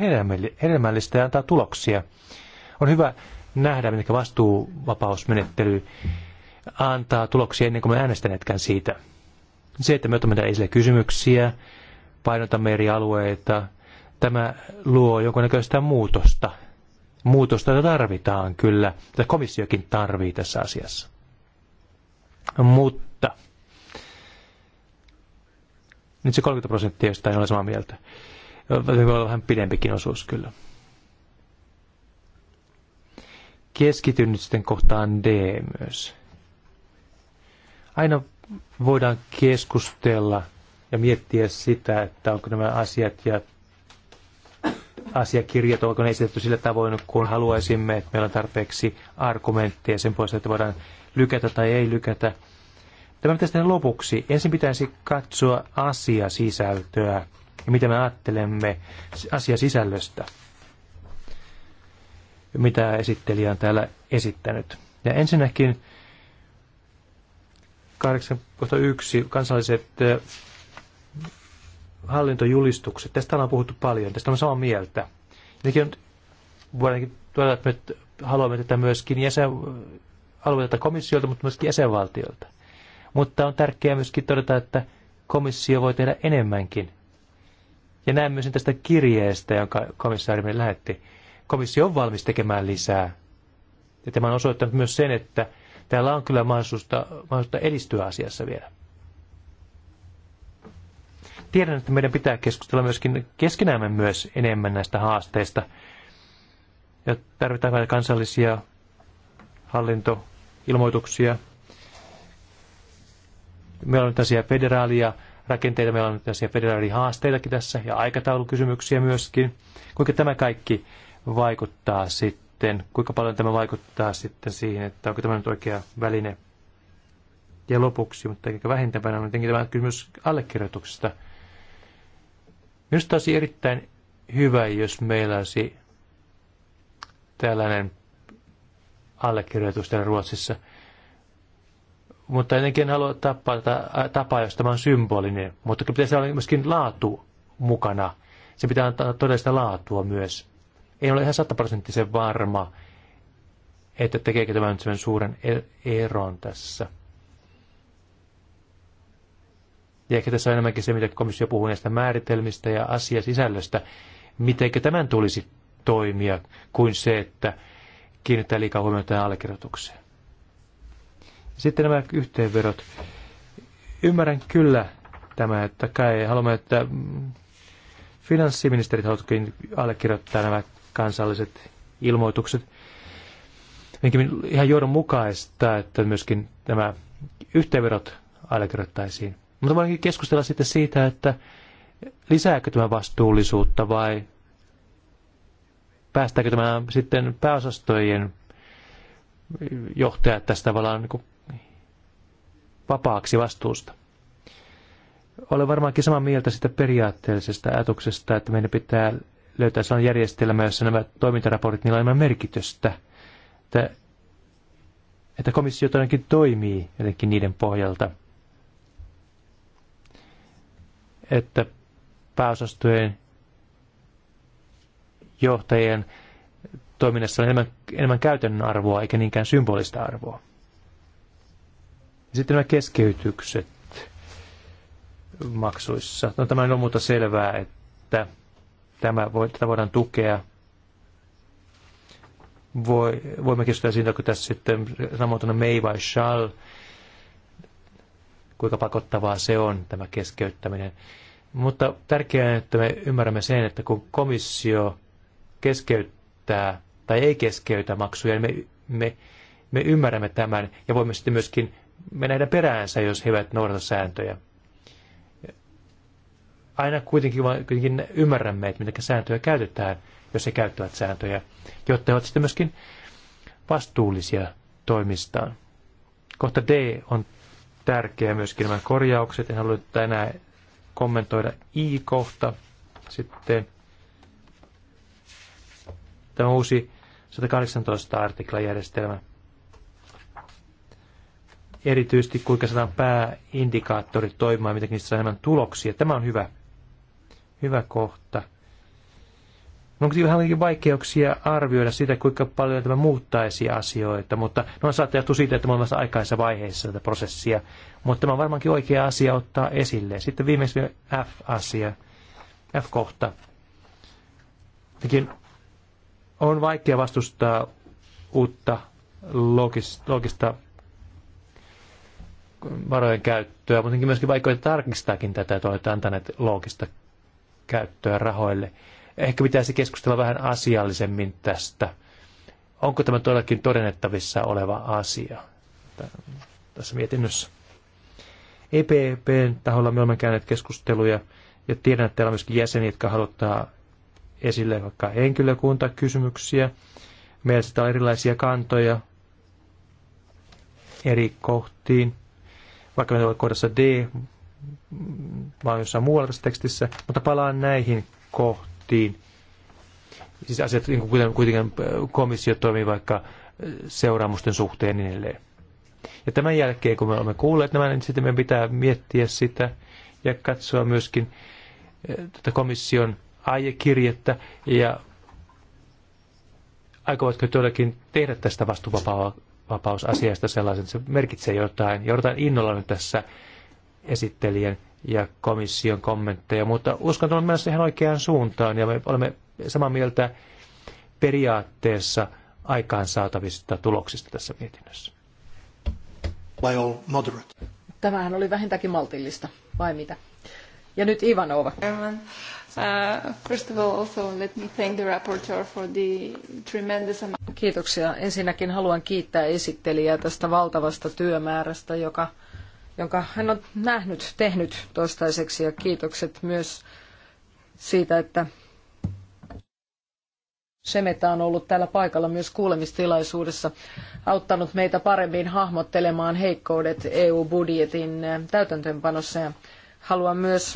hedelmällistä ja antaa tuloksia. On hyvä nähdä, mitkä vastuuvapausmenettely antaa tuloksia ennen kuin me äänestäneetkään siitä. Se, että me otamme esille kysymyksiä, painotamme eri alueita, tämä luo jonkunnäköistä muutosta muutosta tarvitaan kyllä, tai komissiokin tarvii tässä asiassa. Mutta nyt se 30 prosenttia, josta ei ole samaa mieltä. Voi olla vähän pidempikin osuus kyllä. Keskityn nyt sitten kohtaan D myös. Aina voidaan keskustella ja miettiä sitä, että onko nämä asiat ja asiakirjat, onko ne esitetty sillä tavoin, kun haluaisimme, että meillä on tarpeeksi argumentteja sen puolesta, että voidaan lykätä tai ei lykätä. Tämä pitäisi tehdä lopuksi. Ensin pitäisi katsoa asiasisältöä ja mitä me ajattelemme asiasisällöstä, mitä esittelijä on täällä esittänyt. Ja ensinnäkin 8.1 kansalliset hallintojulistukset, tästä on puhuttu paljon, tästä on samaa mieltä. Nekin voidaankin tuoda, että me haluamme tätä myöskin jäsen, alueelta komissiolta, mutta myöskin jäsenvaltiolta. Mutta on tärkeää myöskin todeta, että komissio voi tehdä enemmänkin. Ja näen myös tästä kirjeestä, jonka komissaari meille lähetti. Komissio on valmis tekemään lisää. Ja tämä on osoittanut myös sen, että täällä on kyllä mahdollisuutta, mahdollisuutta edistyä asiassa vielä tiedän, että meidän pitää keskustella myöskin keskenämme myös enemmän näistä haasteista. Ja tarvitaan vielä kansallisia hallintoilmoituksia. Meillä on tällaisia federaalia rakenteita, meillä on tällaisia federaalia haasteitakin tässä ja aikataulukysymyksiä myöskin. Kuinka tämä kaikki vaikuttaa sitten, kuinka paljon tämä vaikuttaa sitten siihen, että onko tämä nyt oikea väline ja lopuksi, mutta eikä vähintäpänä on niin tietenkin tämä kysymys allekirjoituksesta – Minusta olisi erittäin hyvä, jos meillä olisi tällainen allekirjoitus täällä Ruotsissa. Mutta ennenkin en halua tapaa, äh, tapaa, jos tämä on symbolinen. Mutta pitäisi olla myöskin laatu mukana. Se pitää antaa todellista laatua myös. Ei ole ihan sataprosenttisen varma, että tekeekö tämä nyt suuren e- eron tässä. Ja ehkä tässä on enemmänkin se, mitä komissio puhuu näistä määritelmistä ja asiasisällöstä. Miten tämän tulisi toimia kuin se, että kiinnittää liikaa huomiota tähän allekirjoitukseen. Sitten nämä yhteenvedot. Ymmärrän kyllä tämä, että kai haluamme, että finanssiministerit haluatkin allekirjoittaa nämä kansalliset ilmoitukset. Jotenkin ihan johdonmukaista, että myöskin nämä yhteenvedot allekirjoittaisiin. Mutta voidaankin keskustella sitten siitä, että lisääkö tämä vastuullisuutta vai päästäkö tämä sitten pääosastojen johtajat tästä tavallaan niin vapaaksi vastuusta. Olen varmaankin samaa mieltä sitä periaatteellisesta ajatuksesta, että meidän pitää löytää sellainen järjestelmä, jossa nämä toimintaraportit, niillä on enemmän merkitystä. Että, että komissio todellakin toimii jotenkin niiden pohjalta – että pääosastojen johtajien toiminnassa on enemmän, enemmän käytännön arvoa eikä niinkään symbolista arvoa. Sitten nämä keskeytykset maksuissa. No tämä on muuta selvää, että tämä voi, tätä voidaan tukea. Voi, voimme keskustella siitä, kun tässä sitten sanotaan me ei vai shall kuinka pakottavaa se on, tämä keskeyttäminen. Mutta tärkeää on, että me ymmärrämme sen, että kun komissio keskeyttää tai ei keskeytä maksuja, niin me, me, me ymmärrämme tämän ja voimme sitten myöskin mennä peräänsä, jos he eivät noudata sääntöjä. Aina kuitenkin, kuitenkin ymmärrämme, että miten sääntöjä käytetään, jos he käyttävät sääntöjä, jotta he ovat sitten myöskin vastuullisia toimistaan. Kohta D on tärkeää myöskin nämä korjaukset. En halua tänään kommentoida i-kohta. Sitten tämä uusi 118 artikla järjestelmä. Erityisesti kuinka saadaan pääindikaattorit toimimaan, miten niissä saadaan tuloksia. Tämä on hyvä, hyvä kohta. Onko vähän vaikeuksia arvioida sitä, kuinka paljon tämä muuttaisi asioita, mutta no saattaa johtua siitä, että me olemme aikaisessa vaiheessa tätä prosessia, mutta tämä on varmaankin oikea asia ottaa esille. Sitten viimeksi F-asia, F-kohta. Jotenkin on vaikea vastustaa uutta logista varojen käyttöä, mutta myöskin vaikea tarkistaakin tätä, että olette antaneet loogista käyttöä rahoille ehkä pitäisi keskustella vähän asiallisemmin tästä. Onko tämä todellakin todennettavissa oleva asia tässä mietinnössä? EPPn taholla me olemme käyneet keskusteluja ja tiedän, että täällä on myöskin jäseniä, jotka haluttaa esille vaikka henkilökuntakysymyksiä. Meillä sitä on erilaisia kantoja eri kohtiin, vaikka me ollaan kohdassa D, vaan jossain muualla tässä tekstissä, mutta palaan näihin kohtiin puhuttiin. Siis asiat, niin kuten kuitenkin äh, komissio toimii vaikka äh, seuraamusten suhteen niin edelleen. Ja tämän jälkeen, kun me olemme kuulleet nämä, niin sitten meidän pitää miettiä sitä ja katsoa myöskin äh, tätä komission aiekirjettä ja aikovatko todellakin tehdä tästä vastuvapausasiasta sellaisen, että se merkitsee jotain. Ja odotan innolla nyt tässä esittelijän ja komission kommentteja, mutta uskon, että olemme menossa ihan oikeaan suuntaan ja me olemme samaa mieltä periaatteessa aikaansaatavista tuloksista tässä mietinnössä. By all moderate. Tämähän oli vähintäänkin maltillista, vai mitä? Ja nyt Ivanova. Kiitoksia. Ensinnäkin haluan kiittää esittelijää tästä valtavasta työmäärästä, joka jonka hän on nähnyt, tehnyt toistaiseksi ja kiitokset myös siitä, että Semeta on ollut täällä paikalla myös kuulemistilaisuudessa, auttanut meitä paremmin hahmottelemaan heikkoudet EU-budjetin täytäntöönpanossa. Ja haluan myös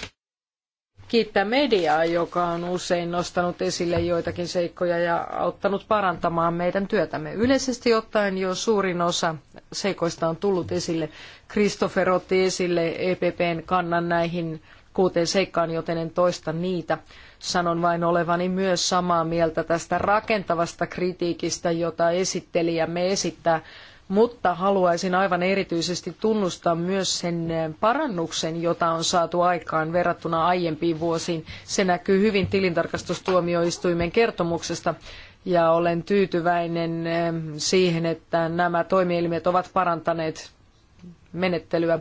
kiittää mediaa, joka on usein nostanut esille joitakin seikkoja ja auttanut parantamaan meidän työtämme. Yleisesti ottaen jo suurin osa seikoista on tullut esille. Christopher otti esille EPPn kannan näihin kuuteen seikkaan, joten en toista niitä. Sanon vain olevani myös samaa mieltä tästä rakentavasta kritiikistä, jota esittelijämme esittää mutta haluaisin aivan erityisesti tunnustaa myös sen eh, parannuksen, jota on saatu aikaan verrattuna aiempiin vuosiin. Se näkyy hyvin tilintarkastustuomioistuimen kertomuksesta ja olen tyytyväinen eh, siihen, että nämä toimielimet ovat parantaneet menettelyä.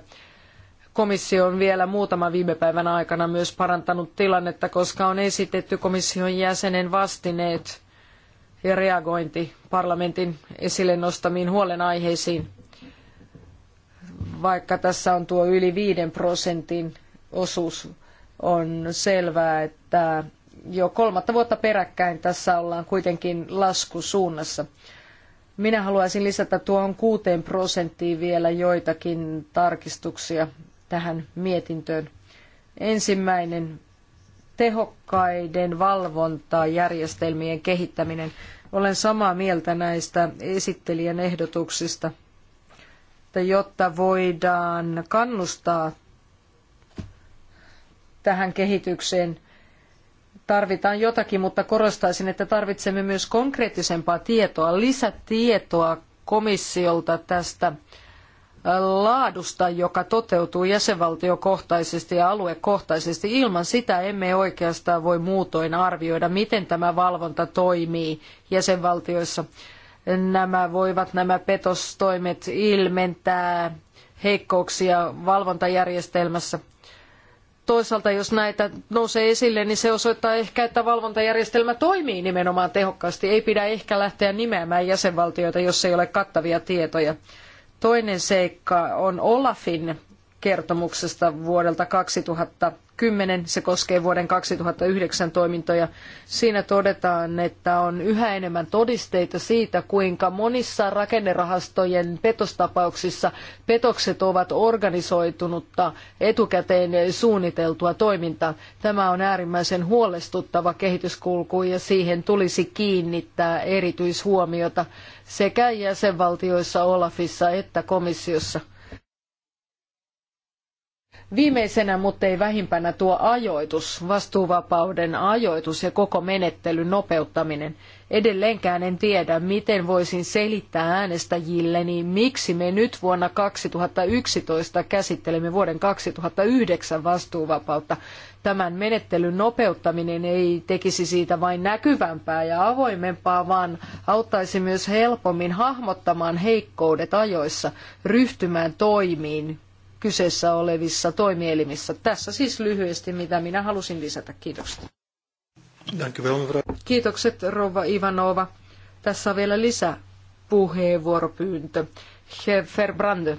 Komissio on vielä muutama viime päivän aikana myös parantanut tilannetta, koska on esitetty komission jäsenen vastineet ja reagointi parlamentin esille nostamiin huolenaiheisiin, vaikka tässä on tuo yli viiden prosentin osuus, on selvää, että jo kolmatta vuotta peräkkäin tässä ollaan kuitenkin laskusuunnassa. Minä haluaisin lisätä tuohon kuuteen prosenttiin vielä joitakin tarkistuksia tähän mietintöön. Ensimmäinen tehokkaiden valvontajärjestelmien kehittäminen. Olen samaa mieltä näistä esittelijän ehdotuksista, että jotta voidaan kannustaa tähän kehitykseen, tarvitaan jotakin, mutta korostaisin, että tarvitsemme myös konkreettisempaa tietoa, lisätietoa komissiolta tästä laadusta, joka toteutuu jäsenvaltiokohtaisesti ja aluekohtaisesti. Ilman sitä emme oikeastaan voi muutoin arvioida, miten tämä valvonta toimii jäsenvaltioissa. Nämä voivat nämä petostoimet ilmentää heikkouksia valvontajärjestelmässä toisaalta jos näitä nousee esille, niin se osoittaa ehkä, että valvontajärjestelmä toimii nimenomaan tehokkaasti. Ei pidä ehkä lähteä nimeämään jäsenvaltioita, jos ei ole kattavia tietoja. Toinen seikka on Olafin kertomuksesta vuodelta 2010. Se koskee vuoden 2009 toimintoja. Siinä todetaan, että on yhä enemmän todisteita siitä, kuinka monissa rakennerahastojen petostapauksissa petokset ovat organisoitunutta etukäteen suunniteltua toimintaa. Tämä on äärimmäisen huolestuttava kehityskulku ja siihen tulisi kiinnittää erityishuomiota sekä jäsenvaltioissa, Olafissa että komissiossa. Viimeisenä, mutta ei vähimpänä tuo ajoitus, vastuuvapauden ajoitus ja koko menettelyn nopeuttaminen. Edelleenkään en tiedä, miten voisin selittää äänestäjilleni, niin miksi me nyt vuonna 2011 käsittelemme vuoden 2009 vastuuvapautta. Tämän menettelyn nopeuttaminen ei tekisi siitä vain näkyvämpää ja avoimempaa, vaan auttaisi myös helpommin hahmottamaan heikkoudet ajoissa, ryhtymään toimiin kyseessä olevissa toimielimissä. Tässä siis lyhyesti, mitä minä halusin lisätä. Kiitokset. Kiitokset, rouva Ivanova. Tässä on vielä lisää puheenvuoropyyntö. Ferbrande.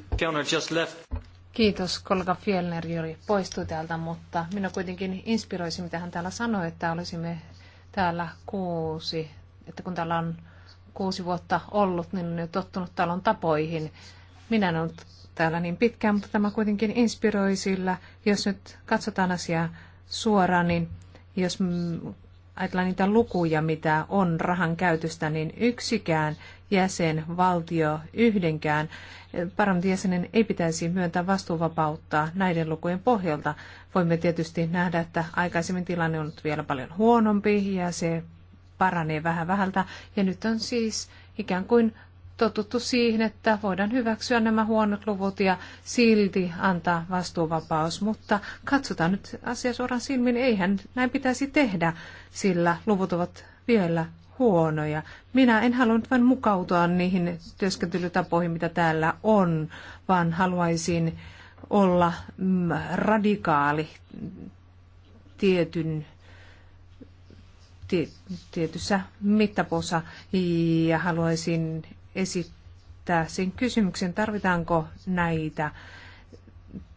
Kiitos, kollega Fjellner juuri poistui täältä, mutta minä kuitenkin inspiroisin, mitä hän täällä sanoi, että olisimme täällä kuusi, että kun täällä on kuusi vuotta ollut, niin on jo tottunut talon tapoihin. Minä en ollut täällä niin pitkään, mutta tämä kuitenkin inspiroi sillä, jos nyt katsotaan asiaa suoraan, niin jos ajatellaan niitä lukuja, mitä on rahan käytöstä, niin yksikään jäsenvaltio, yhdenkään parlamentin jäsenen ei pitäisi myöntää vastuuvapautta näiden lukujen pohjalta. Voimme tietysti nähdä, että aikaisemmin tilanne on ollut vielä paljon huonompi ja se paranee vähän vähältä. Ja nyt on siis ikään kuin totuttu siihen, että voidaan hyväksyä nämä huonot luvut ja silti antaa vastuuvapaus, mutta katsotaan nyt asia suoraan silmin, eihän näin pitäisi tehdä, sillä luvut ovat vielä huonoja. Minä en halunnut vain mukautua niihin työskentelytapoihin, mitä täällä on, vaan haluaisin olla mm, radikaali tietyn tietyssä mittapuussa ja haluaisin esittää sen kysymyksen, tarvitaanko näitä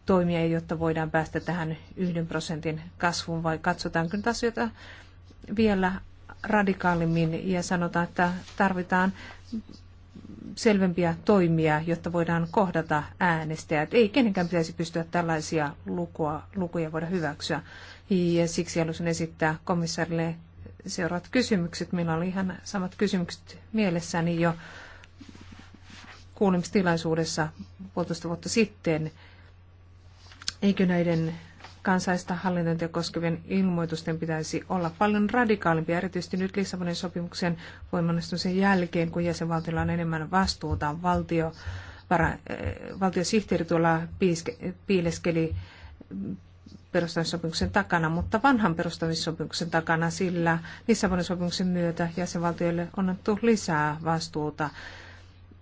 toimia, jotta voidaan päästä tähän yhden prosentin kasvuun, vai katsotaanko nyt asioita vielä radikaalimmin ja sanotaan, että tarvitaan selvempiä toimia, jotta voidaan kohdata äänestäjät. Ei kenenkään pitäisi pystyä tällaisia lukua, lukuja voida hyväksyä. Ja siksi halusin esittää komissaarille seuraavat kysymykset. Meillä oli ihan samat kysymykset mielessäni jo kuulemistilaisuudessa puolitoista vuotta sitten, eikö näiden kansaista hallinnointia koskevien ilmoitusten pitäisi olla paljon radikaalimpia, erityisesti nyt Lissabonin sopimuksen voimannistumisen jälkeen, kun jäsenvaltiolla on enemmän vastuuta. Valtio, vara, eh, valtiosihteeri tuolla piiske, piileskeli perustamissopimuksen takana, mutta vanhan perustamissopimuksen takana, sillä Lissabonin sopimuksen myötä jäsenvaltioille on annettu lisää vastuuta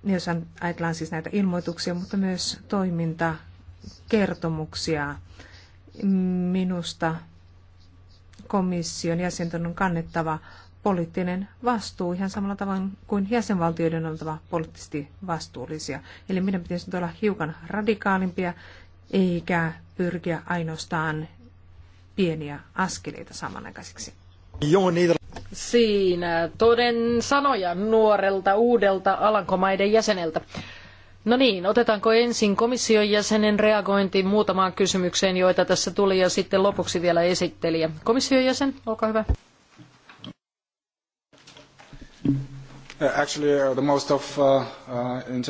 jos ajatellaan siis näitä ilmoituksia, mutta myös toimintakertomuksia. Minusta komission jäsenten on kannettava poliittinen vastuu ihan samalla tavoin kuin jäsenvaltioiden on oltava poliittisesti vastuullisia. Eli meidän pitäisi nyt olla hiukan radikaalimpia eikä pyrkiä ainoastaan pieniä askeleita samanaikaisiksi siinä toden sanoja nuorelta uudelta Alankomaiden jäseneltä. No niin, otetaanko ensin komission jäsenen reagointi muutamaan kysymykseen, joita tässä tuli, ja sitten lopuksi vielä esittelijä. Komission jäsen, olkaa hyvä. Uh, uh,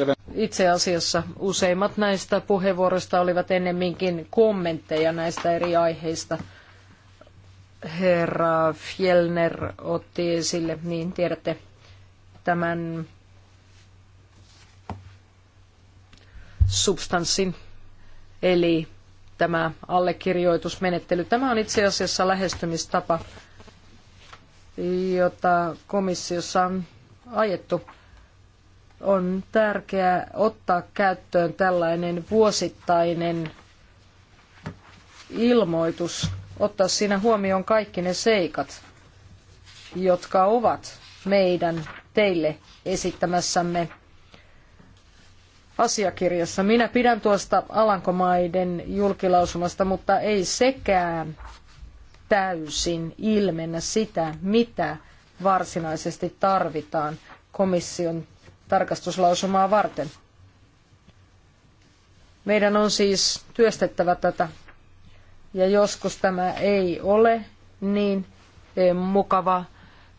uh, Itse asiassa useimmat näistä puheenvuoroista olivat ennemminkin kommentteja näistä eri aiheista herra Fjellner otti esille, niin tiedätte tämän substanssin, eli tämä allekirjoitusmenettely. Tämä on itse asiassa lähestymistapa, jota komissiossa on ajettu. On tärkeää ottaa käyttöön tällainen vuosittainen ilmoitus ottaa siinä huomioon kaikki ne seikat, jotka ovat meidän teille esittämässämme asiakirjassa. Minä pidän tuosta Alankomaiden julkilausumasta, mutta ei sekään täysin ilmennä sitä, mitä varsinaisesti tarvitaan komission tarkastuslausumaa varten. Meidän on siis työstettävä tätä ja joskus tämä ei ole niin e, mukava.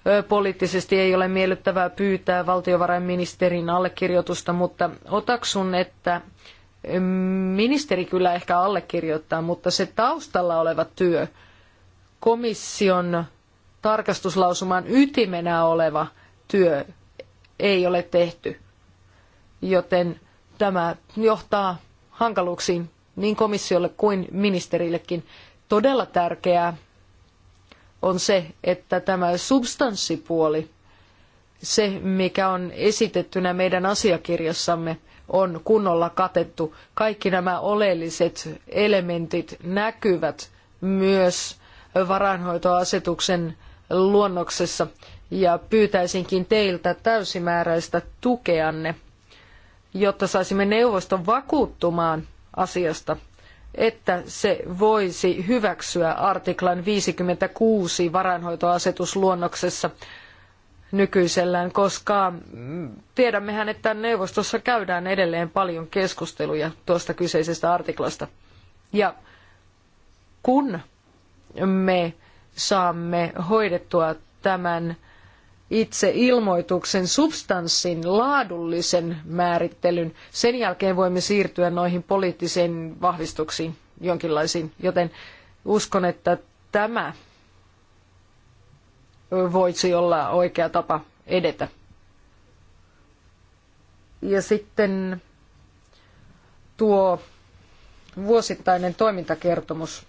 E, poliittisesti ei ole miellyttävää pyytää valtiovarainministerin allekirjoitusta, mutta otaksun, että ministeri kyllä ehkä allekirjoittaa, mutta se taustalla oleva työ, komission tarkastuslausuman ytimenä oleva työ ei ole tehty, joten tämä johtaa hankaluuksiin niin komissiolle kuin ministerillekin todella tärkeää on se, että tämä substanssipuoli, se mikä on esitettynä meidän asiakirjassamme, on kunnolla katettu. Kaikki nämä oleelliset elementit näkyvät myös varainhoitoasetuksen luonnoksessa ja pyytäisinkin teiltä täysimääräistä tukeanne, jotta saisimme neuvoston vakuuttumaan – asiasta, että se voisi hyväksyä artiklan 56 varainhoitoasetusluonnoksessa nykyisellään, koska mm, tiedämmehän, että neuvostossa käydään edelleen paljon keskusteluja tuosta kyseisestä artiklasta. Ja kun me saamme hoidettua tämän itse ilmoituksen substanssin laadullisen määrittelyn. Sen jälkeen voimme siirtyä noihin poliittisiin vahvistuksiin jonkinlaisiin, joten uskon, että tämä voisi olla oikea tapa edetä. Ja sitten tuo vuosittainen toimintakertomus.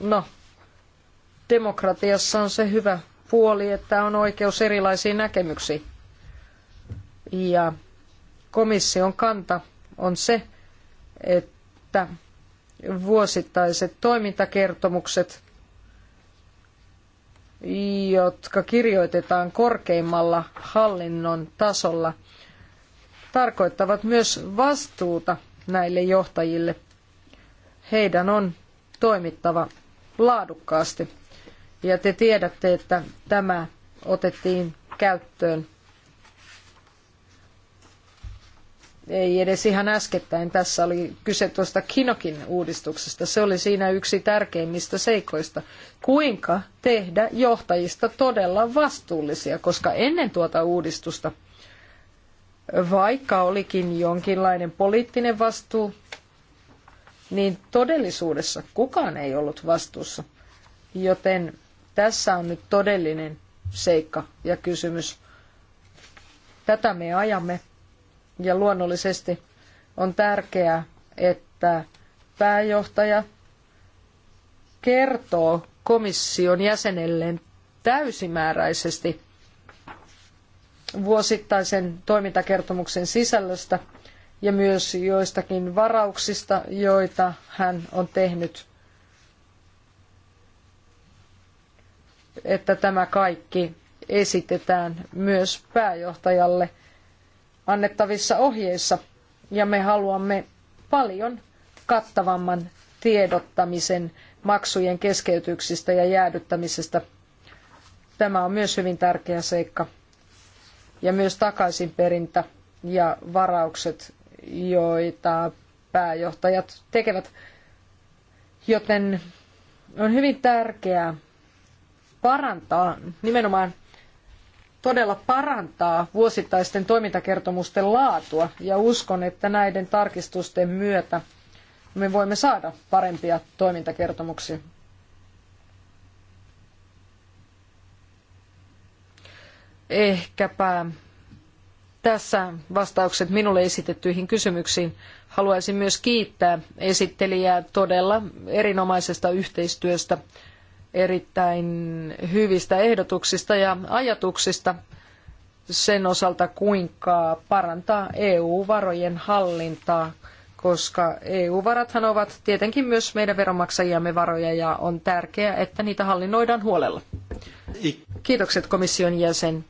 No, demokratiassa on se hyvä puoli, että on oikeus erilaisiin näkemyksiin. Ja komission kanta on se, että vuosittaiset toimintakertomukset, jotka kirjoitetaan korkeimmalla hallinnon tasolla, tarkoittavat myös vastuuta näille johtajille. Heidän on toimittava laadukkaasti ja te tiedätte, että tämä otettiin käyttöön ei edes ihan äskettäin. Tässä oli kyse tuosta Kinokin uudistuksesta. Se oli siinä yksi tärkeimmistä seikoista. Kuinka tehdä johtajista todella vastuullisia, koska ennen tuota uudistusta, vaikka olikin jonkinlainen poliittinen vastuu, niin todellisuudessa kukaan ei ollut vastuussa. Joten tässä on nyt todellinen seikka ja kysymys. Tätä me ajamme ja luonnollisesti on tärkeää, että pääjohtaja kertoo komission jäsenelleen täysimääräisesti vuosittaisen toimintakertomuksen sisällöstä ja myös joistakin varauksista, joita hän on tehnyt että tämä kaikki esitetään myös pääjohtajalle annettavissa ohjeissa ja me haluamme paljon kattavamman tiedottamisen maksujen keskeytyksistä ja jäädyttämisestä. Tämä on myös hyvin tärkeä seikka. Ja myös takaisinperintä ja varaukset, joita pääjohtajat tekevät. Joten on hyvin tärkeää, parantaa, nimenomaan todella parantaa vuosittaisten toimintakertomusten laatua ja uskon, että näiden tarkistusten myötä me voimme saada parempia toimintakertomuksia. Ehkäpä tässä vastaukset minulle esitettyihin kysymyksiin. Haluaisin myös kiittää esittelijää todella erinomaisesta yhteistyöstä erittäin hyvistä ehdotuksista ja ajatuksista sen osalta, kuinka parantaa EU-varojen hallintaa, koska EU-varathan ovat tietenkin myös meidän veronmaksajiamme varoja ja on tärkeää, että niitä hallinnoidaan huolella. Kiitokset komission jäsen.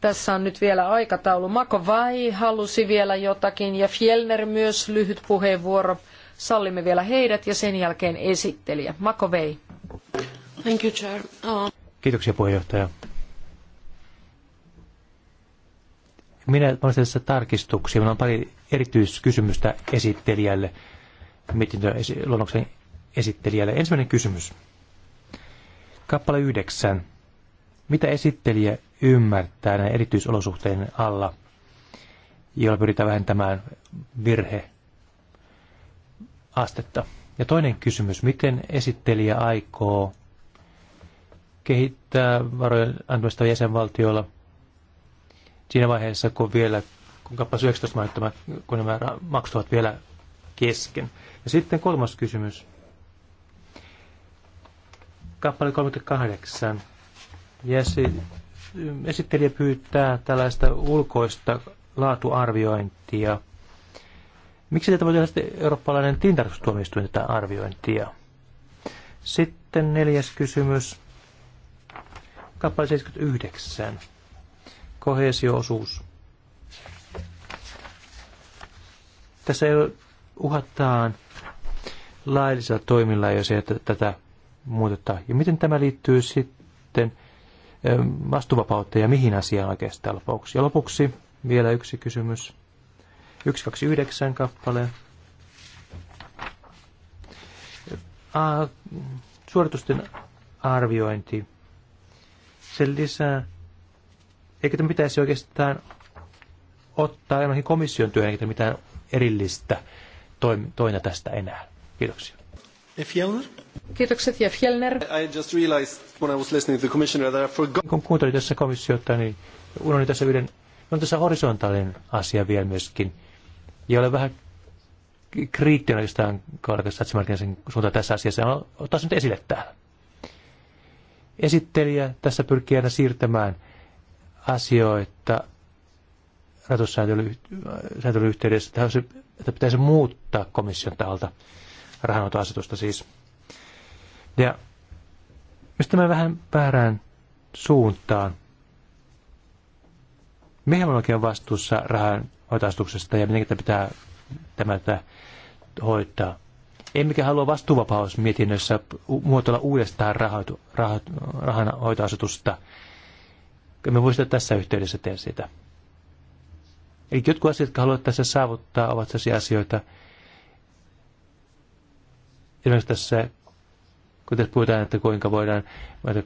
Tässä on nyt vielä aikataulu. Makovai halusi vielä jotakin ja Fjellner myös lyhyt puheenvuoro. Sallimme vielä heidät ja sen jälkeen esittelijä. Makovei. Thank you, Chair. Oh. Kiitoksia puheenjohtaja. Minä olen tässä tarkistuksia. Minulla on pari erityiskysymystä esittelijälle, mietintöluonnoksen esittelijälle. Ensimmäinen kysymys. Kappale 9. Mitä esittelijä ymmärtää näiden erityisolosuhteiden alla, joilla pyritään vähentämään virheastetta? Ja toinen kysymys, miten esittelijä aikoo kehittää varojen antamista jäsenvaltiolla siinä vaiheessa, kun vielä kun kappas 19 mainittama, kun nämä maksut ovat vielä kesken. Ja sitten kolmas kysymys. Kappale 38. Jäsi, esittelijä pyytää tällaista ulkoista laatuarviointia. Miksi tätä voi tehdä sitten eurooppalainen tintarkastustuomioistuin tätä arviointia? Sitten neljäs kysymys kappale 79. Kohesioosuus. Tässä ei uhataan laillisilla toimilla, jos ei tätä muuteta. Ja miten tämä liittyy sitten vastuuvapauteen ja mihin asiaan oikeastaan lopuksi? Ja lopuksi vielä yksi kysymys. 129 kappale. suoritusten arviointi se lisää, eikä te pitäisi oikeastaan ottaa noihin komission työhön, eikä mitään erillistä toina tästä enää. Kiitoksia. Fjellner? Kiitokset Jeff Fjellner. I just realized when I was listening to the commissioner that I forgot. Kun kuuntelin tässä komissiota, niin unohdin tässä yhden, on no, tässä horisontaalinen asia vielä myöskin. Ja olen vähän kriittinen kohdalla, että Satsimarkin suuntaan tässä asiassa. Ottaa sen nyt esille täällä esittelijä tässä pyrkii aina siirtämään asioita rahoitussääntelyn yhteydessä, että pitäisi muuttaa komission taholta rahanotoasetusta siis. Ja mistä mä vähän väärään suuntaan, Mihin on oikein vastuussa rahanhoitoasetuksesta ja miten tämä pitää tämä, hoitaa. Emmekä halua vastuuvapausmietinnössä muotoilla uudestaan rahanhoitoasetusta. raho, Me voisimme tässä yhteydessä tehdä sitä. Eli jotkut asiat, jotka haluat tässä saavuttaa, ovat sellaisia asioita, esimerkiksi tässä, kun tässä puhutaan, että kuinka voidaan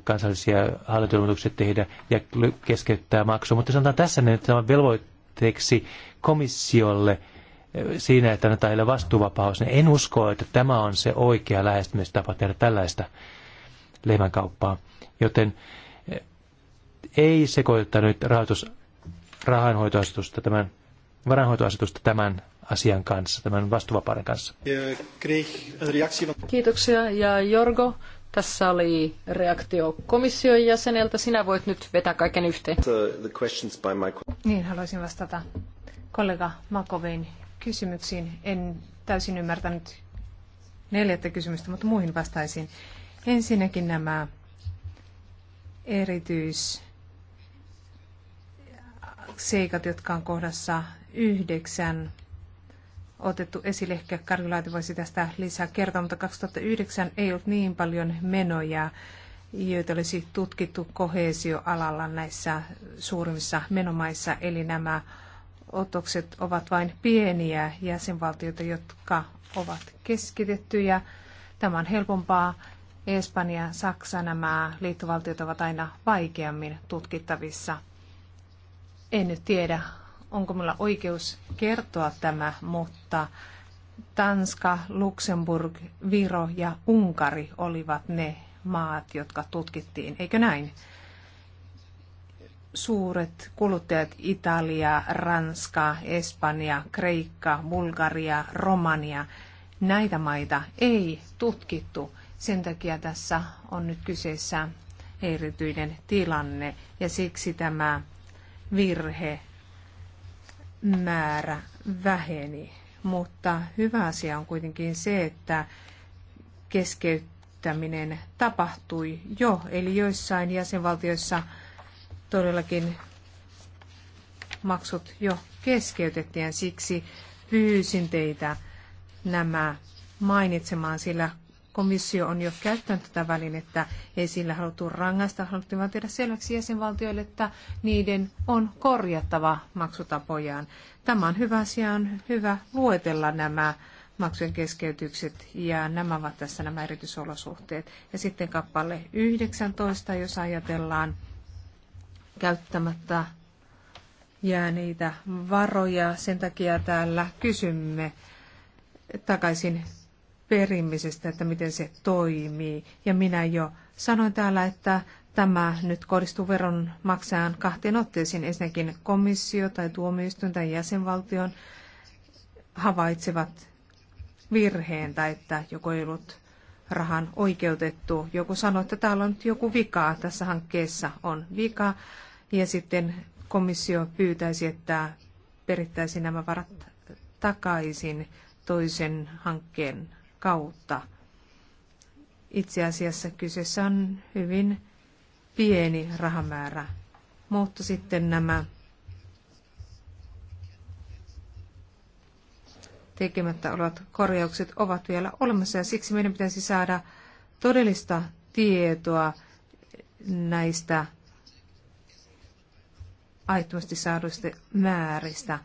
kansallisia hallintoilmoituksia tehdä ja keskeyttää maksua, mutta sanotaan tässä että on velvoitteeksi komissiolle – siinä, että annetaan heille vastuuvapaus, niin en usko, että tämä on se oikea lähestymistapa tehdä tällaista leivänkauppaa. Joten eh, ei sekoiteta nyt rahoitus, rahanhoitoasetusta tämän, varanhoitoasetusta tämän asian kanssa, tämän vastuvapauden kanssa. Kiitoksia. Ja Jorgo, tässä oli reaktio komission jäseneltä. Sinä voit nyt vetää kaiken yhteen. Niin, haluaisin vastata kollega Makovin kysymyksiin. En täysin ymmärtänyt neljättä kysymystä, mutta muihin vastaisin. Ensinnäkin nämä erityisseikat, jotka on kohdassa yhdeksän otettu esille. Ehkä Karjulaiti voisi tästä lisää kertoa, mutta 2009 ei ollut niin paljon menoja, joita olisi tutkittu kohesioalalla näissä suurimmissa menomaissa, eli nämä otokset ovat vain pieniä jäsenvaltioita, jotka ovat keskitettyjä. Tämä on helpompaa. Espanja, Saksa, nämä liittovaltiot ovat aina vaikeammin tutkittavissa. En nyt tiedä, onko minulla oikeus kertoa tämä, mutta Tanska, Luxemburg, Viro ja Unkari olivat ne maat, jotka tutkittiin, eikö näin? suuret kuluttajat Italia, Ranska, Espanja, Kreikka, Bulgaria, Romania, näitä maita ei tutkittu. Sen takia tässä on nyt kyseessä erityinen tilanne ja siksi tämä virhe määrä väheni. Mutta hyvä asia on kuitenkin se, että keskeyttäminen tapahtui jo, eli joissain jäsenvaltioissa – todellakin maksut jo keskeytettiin. Siksi pyysin teitä nämä mainitsemaan, sillä komissio on jo käyttänyt tätä välinettä. Ei sillä haluttu rangaista, haluttiin vain tehdä selväksi jäsenvaltioille, että niiden on korjattava maksutapojaan. Tämä on hyvä asia, on hyvä luetella nämä maksujen keskeytykset ja nämä ovat tässä nämä erityisolosuhteet. Ja sitten kappale 19, jos ajatellaan käyttämättä jääneitä varoja. Sen takia täällä kysymme takaisin perimisestä, että miten se toimii. Ja minä jo sanoin täällä, että tämä nyt kohdistuu veronmaksajaan kahteen otteeseen. Ensinnäkin komissio tai tuomioistuin tai jäsenvaltion havaitsevat virheen tai että joku ei ollut rahan oikeutettu. Joku sanoi, että täällä on nyt joku vika, tässä hankkeessa on vika. Ja sitten komissio pyytäisi, että perittäisi nämä varat takaisin toisen hankkeen kautta. Itse asiassa kyseessä on hyvin pieni rahamäärä, mutta sitten nämä tekemättä olevat korjaukset ovat vielä olemassa ja siksi meidän pitäisi saada todellista tietoa näistä aittomasti saaduista määristä,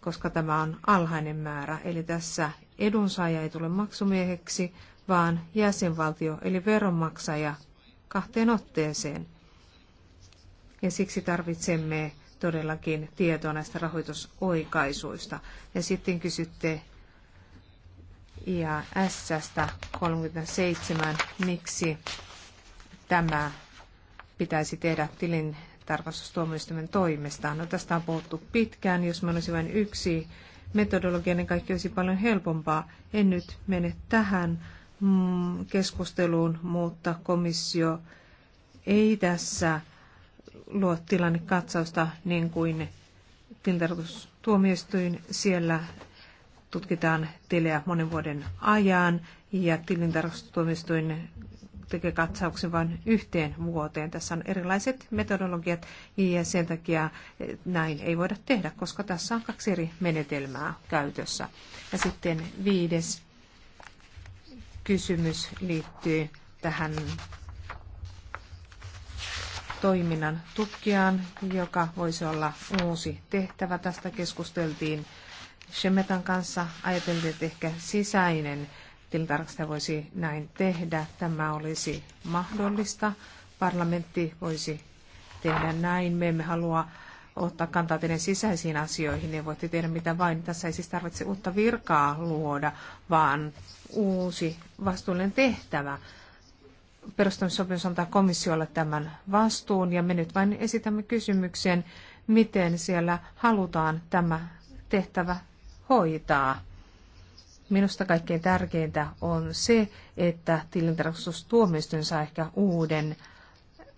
koska tämä on alhainen määrä. Eli tässä edunsaaja ei tule maksumieheksi, vaan jäsenvaltio eli veronmaksaja kahteen otteeseen. Ja siksi tarvitsemme todellakin tietoa näistä rahoitusoikaisuista. Ja sitten kysytte ias 37, miksi tämä pitäisi tehdä tilin tarkastustuomioistuimen toimesta. No tästä on puhuttu pitkään, jos mä olisi vain yksi metodologia, niin kaikki olisi paljon helpompaa. En nyt mene tähän mm, keskusteluun, mutta komissio ei tässä luo tilannekatsausta niin kuin tilintarkastustuomioistuin. Siellä tutkitaan tilejä monen vuoden ajan ja tilintarkastustuomioistuin tekee katsauksen vain yhteen vuoteen. Tässä on erilaiset metodologiat ja sen takia näin ei voida tehdä, koska tässä on kaksi eri menetelmää käytössä. Ja sitten viides kysymys liittyy tähän toiminnan tutkijaan, joka voisi olla uusi tehtävä. Tästä keskusteltiin Shemetan kanssa. Ajateltiin, että ehkä sisäinen tilintarkastaja voisi näin tehdä. Tämä olisi mahdollista. Parlamentti voisi tehdä näin. Me emme halua ottaa kantaa teidän sisäisiin asioihin ja niin voitte tehdä mitä vain. Tässä ei siis tarvitse uutta virkaa luoda, vaan uusi vastuullinen tehtävä perustamissopimus antaa komissiolle tämän vastuun ja me nyt vain esitämme kysymyksen, miten siellä halutaan tämä tehtävä hoitaa. Minusta kaikkein tärkeintä on se, että tilintarkastustuomioistuin saa ehkä uuden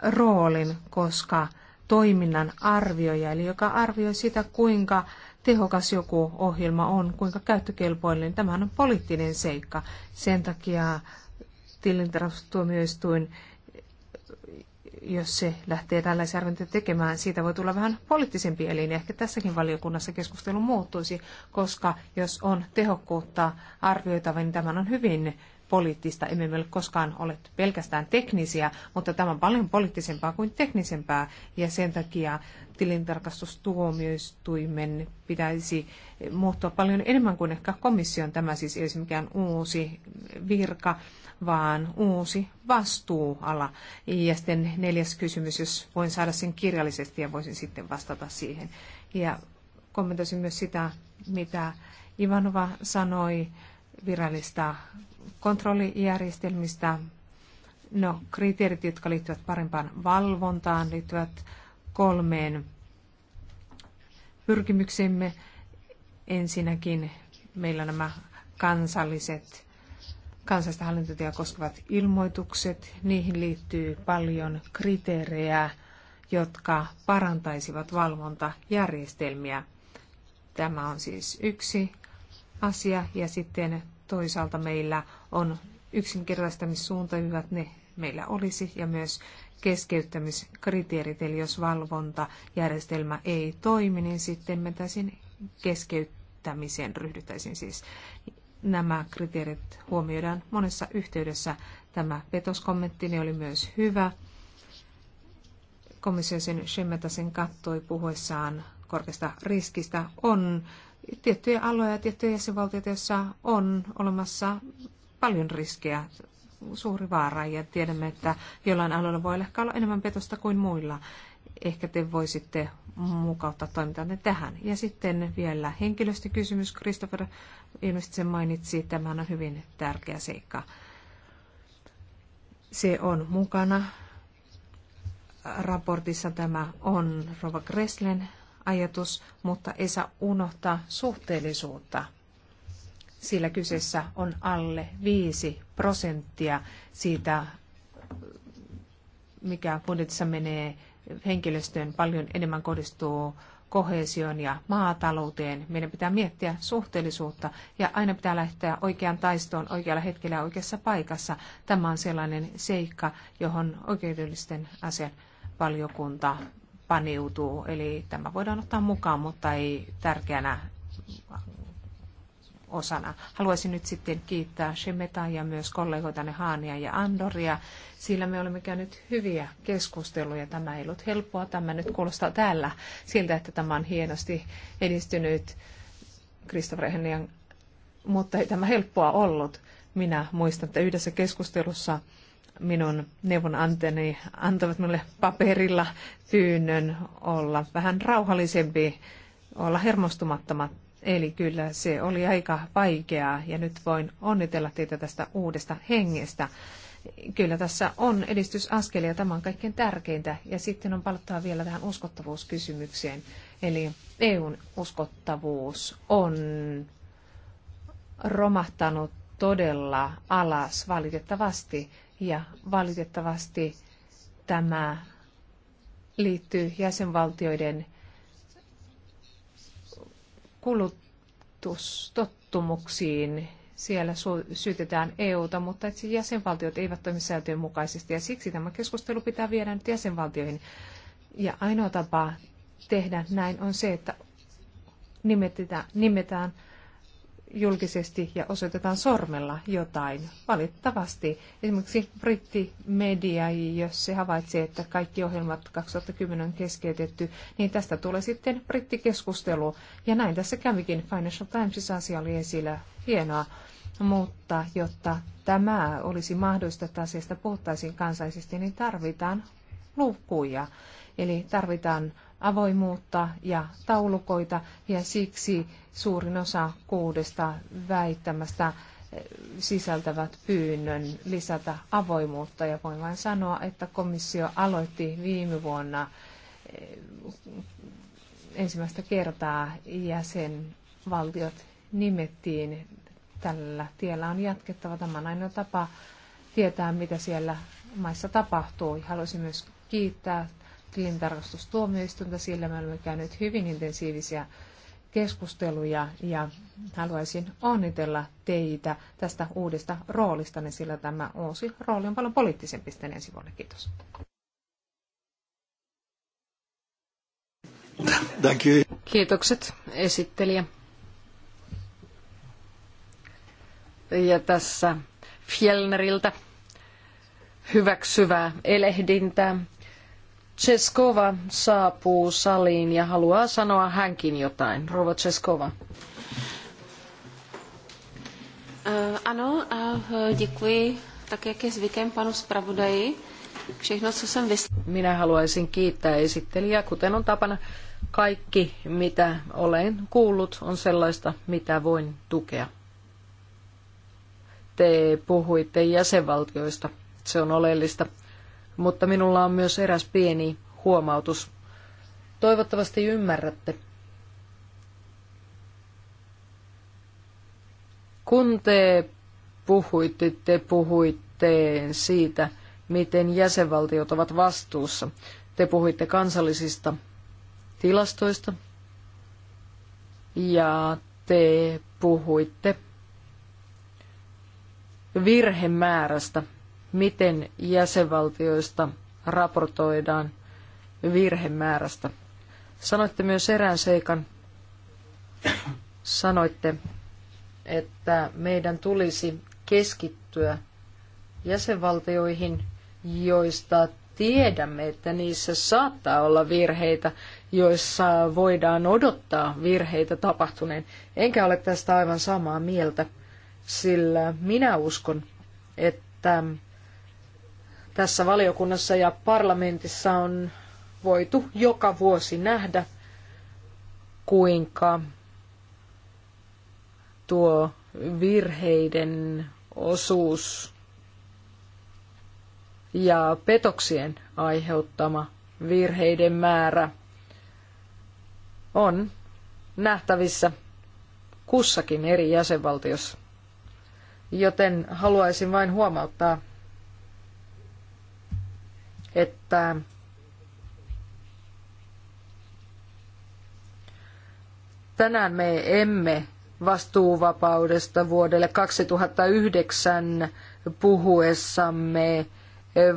roolin, koska toiminnan arvioija, eli joka arvioi sitä, kuinka tehokas joku ohjelma on, kuinka käyttökelpoinen, niin tämä on poliittinen seikka. Sen takia tilintarkastustuomioistuin, jos se lähtee tällaisia arviointia tekemään, siitä voi tulla vähän poliittisempi elin. Ehkä tässäkin valiokunnassa keskustelu muuttuisi, koska jos on tehokkuutta arvioitava, niin tämä on hyvin poliittista. Emme ole koskaan ole pelkästään teknisiä, mutta tämä on paljon poliittisempaa kuin teknisempää. Ja sen takia tilintarkastustuomioistuimen pitäisi muuttua paljon enemmän kuin ehkä komission. Tämä siis ei ole mikään uusi virka, vaan uusi vastuuala. Ja sitten neljäs kysymys, jos voin saada sen kirjallisesti ja voisin sitten vastata siihen. Ja kommentoisin myös sitä, mitä Ivanova sanoi virallista kontrollijärjestelmistä. No, kriteerit, jotka liittyvät parempaan valvontaan, liittyvät kolmeen pyrkimyksemme. Ensinnäkin meillä nämä kansalliset kansallista hallintotia koskevat ilmoitukset. Niihin liittyy paljon kriteerejä, jotka parantaisivat valvontajärjestelmiä. Tämä on siis yksi asia. Ja sitten toisaalta meillä on yksinkertaistamissuuntaviivat, ne meillä olisi, ja myös keskeyttämiskriteerit, eli jos valvontajärjestelmä ei toimi, niin sitten täysin keskeyttämiseen ryhdyttäisiin siis. Nämä kriteerit huomioidaan monessa yhteydessä. Tämä petoskommentti oli myös hyvä. Komissiosen Schemmetasen kattoi puhuessaan korkeasta riskistä. On tiettyjä aloja, tiettyjä jäsenvaltioita, joissa on olemassa paljon riskejä suuri vaara ja tiedämme, että jollain alueella voi ehkä olla enemmän petosta kuin muilla. Ehkä te voisitte mukauttaa toimintanne tähän. Ja sitten vielä henkilöstökysymys. Christopher ilmeisesti sen mainitsi. Tämä on hyvin tärkeä seikka. Se on mukana raportissa. Tämä on Rova Gresslen ajatus, mutta ei saa unohtaa suhteellisuutta – sillä kyseessä on alle 5 prosenttia siitä, mikä budjetissa menee henkilöstöön. Paljon enemmän kohdistuu kohesioon ja maatalouteen. Meidän pitää miettiä suhteellisuutta ja aina pitää lähteä oikeaan taistoon oikealla hetkellä ja oikeassa paikassa. Tämä on sellainen seikka, johon oikeudellisten asian valiokunta paneutuu. Eli tämä voidaan ottaa mukaan, mutta ei tärkeänä osana. Haluaisin nyt sitten kiittää Shemeta ja myös kollegoitani Haania ja Andoria, sillä me olemme käyneet hyviä keskusteluja. Tämä ei ollut helppoa. Tämä nyt kuulostaa täällä siltä, että tämä on hienosti edistynyt Christopher Hennian, mutta ei tämä helppoa ollut. Minä muistan, että yhdessä keskustelussa minun neuvonanteni antavat minulle paperilla pyynnön olla vähän rauhallisempi, olla hermostumattomat, Eli kyllä se oli aika vaikeaa ja nyt voin onnitella teitä tästä uudesta hengestä. Kyllä tässä on edistysaskelia, tämä on kaikkein tärkeintä. Ja sitten on palattava vielä tähän uskottavuuskysymykseen. Eli EUn uskottavuus on romahtanut todella alas valitettavasti. Ja valitettavasti tämä liittyy jäsenvaltioiden kulutustottumuksiin. Siellä syytetään EUta, mutta että jäsenvaltiot eivät toimi sääntöjen mukaisesti ja siksi tämä keskustelu pitää viedä nyt jäsenvaltioihin. Ja ainoa tapa tehdä näin on se, että nimetään, nimetään julkisesti ja osoitetaan sormella jotain. Valitettavasti esimerkiksi brittimedia, jos se havaitsee, että kaikki ohjelmat 2010 on keskeytetty, niin tästä tulee sitten brittikeskustelu. Ja näin tässä kävikin. Financial Timesissa asia oli esillä. Hienoa. Mutta jotta tämä olisi mahdollista, että asiasta puhuttaisiin kansaisesti, niin tarvitaan lukuja. Eli tarvitaan avoimuutta ja taulukoita ja siksi suurin osa kuudesta väittämästä eh, sisältävät pyynnön lisätä avoimuutta ja voin vain sanoa, että komissio aloitti viime vuonna eh, ensimmäistä kertaa jäsenvaltiot nimettiin tällä tiellä on jatkettava. Tämä on ainoa tapa tietää, mitä siellä maissa tapahtuu. Haluaisin myös kiittää tilintarkastustuomioistuinta. Siellä me olemme käyneet hyvin intensiivisiä keskusteluja ja haluaisin onnitella teitä tästä uudesta roolista, niin sillä tämä uusi rooli on paljon poliittisempi sitten ensi vuonna. Kiitos. Kiitokset esittelijä. Ja tässä Fjellneriltä hyväksyvää elehdintää. Cheskova saapuu saliin ja haluaa sanoa hänkin jotain. Rova Cheskova. Eh, ano, a eh, děkuji, tak jak je zvykem, panu zpravodaji. Všechno, co jsem Minä haluaisin kiittää esittelijää, kuten on tapana. Kaikki, mitä olen kuullut, on sellaista, mitä voin tukea. Te puhuitte jäsenvaltioista. Se on oleellista mutta minulla on myös eräs pieni huomautus. Toivottavasti ymmärrätte. Kun te puhuitte, te puhuitte siitä, miten jäsenvaltiot ovat vastuussa. Te puhuitte kansallisista tilastoista ja te puhuitte virhemäärästä, miten jäsenvaltioista raportoidaan virhemäärästä. Sanoitte myös erään seikan. Sanoitte, että meidän tulisi keskittyä jäsenvaltioihin, joista tiedämme, että niissä saattaa olla virheitä, joissa voidaan odottaa virheitä tapahtuneen. Enkä ole tästä aivan samaa mieltä, sillä minä uskon, että tässä valiokunnassa ja parlamentissa on voitu joka vuosi nähdä, kuinka tuo virheiden osuus ja petoksien aiheuttama virheiden määrä on nähtävissä kussakin eri jäsenvaltiossa. Joten haluaisin vain huomauttaa että tänään me emme vastuuvapaudesta vuodelle 2009 puhuessamme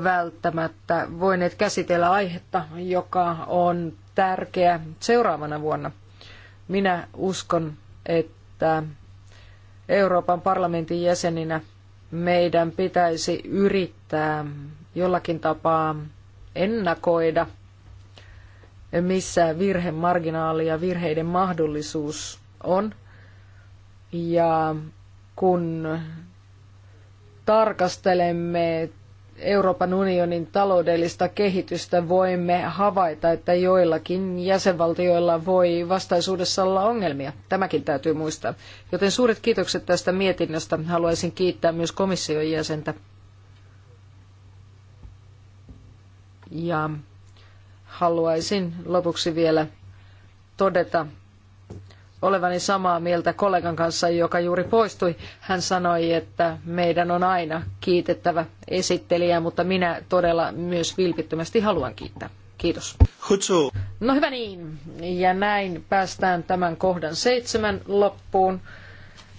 välttämättä voineet käsitellä aihetta, joka on tärkeä seuraavana vuonna. Minä uskon, että Euroopan parlamentin jäseninä meidän pitäisi yrittää jollakin tapaa ennakoida, missä virhemarginaali ja virheiden mahdollisuus on. Ja kun tarkastelemme Euroopan unionin taloudellista kehitystä, voimme havaita, että joillakin jäsenvaltioilla voi vastaisuudessa olla ongelmia. Tämäkin täytyy muistaa. Joten suuret kiitokset tästä mietinnöstä. Haluaisin kiittää myös komission jäsentä Ja haluaisin lopuksi vielä todeta olevani samaa mieltä kollegan kanssa, joka juuri poistui. Hän sanoi, että meidän on aina kiitettävä esittelijää, mutta minä todella myös vilpittömästi haluan kiittää. Kiitos. Kutsu. No hyvä niin. Ja näin päästään tämän kohdan seitsemän loppuun.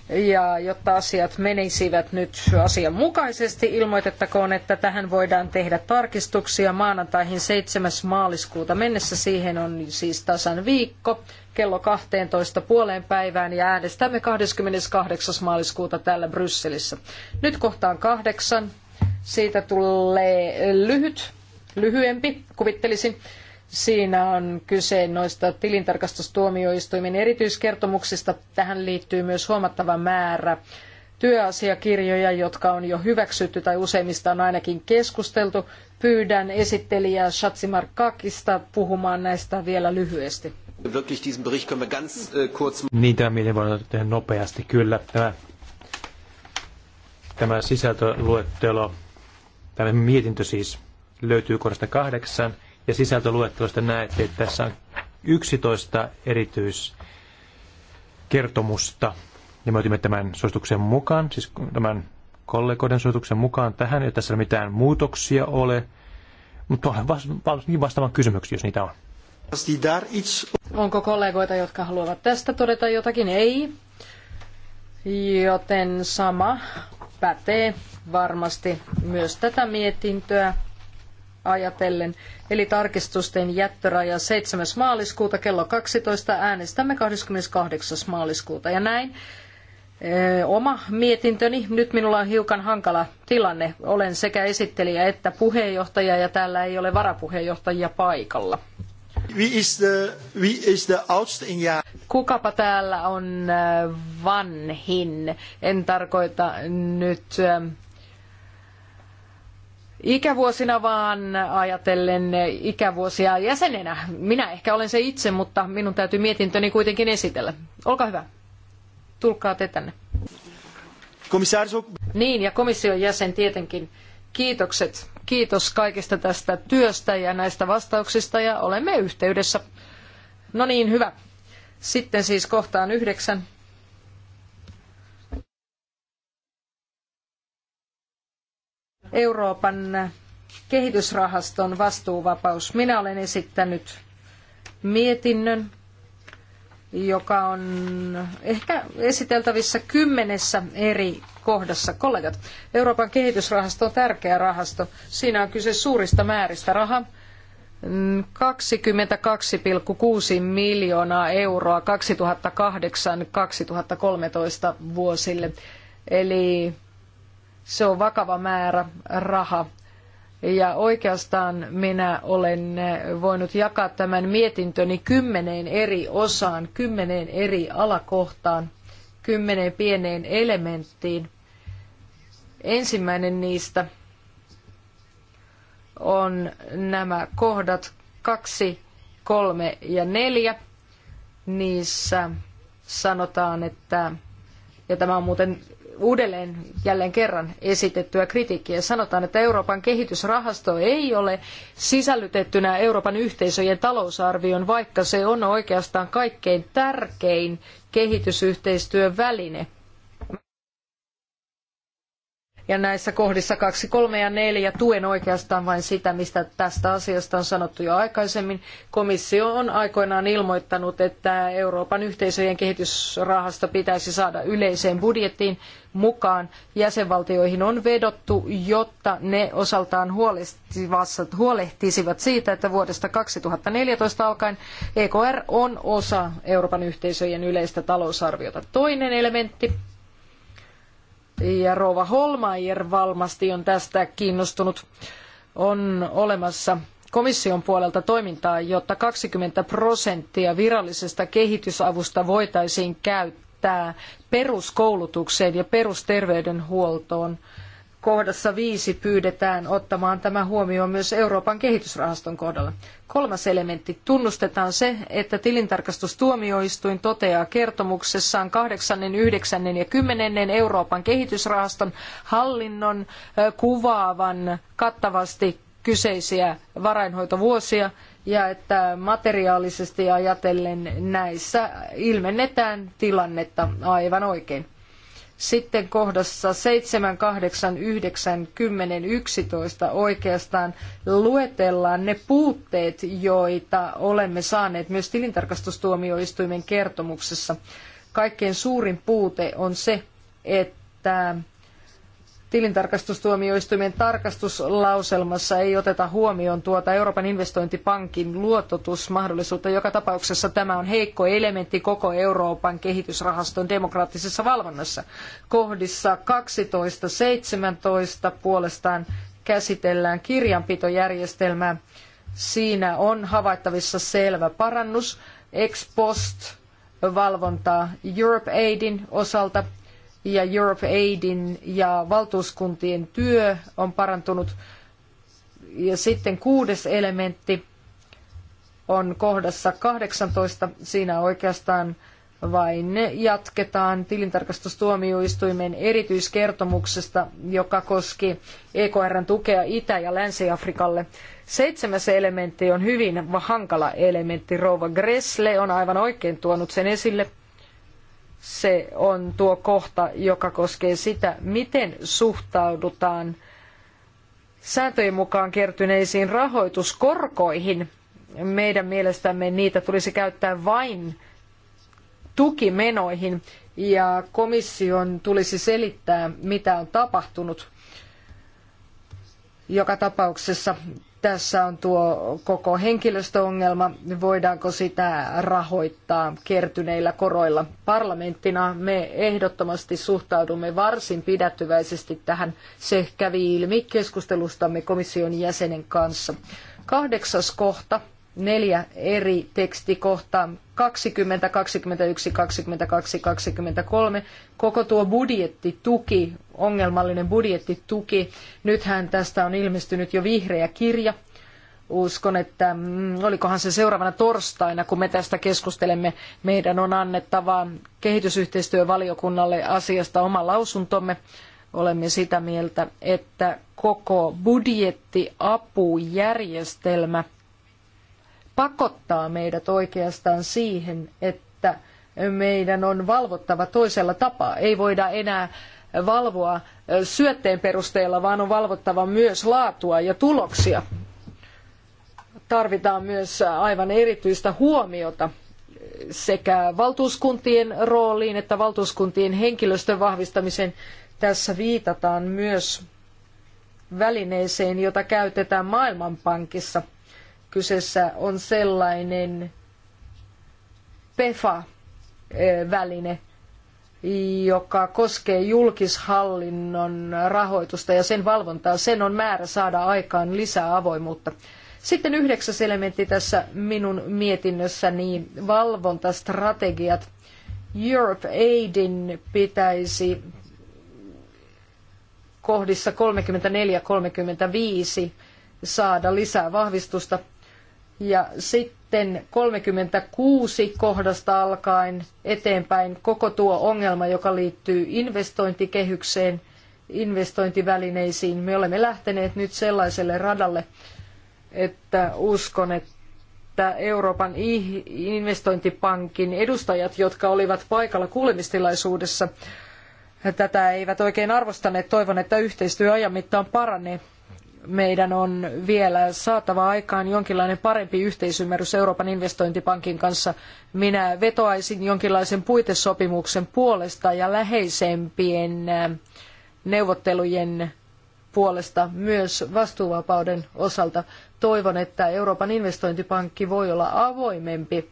Ja jotta asiat menisivät nyt asianmukaisesti, ilmoitettakoon, että tähän voidaan tehdä tarkistuksia maanantaihin 7. maaliskuuta mennessä. Siihen on siis tasan viikko kello 12 puoleen päivään ja äänestämme 28. maaliskuuta täällä Brysselissä. Nyt kohtaan kahdeksan. Siitä tulee lyhyt, lyhyempi, kuvittelisin. Siinä on kyse noista tilintarkastustuomioistuimen erityiskertomuksista. Tähän liittyy myös huomattava määrä työasiakirjoja, jotka on jo hyväksytty tai useimmista on ainakin keskusteltu. Pyydän esittelijää Shatsimar Kakista puhumaan näistä vielä lyhyesti. Äh, niin, tämä voidaan tehdä nopeasti, kyllä. Tämä, tämä sisältöluettelo, tämä mietintö siis löytyy kohdasta kahdeksan – ja sisältöluettelosta näette, että tässä on 11 erityiskertomusta. Ja me otimme tämän suosituksen mukaan, siis tämän kollegoiden suosituksen mukaan tähän, ja tässä ei mitään muutoksia ole, mutta olen valmis niin vastaamaan kysymyksiä, jos niitä on. Onko kollegoita, jotka haluavat tästä todeta jotakin? Ei. Joten sama pätee varmasti myös tätä mietintöä ajatellen, eli tarkistusten jättöraja 7. maaliskuuta kello 12 äänestämme 28. maaliskuuta. Ja näin eh, oma mietintöni. Nyt minulla on hiukan hankala tilanne. Olen sekä esittelijä että puheenjohtaja ja täällä ei ole varapuheenjohtajia paikalla. Kukapa täällä on eh, vanhin? En tarkoita nyt eh, ikävuosina, vaan ajatellen ikävuosia jäsenenä. Minä ehkä olen se itse, mutta minun täytyy mietintöni kuitenkin esitellä. Olkaa hyvä. Tulkaa te tänne. Niin, ja komission jäsen tietenkin. Kiitokset. Kiitos kaikesta tästä työstä ja näistä vastauksista ja olemme yhteydessä. No niin, hyvä. Sitten siis kohtaan yhdeksän. Euroopan kehitysrahaston vastuuvapaus. Minä olen esittänyt mietinnön, joka on ehkä esiteltävissä kymmenessä eri kohdassa. Kollegat, Euroopan kehitysrahasto on tärkeä rahasto. Siinä on kyse suurista määristä rahaa. 22,6 miljoonaa euroa 2008-2013 vuosille. Eli se on vakava määrä rahaa. Ja oikeastaan minä olen voinut jakaa tämän mietintöni kymmeneen eri osaan, kymmeneen eri alakohtaan, kymmeneen pieneen elementtiin. Ensimmäinen niistä on nämä kohdat kaksi, kolme ja neljä. Niissä sanotaan, että, ja tämä on muuten uudelleen jälleen kerran esitettyä kritiikkiä. Sanotaan, että Euroopan kehitysrahasto ei ole sisällytettynä Euroopan yhteisöjen talousarvioon, vaikka se on oikeastaan kaikkein tärkein kehitysyhteistyön väline – ja näissä kohdissa 2, 3 ja 4 tuen oikeastaan vain sitä, mistä tästä asiasta on sanottu jo aikaisemmin. Komissio on aikoinaan ilmoittanut, että Euroopan yhteisöjen kehitysrahasto pitäisi saada yleiseen budjettiin mukaan. Jäsenvaltioihin on vedottu, jotta ne osaltaan huolehtisivat siitä, että vuodesta 2014 alkaen EKR on osa Euroopan yhteisöjen yleistä talousarviota. Toinen elementti ja Rova Holmeier valmasti on tästä kiinnostunut, on olemassa komission puolelta toimintaa, jotta 20 prosenttia virallisesta kehitysavusta voitaisiin käyttää peruskoulutukseen ja perusterveydenhuoltoon – kohdassa viisi pyydetään ottamaan tämä huomioon myös Euroopan kehitysrahaston kohdalla. Kolmas elementti. Tunnustetaan se, että tilintarkastustuomioistuin toteaa kertomuksessaan kahdeksannen, yhdeksännen ja kymmenennen Euroopan kehitysrahaston hallinnon kuvaavan kattavasti kyseisiä varainhoitovuosia ja että materiaalisesti ajatellen näissä ilmennetään tilannetta aivan oikein. Sitten kohdassa 7, 8, 9, 10, 11 oikeastaan luetellaan ne puutteet, joita olemme saaneet myös tilintarkastustuomioistuimen kertomuksessa. Kaikkein suurin puute on se, että tilintarkastustuomioistuimen tarkastuslauselmassa ei oteta huomioon tuota Euroopan investointipankin luototusmahdollisuutta. Joka tapauksessa tämä on heikko elementti koko Euroopan kehitysrahaston demokraattisessa valvonnassa. Kohdissa 12.17 puolestaan käsitellään kirjanpitojärjestelmää. Siinä on havaittavissa selvä parannus ex post valvontaa Europe Aidin osalta – ja Europe Aidin ja valtuuskuntien työ on parantunut. Ja sitten kuudes elementti on kohdassa 18. Siinä oikeastaan vain jatketaan tilintarkastustuomioistuimen erityiskertomuksesta, joka koski EKRn tukea Itä- ja Länsi-Afrikalle. Seitsemäs elementti on hyvin hankala elementti. Rouva Gressle on aivan oikein tuonut sen esille se on tuo kohta, joka koskee sitä, miten suhtaudutaan sääntöjen mukaan kertyneisiin rahoituskorkoihin. Meidän mielestämme niitä tulisi käyttää vain tukimenoihin ja komission tulisi selittää, mitä on tapahtunut. Joka tapauksessa tässä on tuo koko henkilöstöongelma, voidaanko sitä rahoittaa kertyneillä koroilla. Parlamenttina me ehdottomasti suhtaudumme varsin pidättyväisesti tähän. Se kävi ilmi keskustelustamme komission jäsenen kanssa. Kahdeksas kohta neljä eri tekstikohtaa, 20, 21, 22, 23. Koko tuo budjettituki, ongelmallinen budjettituki, nythän tästä on ilmestynyt jo vihreä kirja. Uskon, että mm, olikohan se seuraavana torstaina, kun me tästä keskustelemme, meidän on annettava kehitysyhteistyövaliokunnalle asiasta oma lausuntomme olemme sitä mieltä, että koko budjettiapujärjestelmä pakottaa meidät oikeastaan siihen, että meidän on valvottava toisella tapaa. Ei voida enää valvoa syötteen perusteella, vaan on valvottava myös laatua ja tuloksia. Tarvitaan myös aivan erityistä huomiota sekä valtuuskuntien rooliin että valtuuskuntien henkilöstön vahvistamiseen. Tässä viitataan myös välineeseen, jota käytetään Maailmanpankissa – Kyseessä on sellainen PEFA-väline, joka koskee julkishallinnon rahoitusta ja sen valvontaa. Sen on määrä saada aikaan lisää avoimuutta. Sitten yhdeksäs elementti tässä minun mietinnössäni, valvontastrategiat. Europe Aidin pitäisi kohdissa 34-35 saada lisää vahvistusta ja sitten 36 kohdasta alkaen eteenpäin koko tuo ongelma, joka liittyy investointikehykseen, investointivälineisiin. Me olemme lähteneet nyt sellaiselle radalle, että uskon, että Euroopan investointipankin edustajat, jotka olivat paikalla kuulemistilaisuudessa, tätä eivät oikein arvostaneet. Toivon, että yhteistyö ajan mittaan paranee meidän on vielä saatava aikaan jonkinlainen parempi yhteisymmärrys Euroopan investointipankin kanssa. Minä vetoaisin jonkinlaisen puitesopimuksen puolesta ja läheisempien äh, neuvottelujen puolesta myös vastuuvapauden osalta. Toivon, että Euroopan investointipankki voi olla avoimempi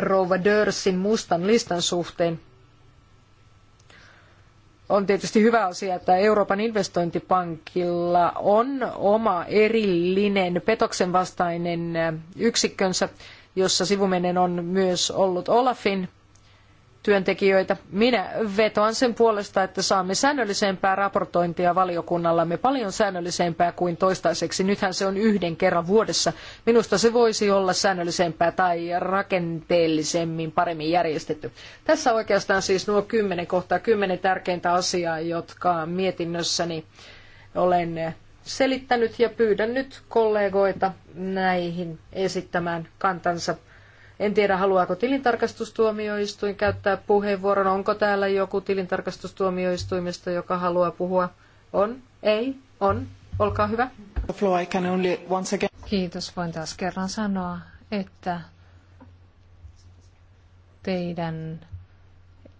rouva Dörsin mustan listan suhteen on tietysti hyvä asia, että Euroopan investointipankilla on oma erillinen petoksen vastainen yksikkönsä, jossa sivuminen on myös ollut Olafin työntekijöitä. Minä vetoan sen puolesta, että saamme säännöllisempää raportointia valiokunnallamme, paljon säännöllisempää kuin toistaiseksi. Nythän se on yhden kerran vuodessa. Minusta se voisi olla säännöllisempää tai rakenteellisemmin paremmin järjestetty. Tässä oikeastaan siis nuo kymmenen kohtaa, kymmenen tärkeintä asiaa, jotka mietinnössäni olen selittänyt ja pyydän nyt kollegoita näihin esittämään kantansa. En tiedä, haluaako tilintarkastustuomioistuin käyttää puheenvuoron. Onko täällä joku tilintarkastustuomioistuimesta, joka haluaa puhua? On? Ei? On? Olkaa hyvä. Kiitos. Voin taas kerran sanoa, että teidän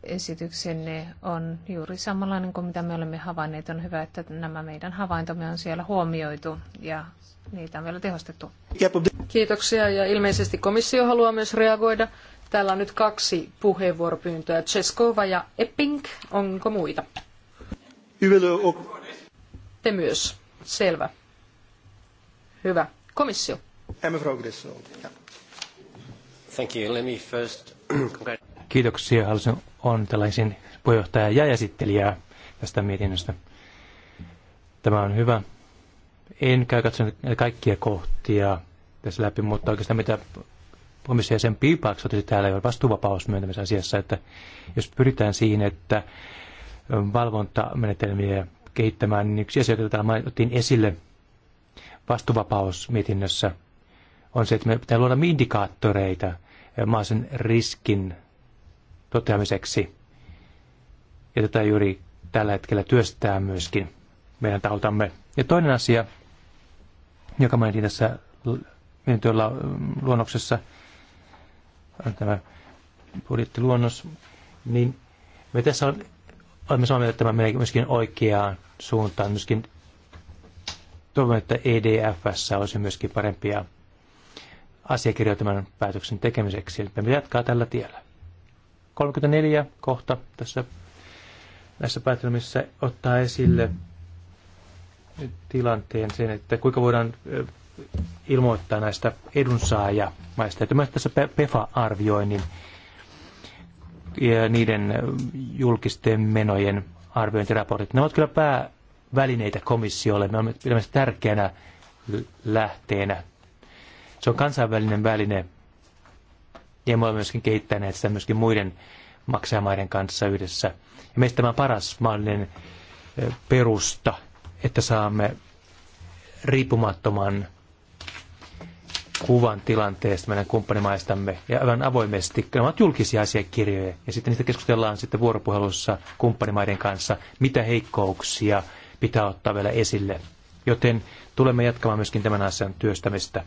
esityksenne on juuri samanlainen kuin mitä me olemme havainneet. On hyvä, että nämä meidän havaintomme on siellä huomioitu ja niitä on vielä tehostettu. Kiitoksia ja ilmeisesti komissio haluaa myös reagoida. Täällä on nyt kaksi puheenvuoropyyntöä, Cheskova ja Epping. Onko muita? Te myös. Selvä. Hyvä. Komissio. Thank you. Let me first... Kiitoksia, on tällaisen puheenjohtaja ja esittelijää tästä mietinnöstä. Tämä on hyvä. En käy katsomaan kaikkia kohtia tässä läpi, mutta oikeastaan mitä komissio sen piipaaksi totesi täällä jo vastuuvapaus myöntämisasiassa, että jos pyritään siihen, että valvontamenetelmiä kehittämään, niin yksi asia, jota täällä otettiin esille mietinnössä, on se, että me pitää luoda indikaattoreita maasen riskin toteamiseksi. Ja tätä juuri tällä hetkellä työstää myöskin meidän taholtamme. Ja toinen asia, joka mainitin tässä mietintöön luonnoksessa, on tämä budjettiluonnos, niin me tässä on, olemme samaa mieltä, että tämä menee myöskin oikeaan suuntaan. Myöskin toivon, että EDFssä olisi myöskin parempia asiakirjoja tämän päätöksen tekemiseksi. Me jatkaa tällä tiellä. 34 kohta tässä näissä päätelmissä ottaa esille tilanteen sen, että kuinka voidaan ilmoittaa näistä edunsaajamaista. Tämä tässä PEFA-arvioinnin e ja niiden julkisten menojen arviointiraportit. Ne ovat kyllä päävälineitä komissiolle. Me olemme tärkeänä lähteenä. Se on kansainvälinen väline ja me olemme myöskin kehittäneet sitä myöskin muiden maksajamaiden kanssa yhdessä. Ja meistä tämä on paras mahdollinen perusta, että saamme riippumattoman kuvan tilanteesta meidän kumppanimaistamme ja aivan avoimesti. Nämä ovat julkisia asiakirjoja ja sitten niistä keskustellaan sitten vuoropuhelussa kumppanimaiden kanssa, mitä heikkouksia pitää ottaa vielä esille. Joten tulemme jatkamaan myöskin tämän asian työstämistä.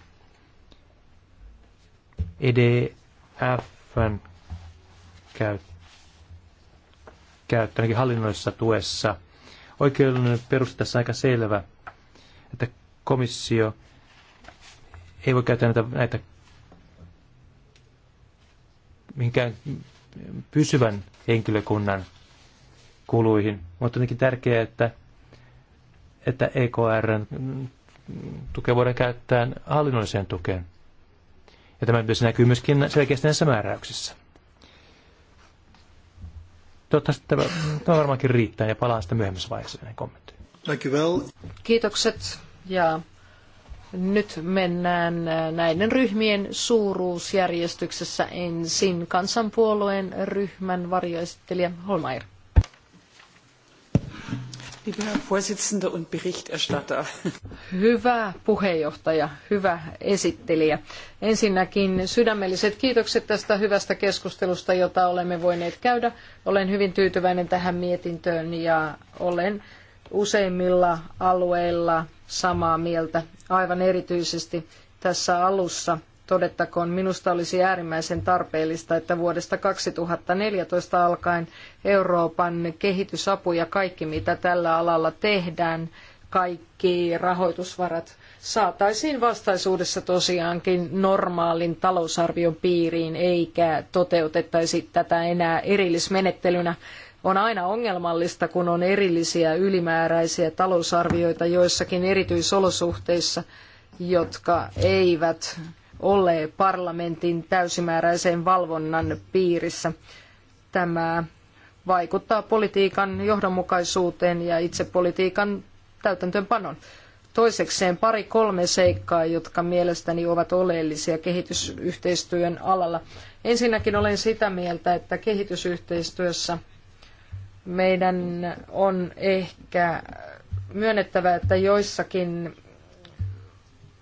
Ede, Fn käyttö ainakin hallinnoissa tuessa. Oikeudellinen peruste tässä aika selvä, että komissio ei voi käyttää näitä, näitä minkään pysyvän henkilökunnan kuluihin. Mutta on tärkeää, että, että EKRn tukea voidaan käyttää hallinnolliseen tukeen. Ja tämä myös näkyy myöskin selkeästi näissä määräyksissä. Toivottavasti tämä, tämä varmaankin riittää ja palaan sitä myöhemmässä vaiheessa näihin kommentteihin. Kiitokset ja nyt mennään näiden ryhmien suuruusjärjestyksessä ensin kansanpuolueen ryhmän varjoesittelijä Holmair. Hyvä puheenjohtaja, hyvä esittelijä. Ensinnäkin sydämelliset kiitokset tästä hyvästä keskustelusta, jota olemme voineet käydä. Olen hyvin tyytyväinen tähän mietintöön ja olen useimmilla alueilla samaa mieltä, aivan erityisesti tässä alussa todettakoon, minusta olisi äärimmäisen tarpeellista, että vuodesta 2014 alkaen Euroopan kehitysapu ja kaikki, mitä tällä alalla tehdään, kaikki rahoitusvarat saataisiin vastaisuudessa tosiaankin normaalin talousarvion piiriin, eikä toteutettaisi tätä enää erillismenettelynä. On aina ongelmallista, kun on erillisiä ylimääräisiä talousarvioita joissakin erityisolosuhteissa, jotka eivät ole parlamentin täysimääräisen valvonnan piirissä. Tämä vaikuttaa politiikan johdonmukaisuuteen ja itse politiikan täytäntöönpanon. Toisekseen pari kolme seikkaa, jotka mielestäni ovat oleellisia kehitysyhteistyön alalla. Ensinnäkin olen sitä mieltä, että kehitysyhteistyössä meidän on ehkä myönnettävä, että joissakin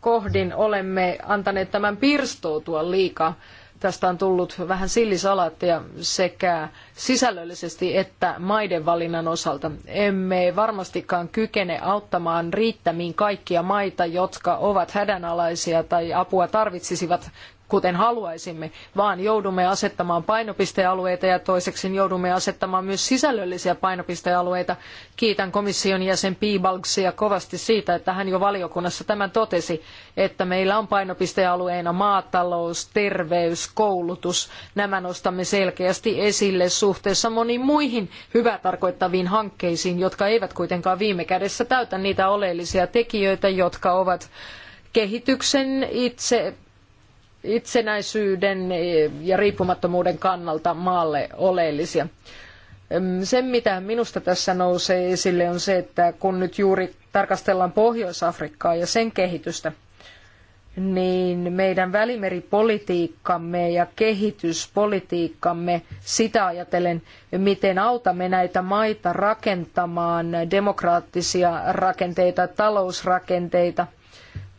kohdin olemme antaneet tämän pirstoutua liikaa. Tästä on tullut vähän sillisalaattia sekä sisällöllisesti että maiden valinnan osalta. Emme varmastikaan kykene auttamaan riittämiin kaikkia maita, jotka ovat hädänalaisia tai apua tarvitsisivat kuten haluaisimme, vaan joudumme asettamaan painopistealueita ja toiseksi joudumme asettamaan myös sisällöllisiä painopistealueita. Kiitän komission jäsen Piibalgsia kovasti siitä, että hän jo valiokunnassa tämän totesi, että meillä on painopistealueina maatalous, terveys, koulutus. Nämä nostamme selkeästi esille suhteessa moniin muihin hyvää tarkoittaviin hankkeisiin, jotka eivät kuitenkaan viime kädessä täytä niitä oleellisia tekijöitä, jotka ovat kehityksen itse itsenäisyyden ja riippumattomuuden kannalta maalle oleellisia. Se, mitä minusta tässä nousee esille, on se, että kun nyt juuri tarkastellaan Pohjois-Afrikkaa ja sen kehitystä, niin meidän välimeripolitiikkamme ja kehityspolitiikkamme sitä ajatellen, miten autamme näitä maita rakentamaan demokraattisia rakenteita, talousrakenteita –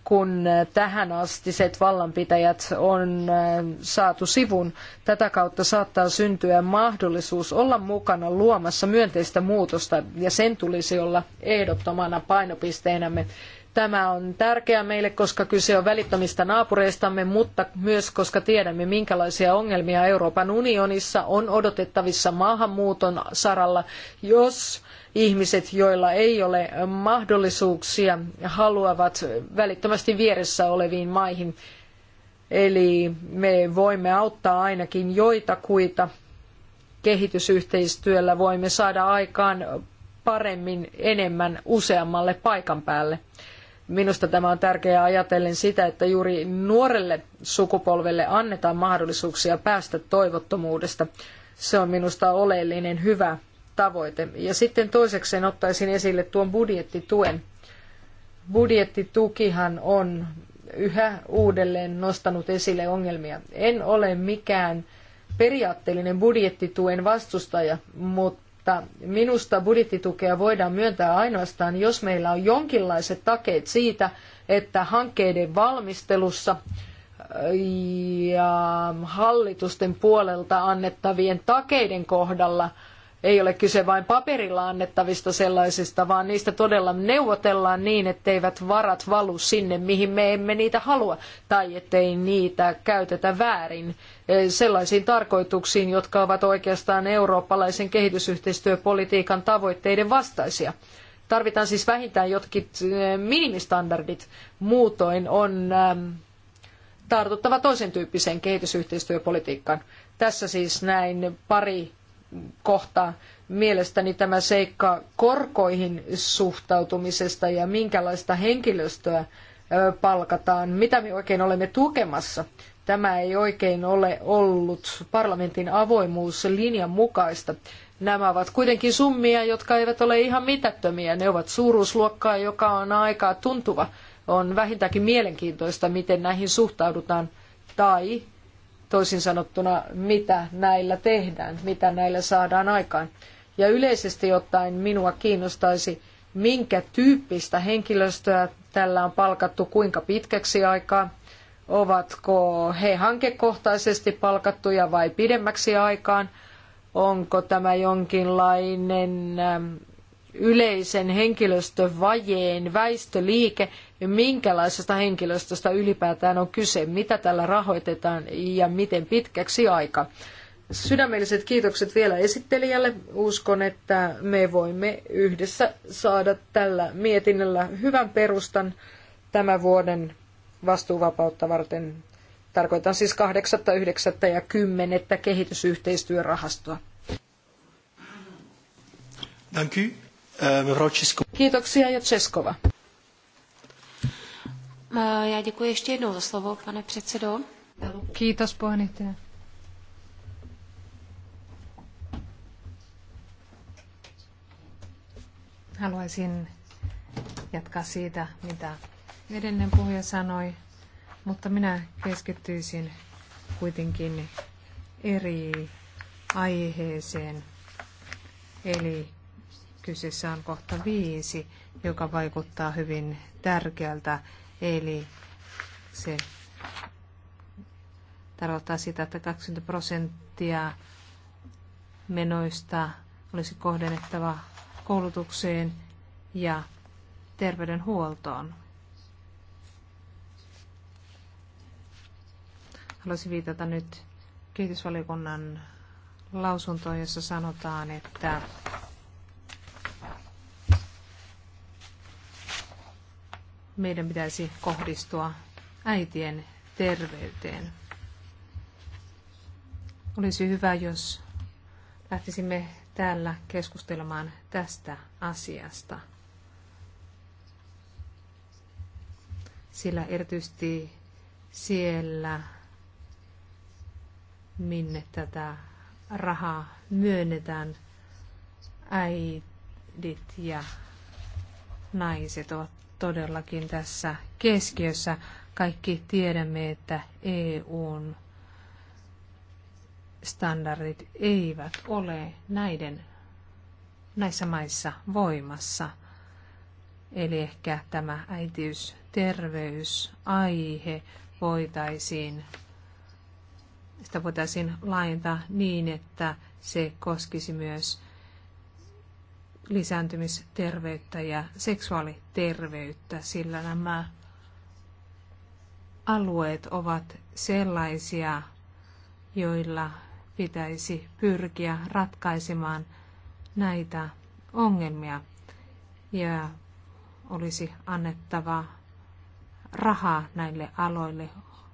kun tähän astiset vallanpitäjät on äh, saatu sivun. Tätä kautta saattaa syntyä mahdollisuus olla mukana luomassa myönteistä muutosta ja sen tulisi olla ehdottomana painopisteenämme. Tämä on tärkeää meille, koska kyse on välittömistä naapureistamme, mutta myös koska tiedämme, minkälaisia ongelmia Euroopan unionissa on odotettavissa maahanmuuton saralla, jos ihmiset, joilla ei ole mahdollisuuksia, haluavat välittömästi vieressä oleviin maihin. Eli me voimme auttaa ainakin joitakuita kehitysyhteistyöllä, voimme saada aikaan paremmin, enemmän, useammalle paikan päälle. Minusta tämä on tärkeää ajatellen sitä, että juuri nuorelle sukupolvelle annetaan mahdollisuuksia päästä toivottomuudesta. Se on minusta oleellinen hyvä tavoite. Ja sitten toisekseen ottaisin esille tuon budjettituen. Budjettitukihan on yhä uudelleen nostanut esille ongelmia. En ole mikään periaatteellinen budjettituen vastustaja, mutta minusta budjettitukea voidaan myöntää ainoastaan, jos meillä on jonkinlaiset takeet siitä, että hankkeiden valmistelussa ja hallitusten puolelta annettavien takeiden kohdalla – ei ole kyse vain paperilla annettavista sellaisista, vaan niistä todella neuvotellaan niin, etteivät varat valu sinne, mihin me emme niitä halua, tai ettei niitä käytetä väärin eh, sellaisiin tarkoituksiin, jotka ovat oikeastaan eurooppalaisen kehitysyhteistyöpolitiikan tavoitteiden vastaisia. Tarvitaan siis vähintään jotkin eh, minimistandardit, muutoin on tartuttava toisen tyyppiseen kehitysyhteistyöpolitiikkaan. Tässä siis näin pari kohtaan. Mielestäni tämä seikka korkoihin suhtautumisesta ja minkälaista henkilöstöä palkataan, mitä me oikein olemme tukemassa. Tämä ei oikein ole ollut parlamentin avoimuuslinjan mukaista. Nämä ovat kuitenkin summia, jotka eivät ole ihan mitättömiä. Ne ovat suuruusluokkaa, joka on aika tuntuva. On vähintäänkin mielenkiintoista, miten näihin suhtaudutaan. Tai toisin sanottuna, mitä näillä tehdään, mitä näillä saadaan aikaan. Ja yleisesti ottaen minua kiinnostaisi, minkä tyyppistä henkilöstöä tällä on palkattu, kuinka pitkäksi aikaa, ovatko he hankekohtaisesti palkattuja vai pidemmäksi aikaan, onko tämä jonkinlainen yleisen henkilöstövajeen väistöliike, minkälaisesta henkilöstöstä ylipäätään on kyse, mitä tällä rahoitetaan ja miten pitkäksi aika. Sydämelliset kiitokset vielä esittelijälle. Uskon, että me voimme yhdessä saada tällä mietinnöllä hyvän perustan tämän vuoden vastuuvapautta varten. Tarkoitan siis 8., 9. ja 10. kehitysyhteistyörahastoa. Uh, Kiitoksia ja Cheskova. Eh, já děkuji ještě jednou za slovo, pane předsedo. Haluaisin jatkaa siitä, mitä edellinen puhuja sanoi, mutta minä keskittyisin kuitenkin eri aiheeseen. Eli kyseessä on kohta viisi, joka vaikuttaa hyvin tärkeältä Eli se tarkoittaa sitä, että 20 prosenttia menoista olisi kohdennettava koulutukseen ja terveydenhuoltoon. Haluaisin viitata nyt kehitysvaliokunnan lausuntoon, jossa sanotaan, että meidän pitäisi kohdistua äitien terveyteen. Olisi hyvä, jos lähtisimme täällä keskustelemaan tästä asiasta. Sillä erityisesti siellä, minne tätä rahaa myönnetään, äidit ja naiset ovat todellakin tässä keskiössä. Kaikki tiedämme, että EUn standardit eivät ole näiden näissä maissa voimassa. Eli ehkä tämä äitiysterveysaihe voitaisiin, sitä voitaisiin laajentaa niin, että se koskisi myös lisääntymisterveyttä ja seksuaaliterveyttä, sillä nämä alueet ovat sellaisia, joilla pitäisi pyrkiä ratkaisemaan näitä ongelmia ja olisi annettava rahaa näille aloille.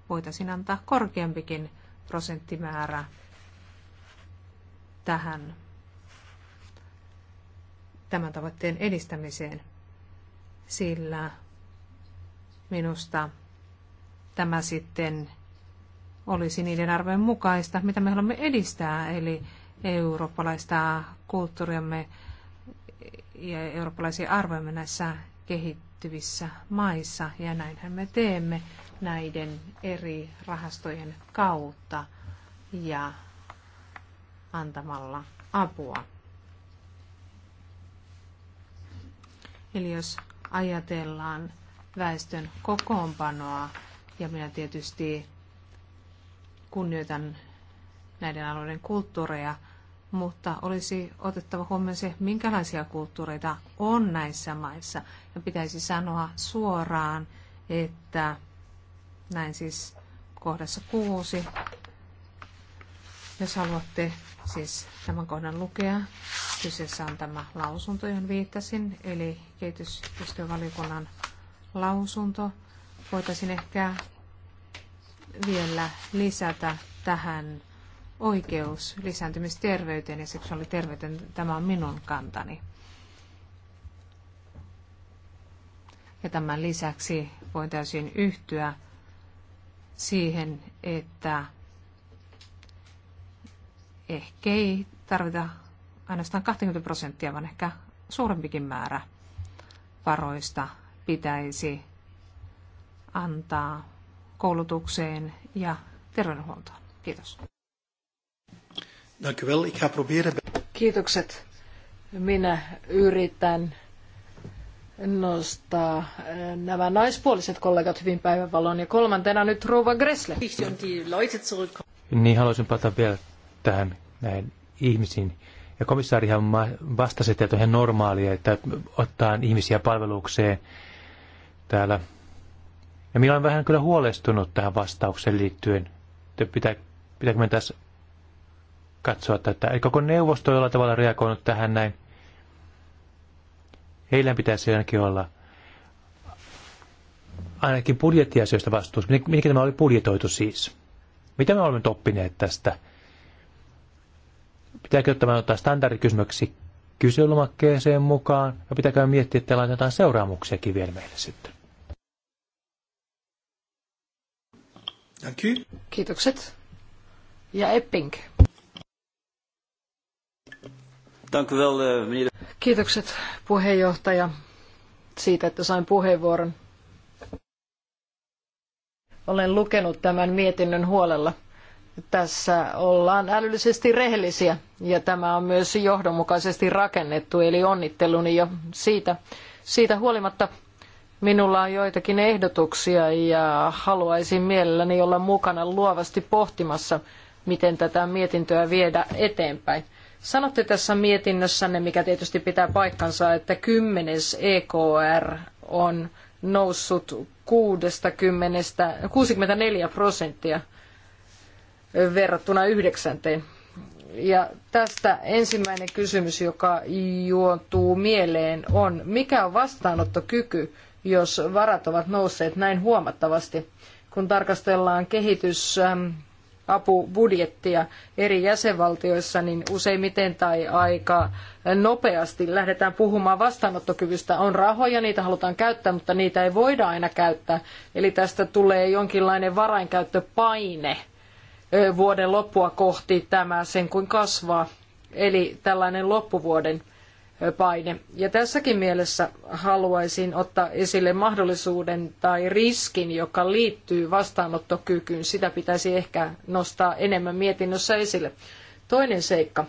Voitaisiin antaa korkeampikin prosenttimäärä tähän tämän tavoitteen edistämiseen, sillä minusta tämä sitten olisi niiden arvojen mukaista, mitä me haluamme edistää, eli eurooppalaista kulttuuriamme ja eurooppalaisia arvojamme näissä kehittyvissä maissa. Ja näinhän me teemme näiden eri rahastojen kautta ja antamalla apua. Eli jos ajatellaan väestön kokoonpanoa, ja minä tietysti kunnioitan näiden alueiden kulttuureja, mutta olisi otettava huomioon se, minkälaisia kulttuureita on näissä maissa. Ja pitäisi sanoa suoraan, että näin siis kohdassa kuusi jos haluatte siis tämän kohdan lukea, kyseessä on tämä lausunto, johon viittasin, eli kehitysyhteistyövaliokunnan lausunto. Voitaisiin ehkä vielä lisätä tähän oikeus lisääntymisterveyteen ja seksuaaliterveyteen. Tämä on minun kantani. Ja tämän lisäksi voin täysin yhtyä siihen, että ehkä ei tarvita ainoastaan 20 prosenttia, vaan ehkä suurempikin määrä varoista pitäisi antaa koulutukseen ja terveydenhuoltoon. Kiitos. Kiitokset. Minä yritän nostaa eh, nämä naispuoliset kollegat hyvin päivänvaloon. Ja kolmantena nyt Rova Gressle. Niin haluaisin palata vielä tähän näihin ihmisiin. Ja komissaarihan vastasi, että on ihan normaalia, että ottaa ihmisiä palvelukseen täällä. Ja minä olen vähän kyllä huolestunut tähän vastaukseen liittyen. Että pitää, pitääkö me tässä katsoa tätä? Eli koko neuvosto jollain tavalla reagoinut tähän näin. Heillä pitäisi ainakin olla ainakin budjettiasioista vastuussa. Miten tämä oli budjetoitu siis? Mitä me olemme oppineet tästä? Pitääkö tämä ottaa standardikysymyksi kyselylomakkeeseen mukaan ja pitääkö miettiä, että laitetaan seuraamuksiakin vielä meille sitten? Kiitokset. Ja Epping. Eh, Kiitokset puheenjohtaja siitä, että sain puheenvuoron. Olen lukenut tämän mietinnön huolella tässä ollaan älyllisesti rehellisiä ja tämä on myös johdonmukaisesti rakennettu, eli onnitteluni jo siitä. Siitä huolimatta minulla on joitakin ehdotuksia ja haluaisin mielelläni olla mukana luovasti pohtimassa, miten tätä mietintöä viedä eteenpäin. Sanotte tässä mietinnössänne, mikä tietysti pitää paikkansa, että kymmenes EKR on noussut 60, 64 prosenttia – verrattuna yhdeksänteen. Ja tästä ensimmäinen kysymys, joka juontuu mieleen, on mikä on vastaanottokyky, jos varat ovat nousseet näin huomattavasti, kun tarkastellaan kehitys apubudjettia eri jäsenvaltioissa, niin useimmiten tai aika nopeasti lähdetään puhumaan vastaanottokyvystä. On rahoja, niitä halutaan käyttää, mutta niitä ei voida aina käyttää. Eli tästä tulee jonkinlainen varainkäyttöpaine – vuoden loppua kohti tämä sen kuin kasvaa, eli tällainen loppuvuoden paine. Ja tässäkin mielessä haluaisin ottaa esille mahdollisuuden tai riskin, joka liittyy vastaanottokykyyn. Sitä pitäisi ehkä nostaa enemmän mietinnössä esille. Toinen seikka.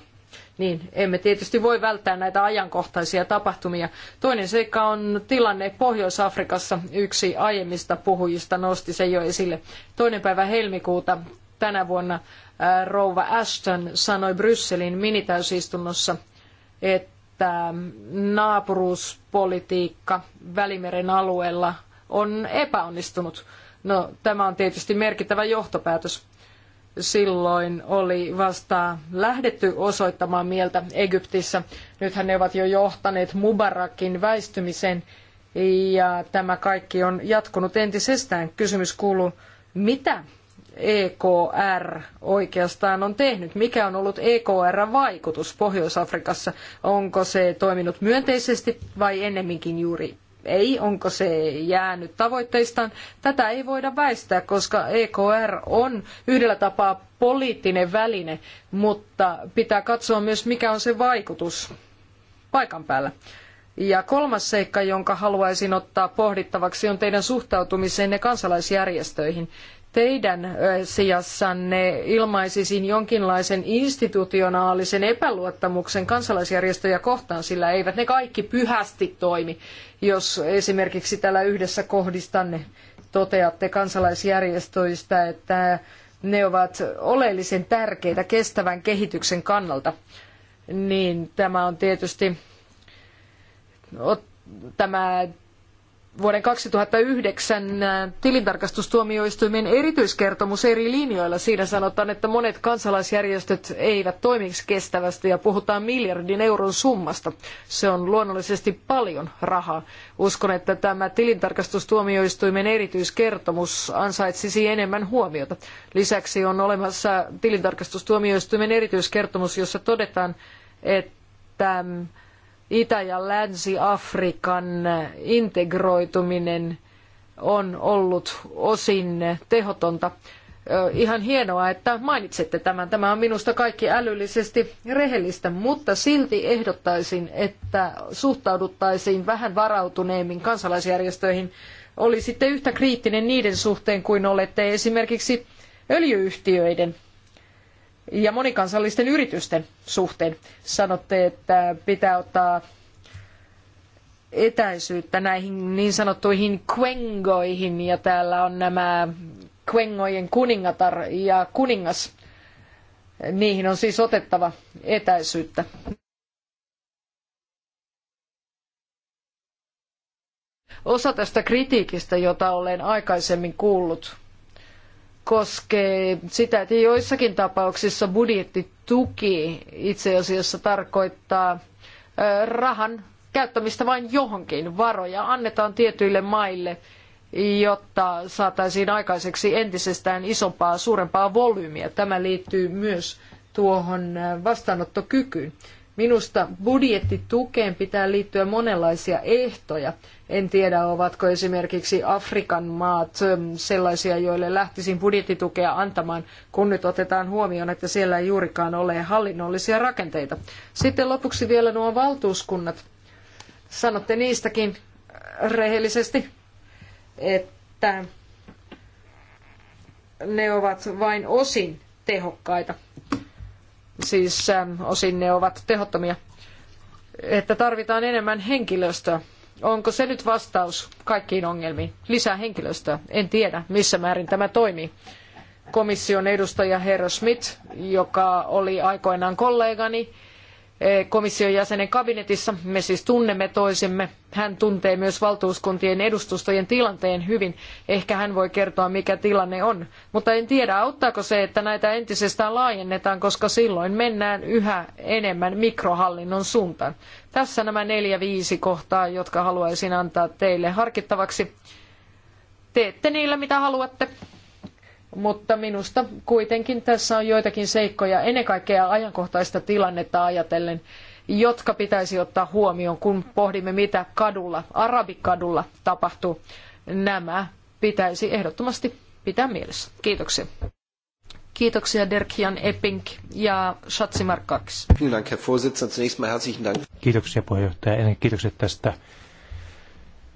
Niin, emme tietysti voi välttää näitä ajankohtaisia tapahtumia. Toinen seikka on tilanne Pohjois-Afrikassa. Yksi aiemmista puhujista nosti sen jo esille. Toinen päivä helmikuuta tänä vuonna äh, rouva Ashton sanoi Brysselin minitäysistunnossa, että naapuruuspolitiikka Välimeren alueella on epäonnistunut. No, tämä on tietysti merkittävä johtopäätös. Silloin oli vasta lähdetty osoittamaan mieltä Egyptissä. Nythän ne ovat jo johtaneet Mubarakin väistymiseen ja tämä kaikki on jatkunut entisestään. Kysymys kuuluu, mitä EKR oikeastaan on tehnyt? Mikä on ollut EKRn vaikutus Pohjois-Afrikassa? Onko se toiminut myönteisesti vai ennemminkin juuri ei, onko se jäänyt tavoitteistaan. Tätä ei voida väistää, koska EKR on yhdellä tapaa poliittinen väline, mutta pitää katsoa myös, mikä on se vaikutus paikan päällä. Ja kolmas seikka, jonka haluaisin ottaa pohdittavaksi, on teidän suhtautumisenne kansalaisjärjestöihin teidän sijassanne ilmaisisin jonkinlaisen institutionaalisen epäluottamuksen kansalaisjärjestöjä kohtaan, sillä eivät ne kaikki pyhästi toimi, jos esimerkiksi tällä yhdessä kohdistanne toteatte kansalaisjärjestöistä, että ne ovat oleellisen tärkeitä kestävän kehityksen kannalta, niin tämä on tietysti tämä vuoden 2009 äh, tilintarkastustuomioistuimen erityiskertomus eri linjoilla. Siinä sanotaan, että monet kansalaisjärjestöt eivät toimiksi kestävästi ja puhutaan miljardin euron summasta. Se on luonnollisesti paljon rahaa. Uskon, että tämä tilintarkastustuomioistuimen erityiskertomus ansaitsisi enemmän huomiota. Lisäksi on olemassa tilintarkastustuomioistuimen erityiskertomus, jossa todetaan, että että Itä- ja Länsi-Afrikan integroituminen on ollut osin tehotonta. Ihan hienoa, että mainitsette tämän. Tämä on minusta kaikki älyllisesti rehellistä, mutta silti ehdottaisin, että suhtauduttaisiin vähän varautuneemmin kansalaisjärjestöihin. sitten yhtä kriittinen niiden suhteen kuin olette esimerkiksi öljyyhtiöiden ja monikansallisten yritysten suhteen. Sanotte, että pitää ottaa etäisyyttä näihin niin sanottuihin kwengoihin ja täällä on nämä kwengojen kuningatar ja kuningas. Niihin on siis otettava etäisyyttä. Osa tästä kritiikistä, jota olen aikaisemmin kuullut, koskee sitä, että joissakin tapauksissa budjettituki itse asiassa tarkoittaa rahan käyttämistä vain johonkin. Varoja annetaan tietyille maille, jotta saataisiin aikaiseksi entisestään isompaa, suurempaa volyymiä. Tämä liittyy myös tuohon vastaanottokykyyn. Minusta budjettitukeen pitää liittyä monenlaisia ehtoja. En tiedä, ovatko esimerkiksi Afrikan maat ähm, sellaisia, joille lähtisin budjettitukea antamaan, kun nyt otetaan huomioon, että siellä ei juurikaan ole hallinnollisia rakenteita. Sitten lopuksi vielä nuo valtuuskunnat. Sanotte niistäkin äh, rehellisesti, että ne ovat vain osin tehokkaita siis ähm, osin ne ovat tehottomia, että tarvitaan enemmän henkilöstöä. Onko se nyt vastaus kaikkiin ongelmiin? Lisää henkilöstöä. En tiedä, missä määrin tämä toimii. Komission edustaja Herra Schmidt, joka oli aikoinaan kollegani, Eh, komission jäsenen kabinetissa. Me siis tunnemme toisemme. Hän tuntee myös valtuuskuntien edustustojen tilanteen hyvin. Ehkä hän voi kertoa, mikä tilanne on. Mutta en tiedä, auttaako se, että näitä entisestään laajennetaan, koska silloin mennään yhä enemmän mikrohallinnon suuntaan. Tässä nämä neljä viisi kohtaa, jotka haluaisin antaa teille harkittavaksi. Teette niillä mitä haluatte mutta minusta kuitenkin tässä on joitakin seikkoja, ennen kaikkea ajankohtaista tilannetta ajatellen, jotka pitäisi ottaa huomioon, kun pohdimme, mitä kadulla, arabikadulla tapahtuu. Nämä pitäisi ehdottomasti pitää mielessä. Kiitoksia. Kiitoksia Derkian Epping ja Schatzi Markkakis. Kiitoksia puheenjohtaja. Ennen kiitokset tästä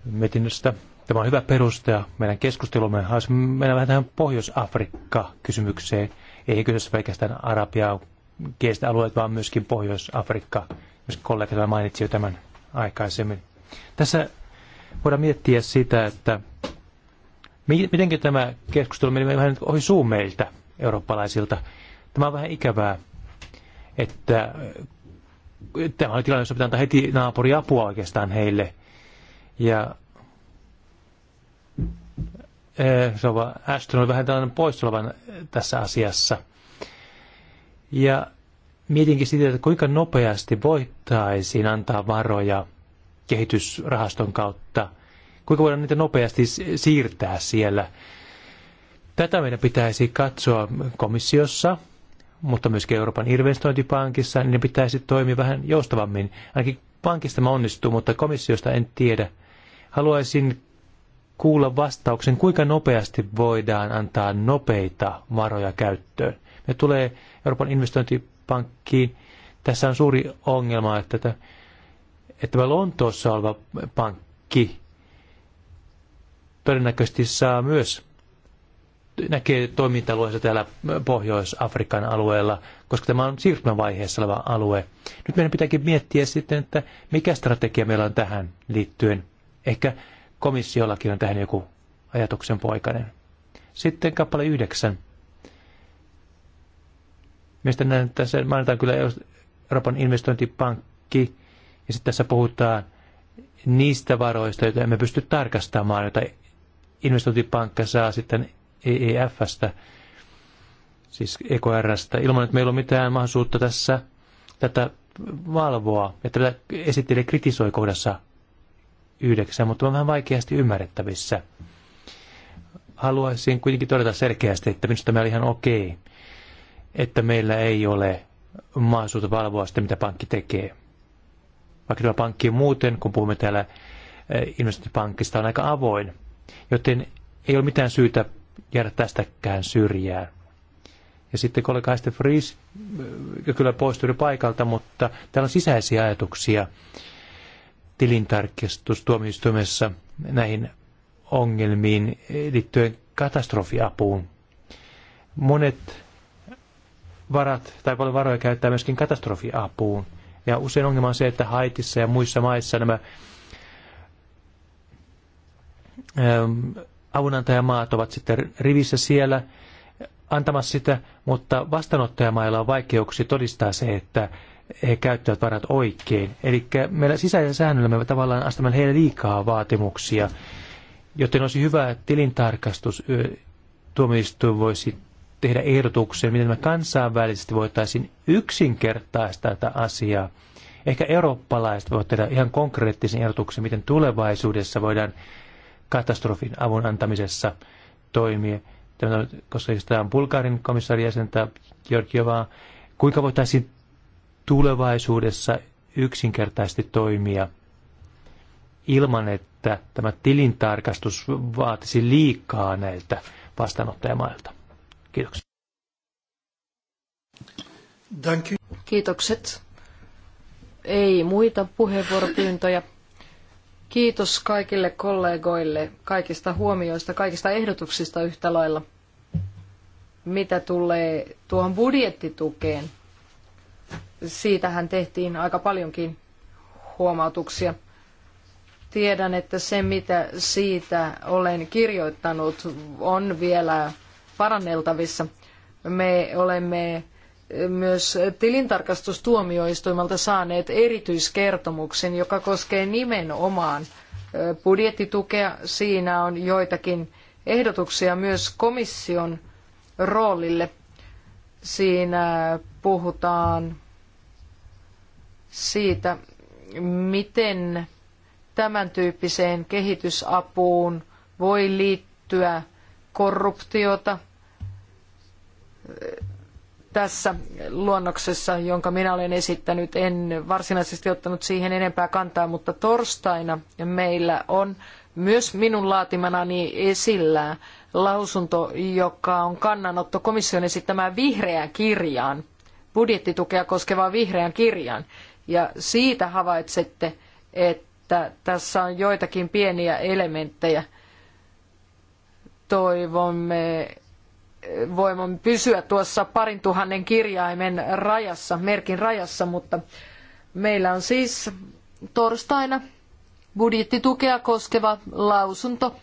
mietinnöstä. Tämä on hyvä peruste meidän keskustelumme. Haluaisin mennä vähän tähän Pohjois-Afrikka-kysymykseen. Ei kyseessä pelkästään Arabia kielistä alueet, vaan myöskin Pohjois-Afrikka. Myös kollegat mainitsi jo tämän aikaisemmin. Tässä voidaan miettiä sitä, että miten tämä keskustelu meni vähän ohi suun meiltä eurooppalaisilta. Tämä on vähän ikävää, että tämä on tilanne, jossa pitää antaa heti naapuriapua oikeastaan heille. Ja Sova eh, Ashton oli vähän tällainen poistolavan tässä asiassa. Ja mietinkin sitä, että kuinka nopeasti voittaisiin antaa varoja kehitysrahaston kautta, kuinka voidaan niitä nopeasti siirtää siellä. Tätä meidän pitäisi katsoa komissiossa, mutta myöskin Euroopan investointipankissa, niin ne pitäisi toimia vähän joustavammin. Ainakin pankista mä onnistuu, mutta komissiosta en tiedä. Haluaisin kuulla vastauksen, kuinka nopeasti voidaan antaa nopeita varoja käyttöön. Me tulee Euroopan investointipankkiin. Tässä on suuri ongelma, että, että, että tämä Lontoossa oleva pankki todennäköisesti saa myös näkee toimintalueensa täällä Pohjois-Afrikan alueella, koska tämä on siirtymävaiheessa oleva alue. Nyt meidän pitääkin miettiä sitten, että mikä strategia meillä on tähän liittyen. Ehkä komissiollakin on tähän joku ajatuksen poikainen. Sitten kappale yhdeksän. Mistä näin, tässä mainitaan kyllä Euroopan investointipankki, ja sitten tässä puhutaan niistä varoista, joita emme pysty tarkastamaan, joita investointipankka saa sitten EEFstä, siis EKRstä, ilman että meillä on mitään mahdollisuutta tässä tätä valvoa. että tätä esittelijä kritisoi kohdassa 9, mutta on vähän vaikeasti ymmärrettävissä. Haluaisin kuitenkin todeta selkeästi, että minusta tämä oli ihan okei, että meillä ei ole mahdollisuutta valvoa sitä, mitä pankki tekee. Vaikka tämä pankki muuten, kun puhumme täällä eh, investointipankista, on aika avoin, joten ei ole mitään syytä jäädä tästäkään syrjään. Ja sitten kollega Heister Fries eh, kyllä poistui paikalta, mutta täällä on sisäisiä ajatuksia tilintarkistustuomioistuimessa näihin ongelmiin liittyen katastrofiapuun. Monet varat tai paljon varoja käyttää myöskin katastrofiapuun. Ja usein ongelma on se, että Haitissa ja muissa maissa nämä ähm, avunantajamaat ovat sitten rivissä siellä antamassa sitä, mutta vastaanottajamailla on vaikeuksia todistaa se, että käyttävät varat oikein. Eli meillä sisäisellä säännöllä me tavallaan astamme heille liikaa vaatimuksia, joten olisi hyvä, että tilintarkastus tuomioistuin voisi tehdä ehdotuksen, miten me kansainvälisesti voitaisiin yksinkertaistaa tätä asiaa. Ehkä eurooppalaiset voivat tehdä ihan konkreettisen ehdotuksen, miten tulevaisuudessa voidaan katastrofin avun antamisessa toimia. Tämä koska siis on Bulgarin komissaari jäsentä Georgievaa, kuinka voitaisiin tulevaisuudessa yksinkertaisesti toimia ilman, että tämä tilintarkastus vaatisi liikaa näiltä vastaanottajamailta. Kiitoksia. Kiitokset. Ei muita puheenvuoropyyntöjä. Kiitos kaikille kollegoille kaikista huomioista, kaikista ehdotuksista yhtä lailla. Mitä tulee tuohon budjettitukeen, siitähän tehtiin aika paljonkin huomautuksia. Tiedän, että se mitä siitä olen kirjoittanut on vielä paranneltavissa. Me olemme myös tilintarkastustuomioistuimelta saaneet erityiskertomuksen, joka koskee nimenomaan budjettitukea. Siinä on joitakin ehdotuksia myös komission roolille. Siinä puhutaan siitä, miten tämän tyyppiseen kehitysapuun voi liittyä korruptiota. Tässä luonnoksessa, jonka minä olen esittänyt, en varsinaisesti ottanut siihen enempää kantaa, mutta torstaina meillä on myös minun laatimanani esillä lausunto, joka on kannanotto komission esittämään vihreään kirjaan, budjettitukea koskevaan vihreään kirjaan. Ja siitä havaitsette, että tässä on joitakin pieniä elementtejä. Toivomme voimme pysyä tuossa parin tuhannen kirjaimen rajassa, merkin rajassa, mutta meillä on siis torstaina budjettitukea koskeva lausunto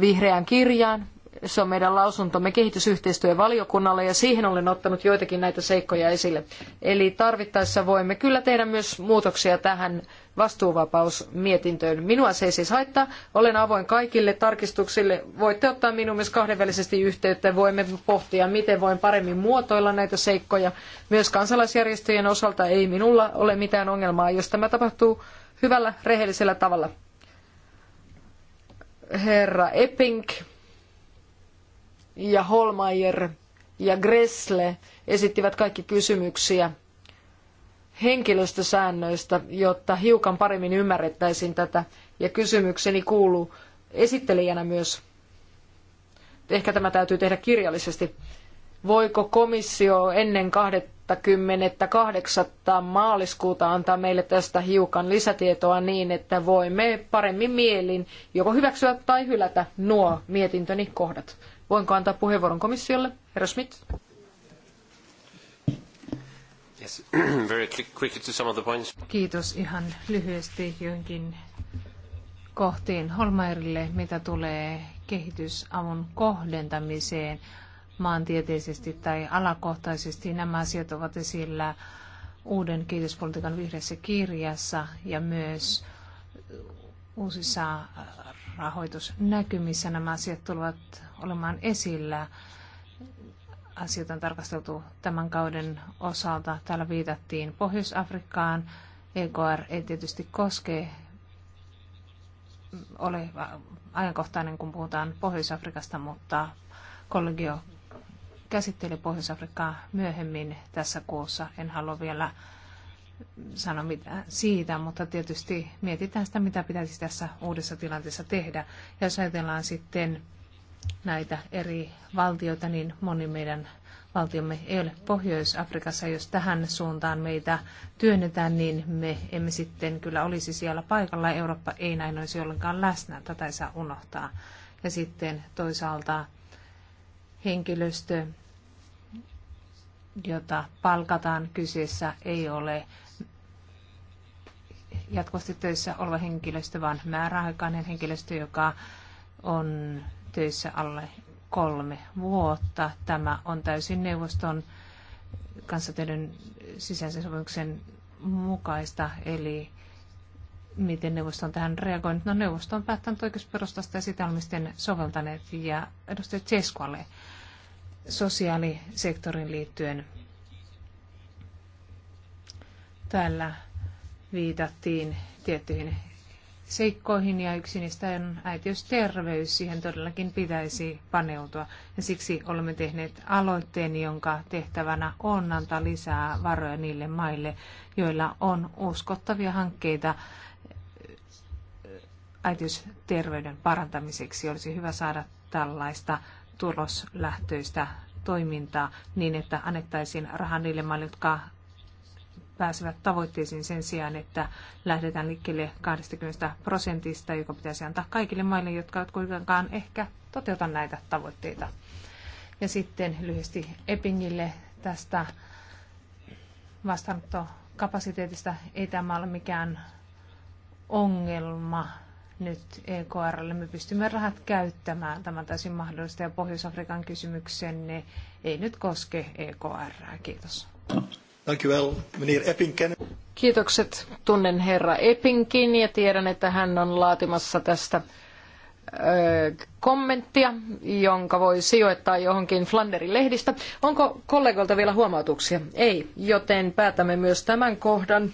vihreään kirjaan se on meidän lausuntomme kehitysyhteistyövaliokunnalle ja siihen olen ottanut joitakin näitä seikkoja esille. Eli tarvittaessa voimme kyllä tehdä myös muutoksia tähän vastuuvapausmietintöön. Minua se ei siis haittaa. Olen avoin kaikille tarkistuksille. Voitte ottaa minun myös kahdenvälisesti yhteyttä. Voimme pohtia, miten voin paremmin muotoilla näitä seikkoja. Myös kansalaisjärjestöjen osalta ei minulla ole mitään ongelmaa, jos tämä tapahtuu hyvällä, rehellisellä tavalla. Herra Epping, ja Holmeier ja Gressle esittivät kaikki kysymyksiä henkilöstösäännöistä, jotta hiukan paremmin ymmärrettäisiin tätä. Ja kysymykseni kuuluu esittelijänä myös, ehkä tämä täytyy tehdä kirjallisesti, voiko komissio ennen 28. maaliskuuta antaa meille tästä hiukan lisätietoa niin, että voimme paremmin mielin joko hyväksyä tai hylätä nuo mietintöni kohdat. Voinko antaa puheenvuoron komissiolle? Herra Schmidt. Yes. Very to some of the points. Kiitos ihan lyhyesti joinkin kohtiin Holmairille, mitä tulee kehitysavun kohdentamiseen maantieteisesti tai alakohtaisesti. Nämä asiat ovat esillä uuden kehityspolitiikan vihreässä kirjassa ja myös uusissa rahoitusnäkymissä nämä asiat tulevat olemaan esillä. Asioita on tarkasteltu tämän kauden osalta. Täällä viitattiin Pohjois-Afrikkaan. EKR ei tietysti koske ole ajankohtainen, kun puhutaan Pohjois-Afrikasta, mutta kollegio käsitteli Pohjois-Afrikkaa myöhemmin tässä kuussa. En halua vielä sano mitään siitä, mutta tietysti mietitään sitä, mitä pitäisi tässä uudessa tilanteessa tehdä. Ja jos ajatellaan sitten näitä eri valtioita, niin moni meidän valtiomme ei ole Pohjois-Afrikassa. Jos tähän suuntaan meitä työnnetään, niin me emme sitten kyllä olisi siellä paikalla. Eurooppa ei näin olisi ollenkaan läsnä. Tätä ei saa unohtaa. Ja sitten toisaalta henkilöstö, jota palkataan kyseessä, ei ole jatkuvasti töissä oleva henkilöstö, vaan määräaikainen henkilöstö, joka on töissä alle kolme vuotta. Tämä on täysin neuvoston kanssa tehdyn sisäisen sopimuksen mukaista, eli miten neuvosto on tähän reagoinut. No neuvosto on päättänyt oikeusperustasta ja sitä on sitten soveltaneet. Ja edustaja Tseskolle sosiaalisektorin liittyen täällä viitattiin tiettyihin seikkoihin ja yksi niistä on äitiysterveys. Siihen todellakin pitäisi paneutua. Ja siksi olemme tehneet aloitteen, jonka tehtävänä on antaa lisää varoja niille maille, joilla on uskottavia hankkeita äitiysterveyden parantamiseksi. Olisi hyvä saada tällaista tuloslähtöistä toimintaa niin, että annettaisiin rahaa niille maille, jotka pääsevät tavoitteisiin sen sijaan, että lähdetään liikkeelle 20 prosentista, joka pitäisi antaa kaikille maille, jotka eivät kuitenkaan ehkä toteuta näitä tavoitteita. Ja sitten lyhyesti Epingille tästä vastaanottokapasiteetista. Ei tämä ole mikään ongelma nyt EKRlle. Me pystymme rahat käyttämään. tämän täysin mahdollista ja Pohjois-Afrikan kysymyksenne ei nyt koske EKR. Kiitos. Kiitokset. Tunnen herra Eppinkin ja tiedän, että hän on laatimassa tästä kommenttia, jonka voi sijoittaa johonkin Flanderin lehdistä. Onko kollegoilta vielä huomautuksia? Ei, joten päätämme myös tämän kohdan.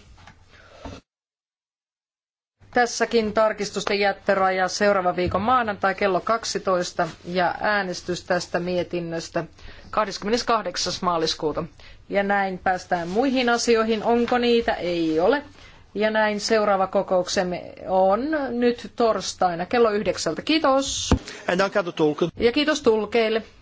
Tässäkin tarkistusten jättöraja seuraava viikon maanantai kello 12 ja äänestys tästä mietinnöstä 28. maaliskuuta. Ja näin päästään muihin asioihin. Onko niitä? Ei ole. Ja näin seuraava kokouksemme on nyt torstaina kello yhdeksältä. Kiitos. Ja kiitos tulkeille.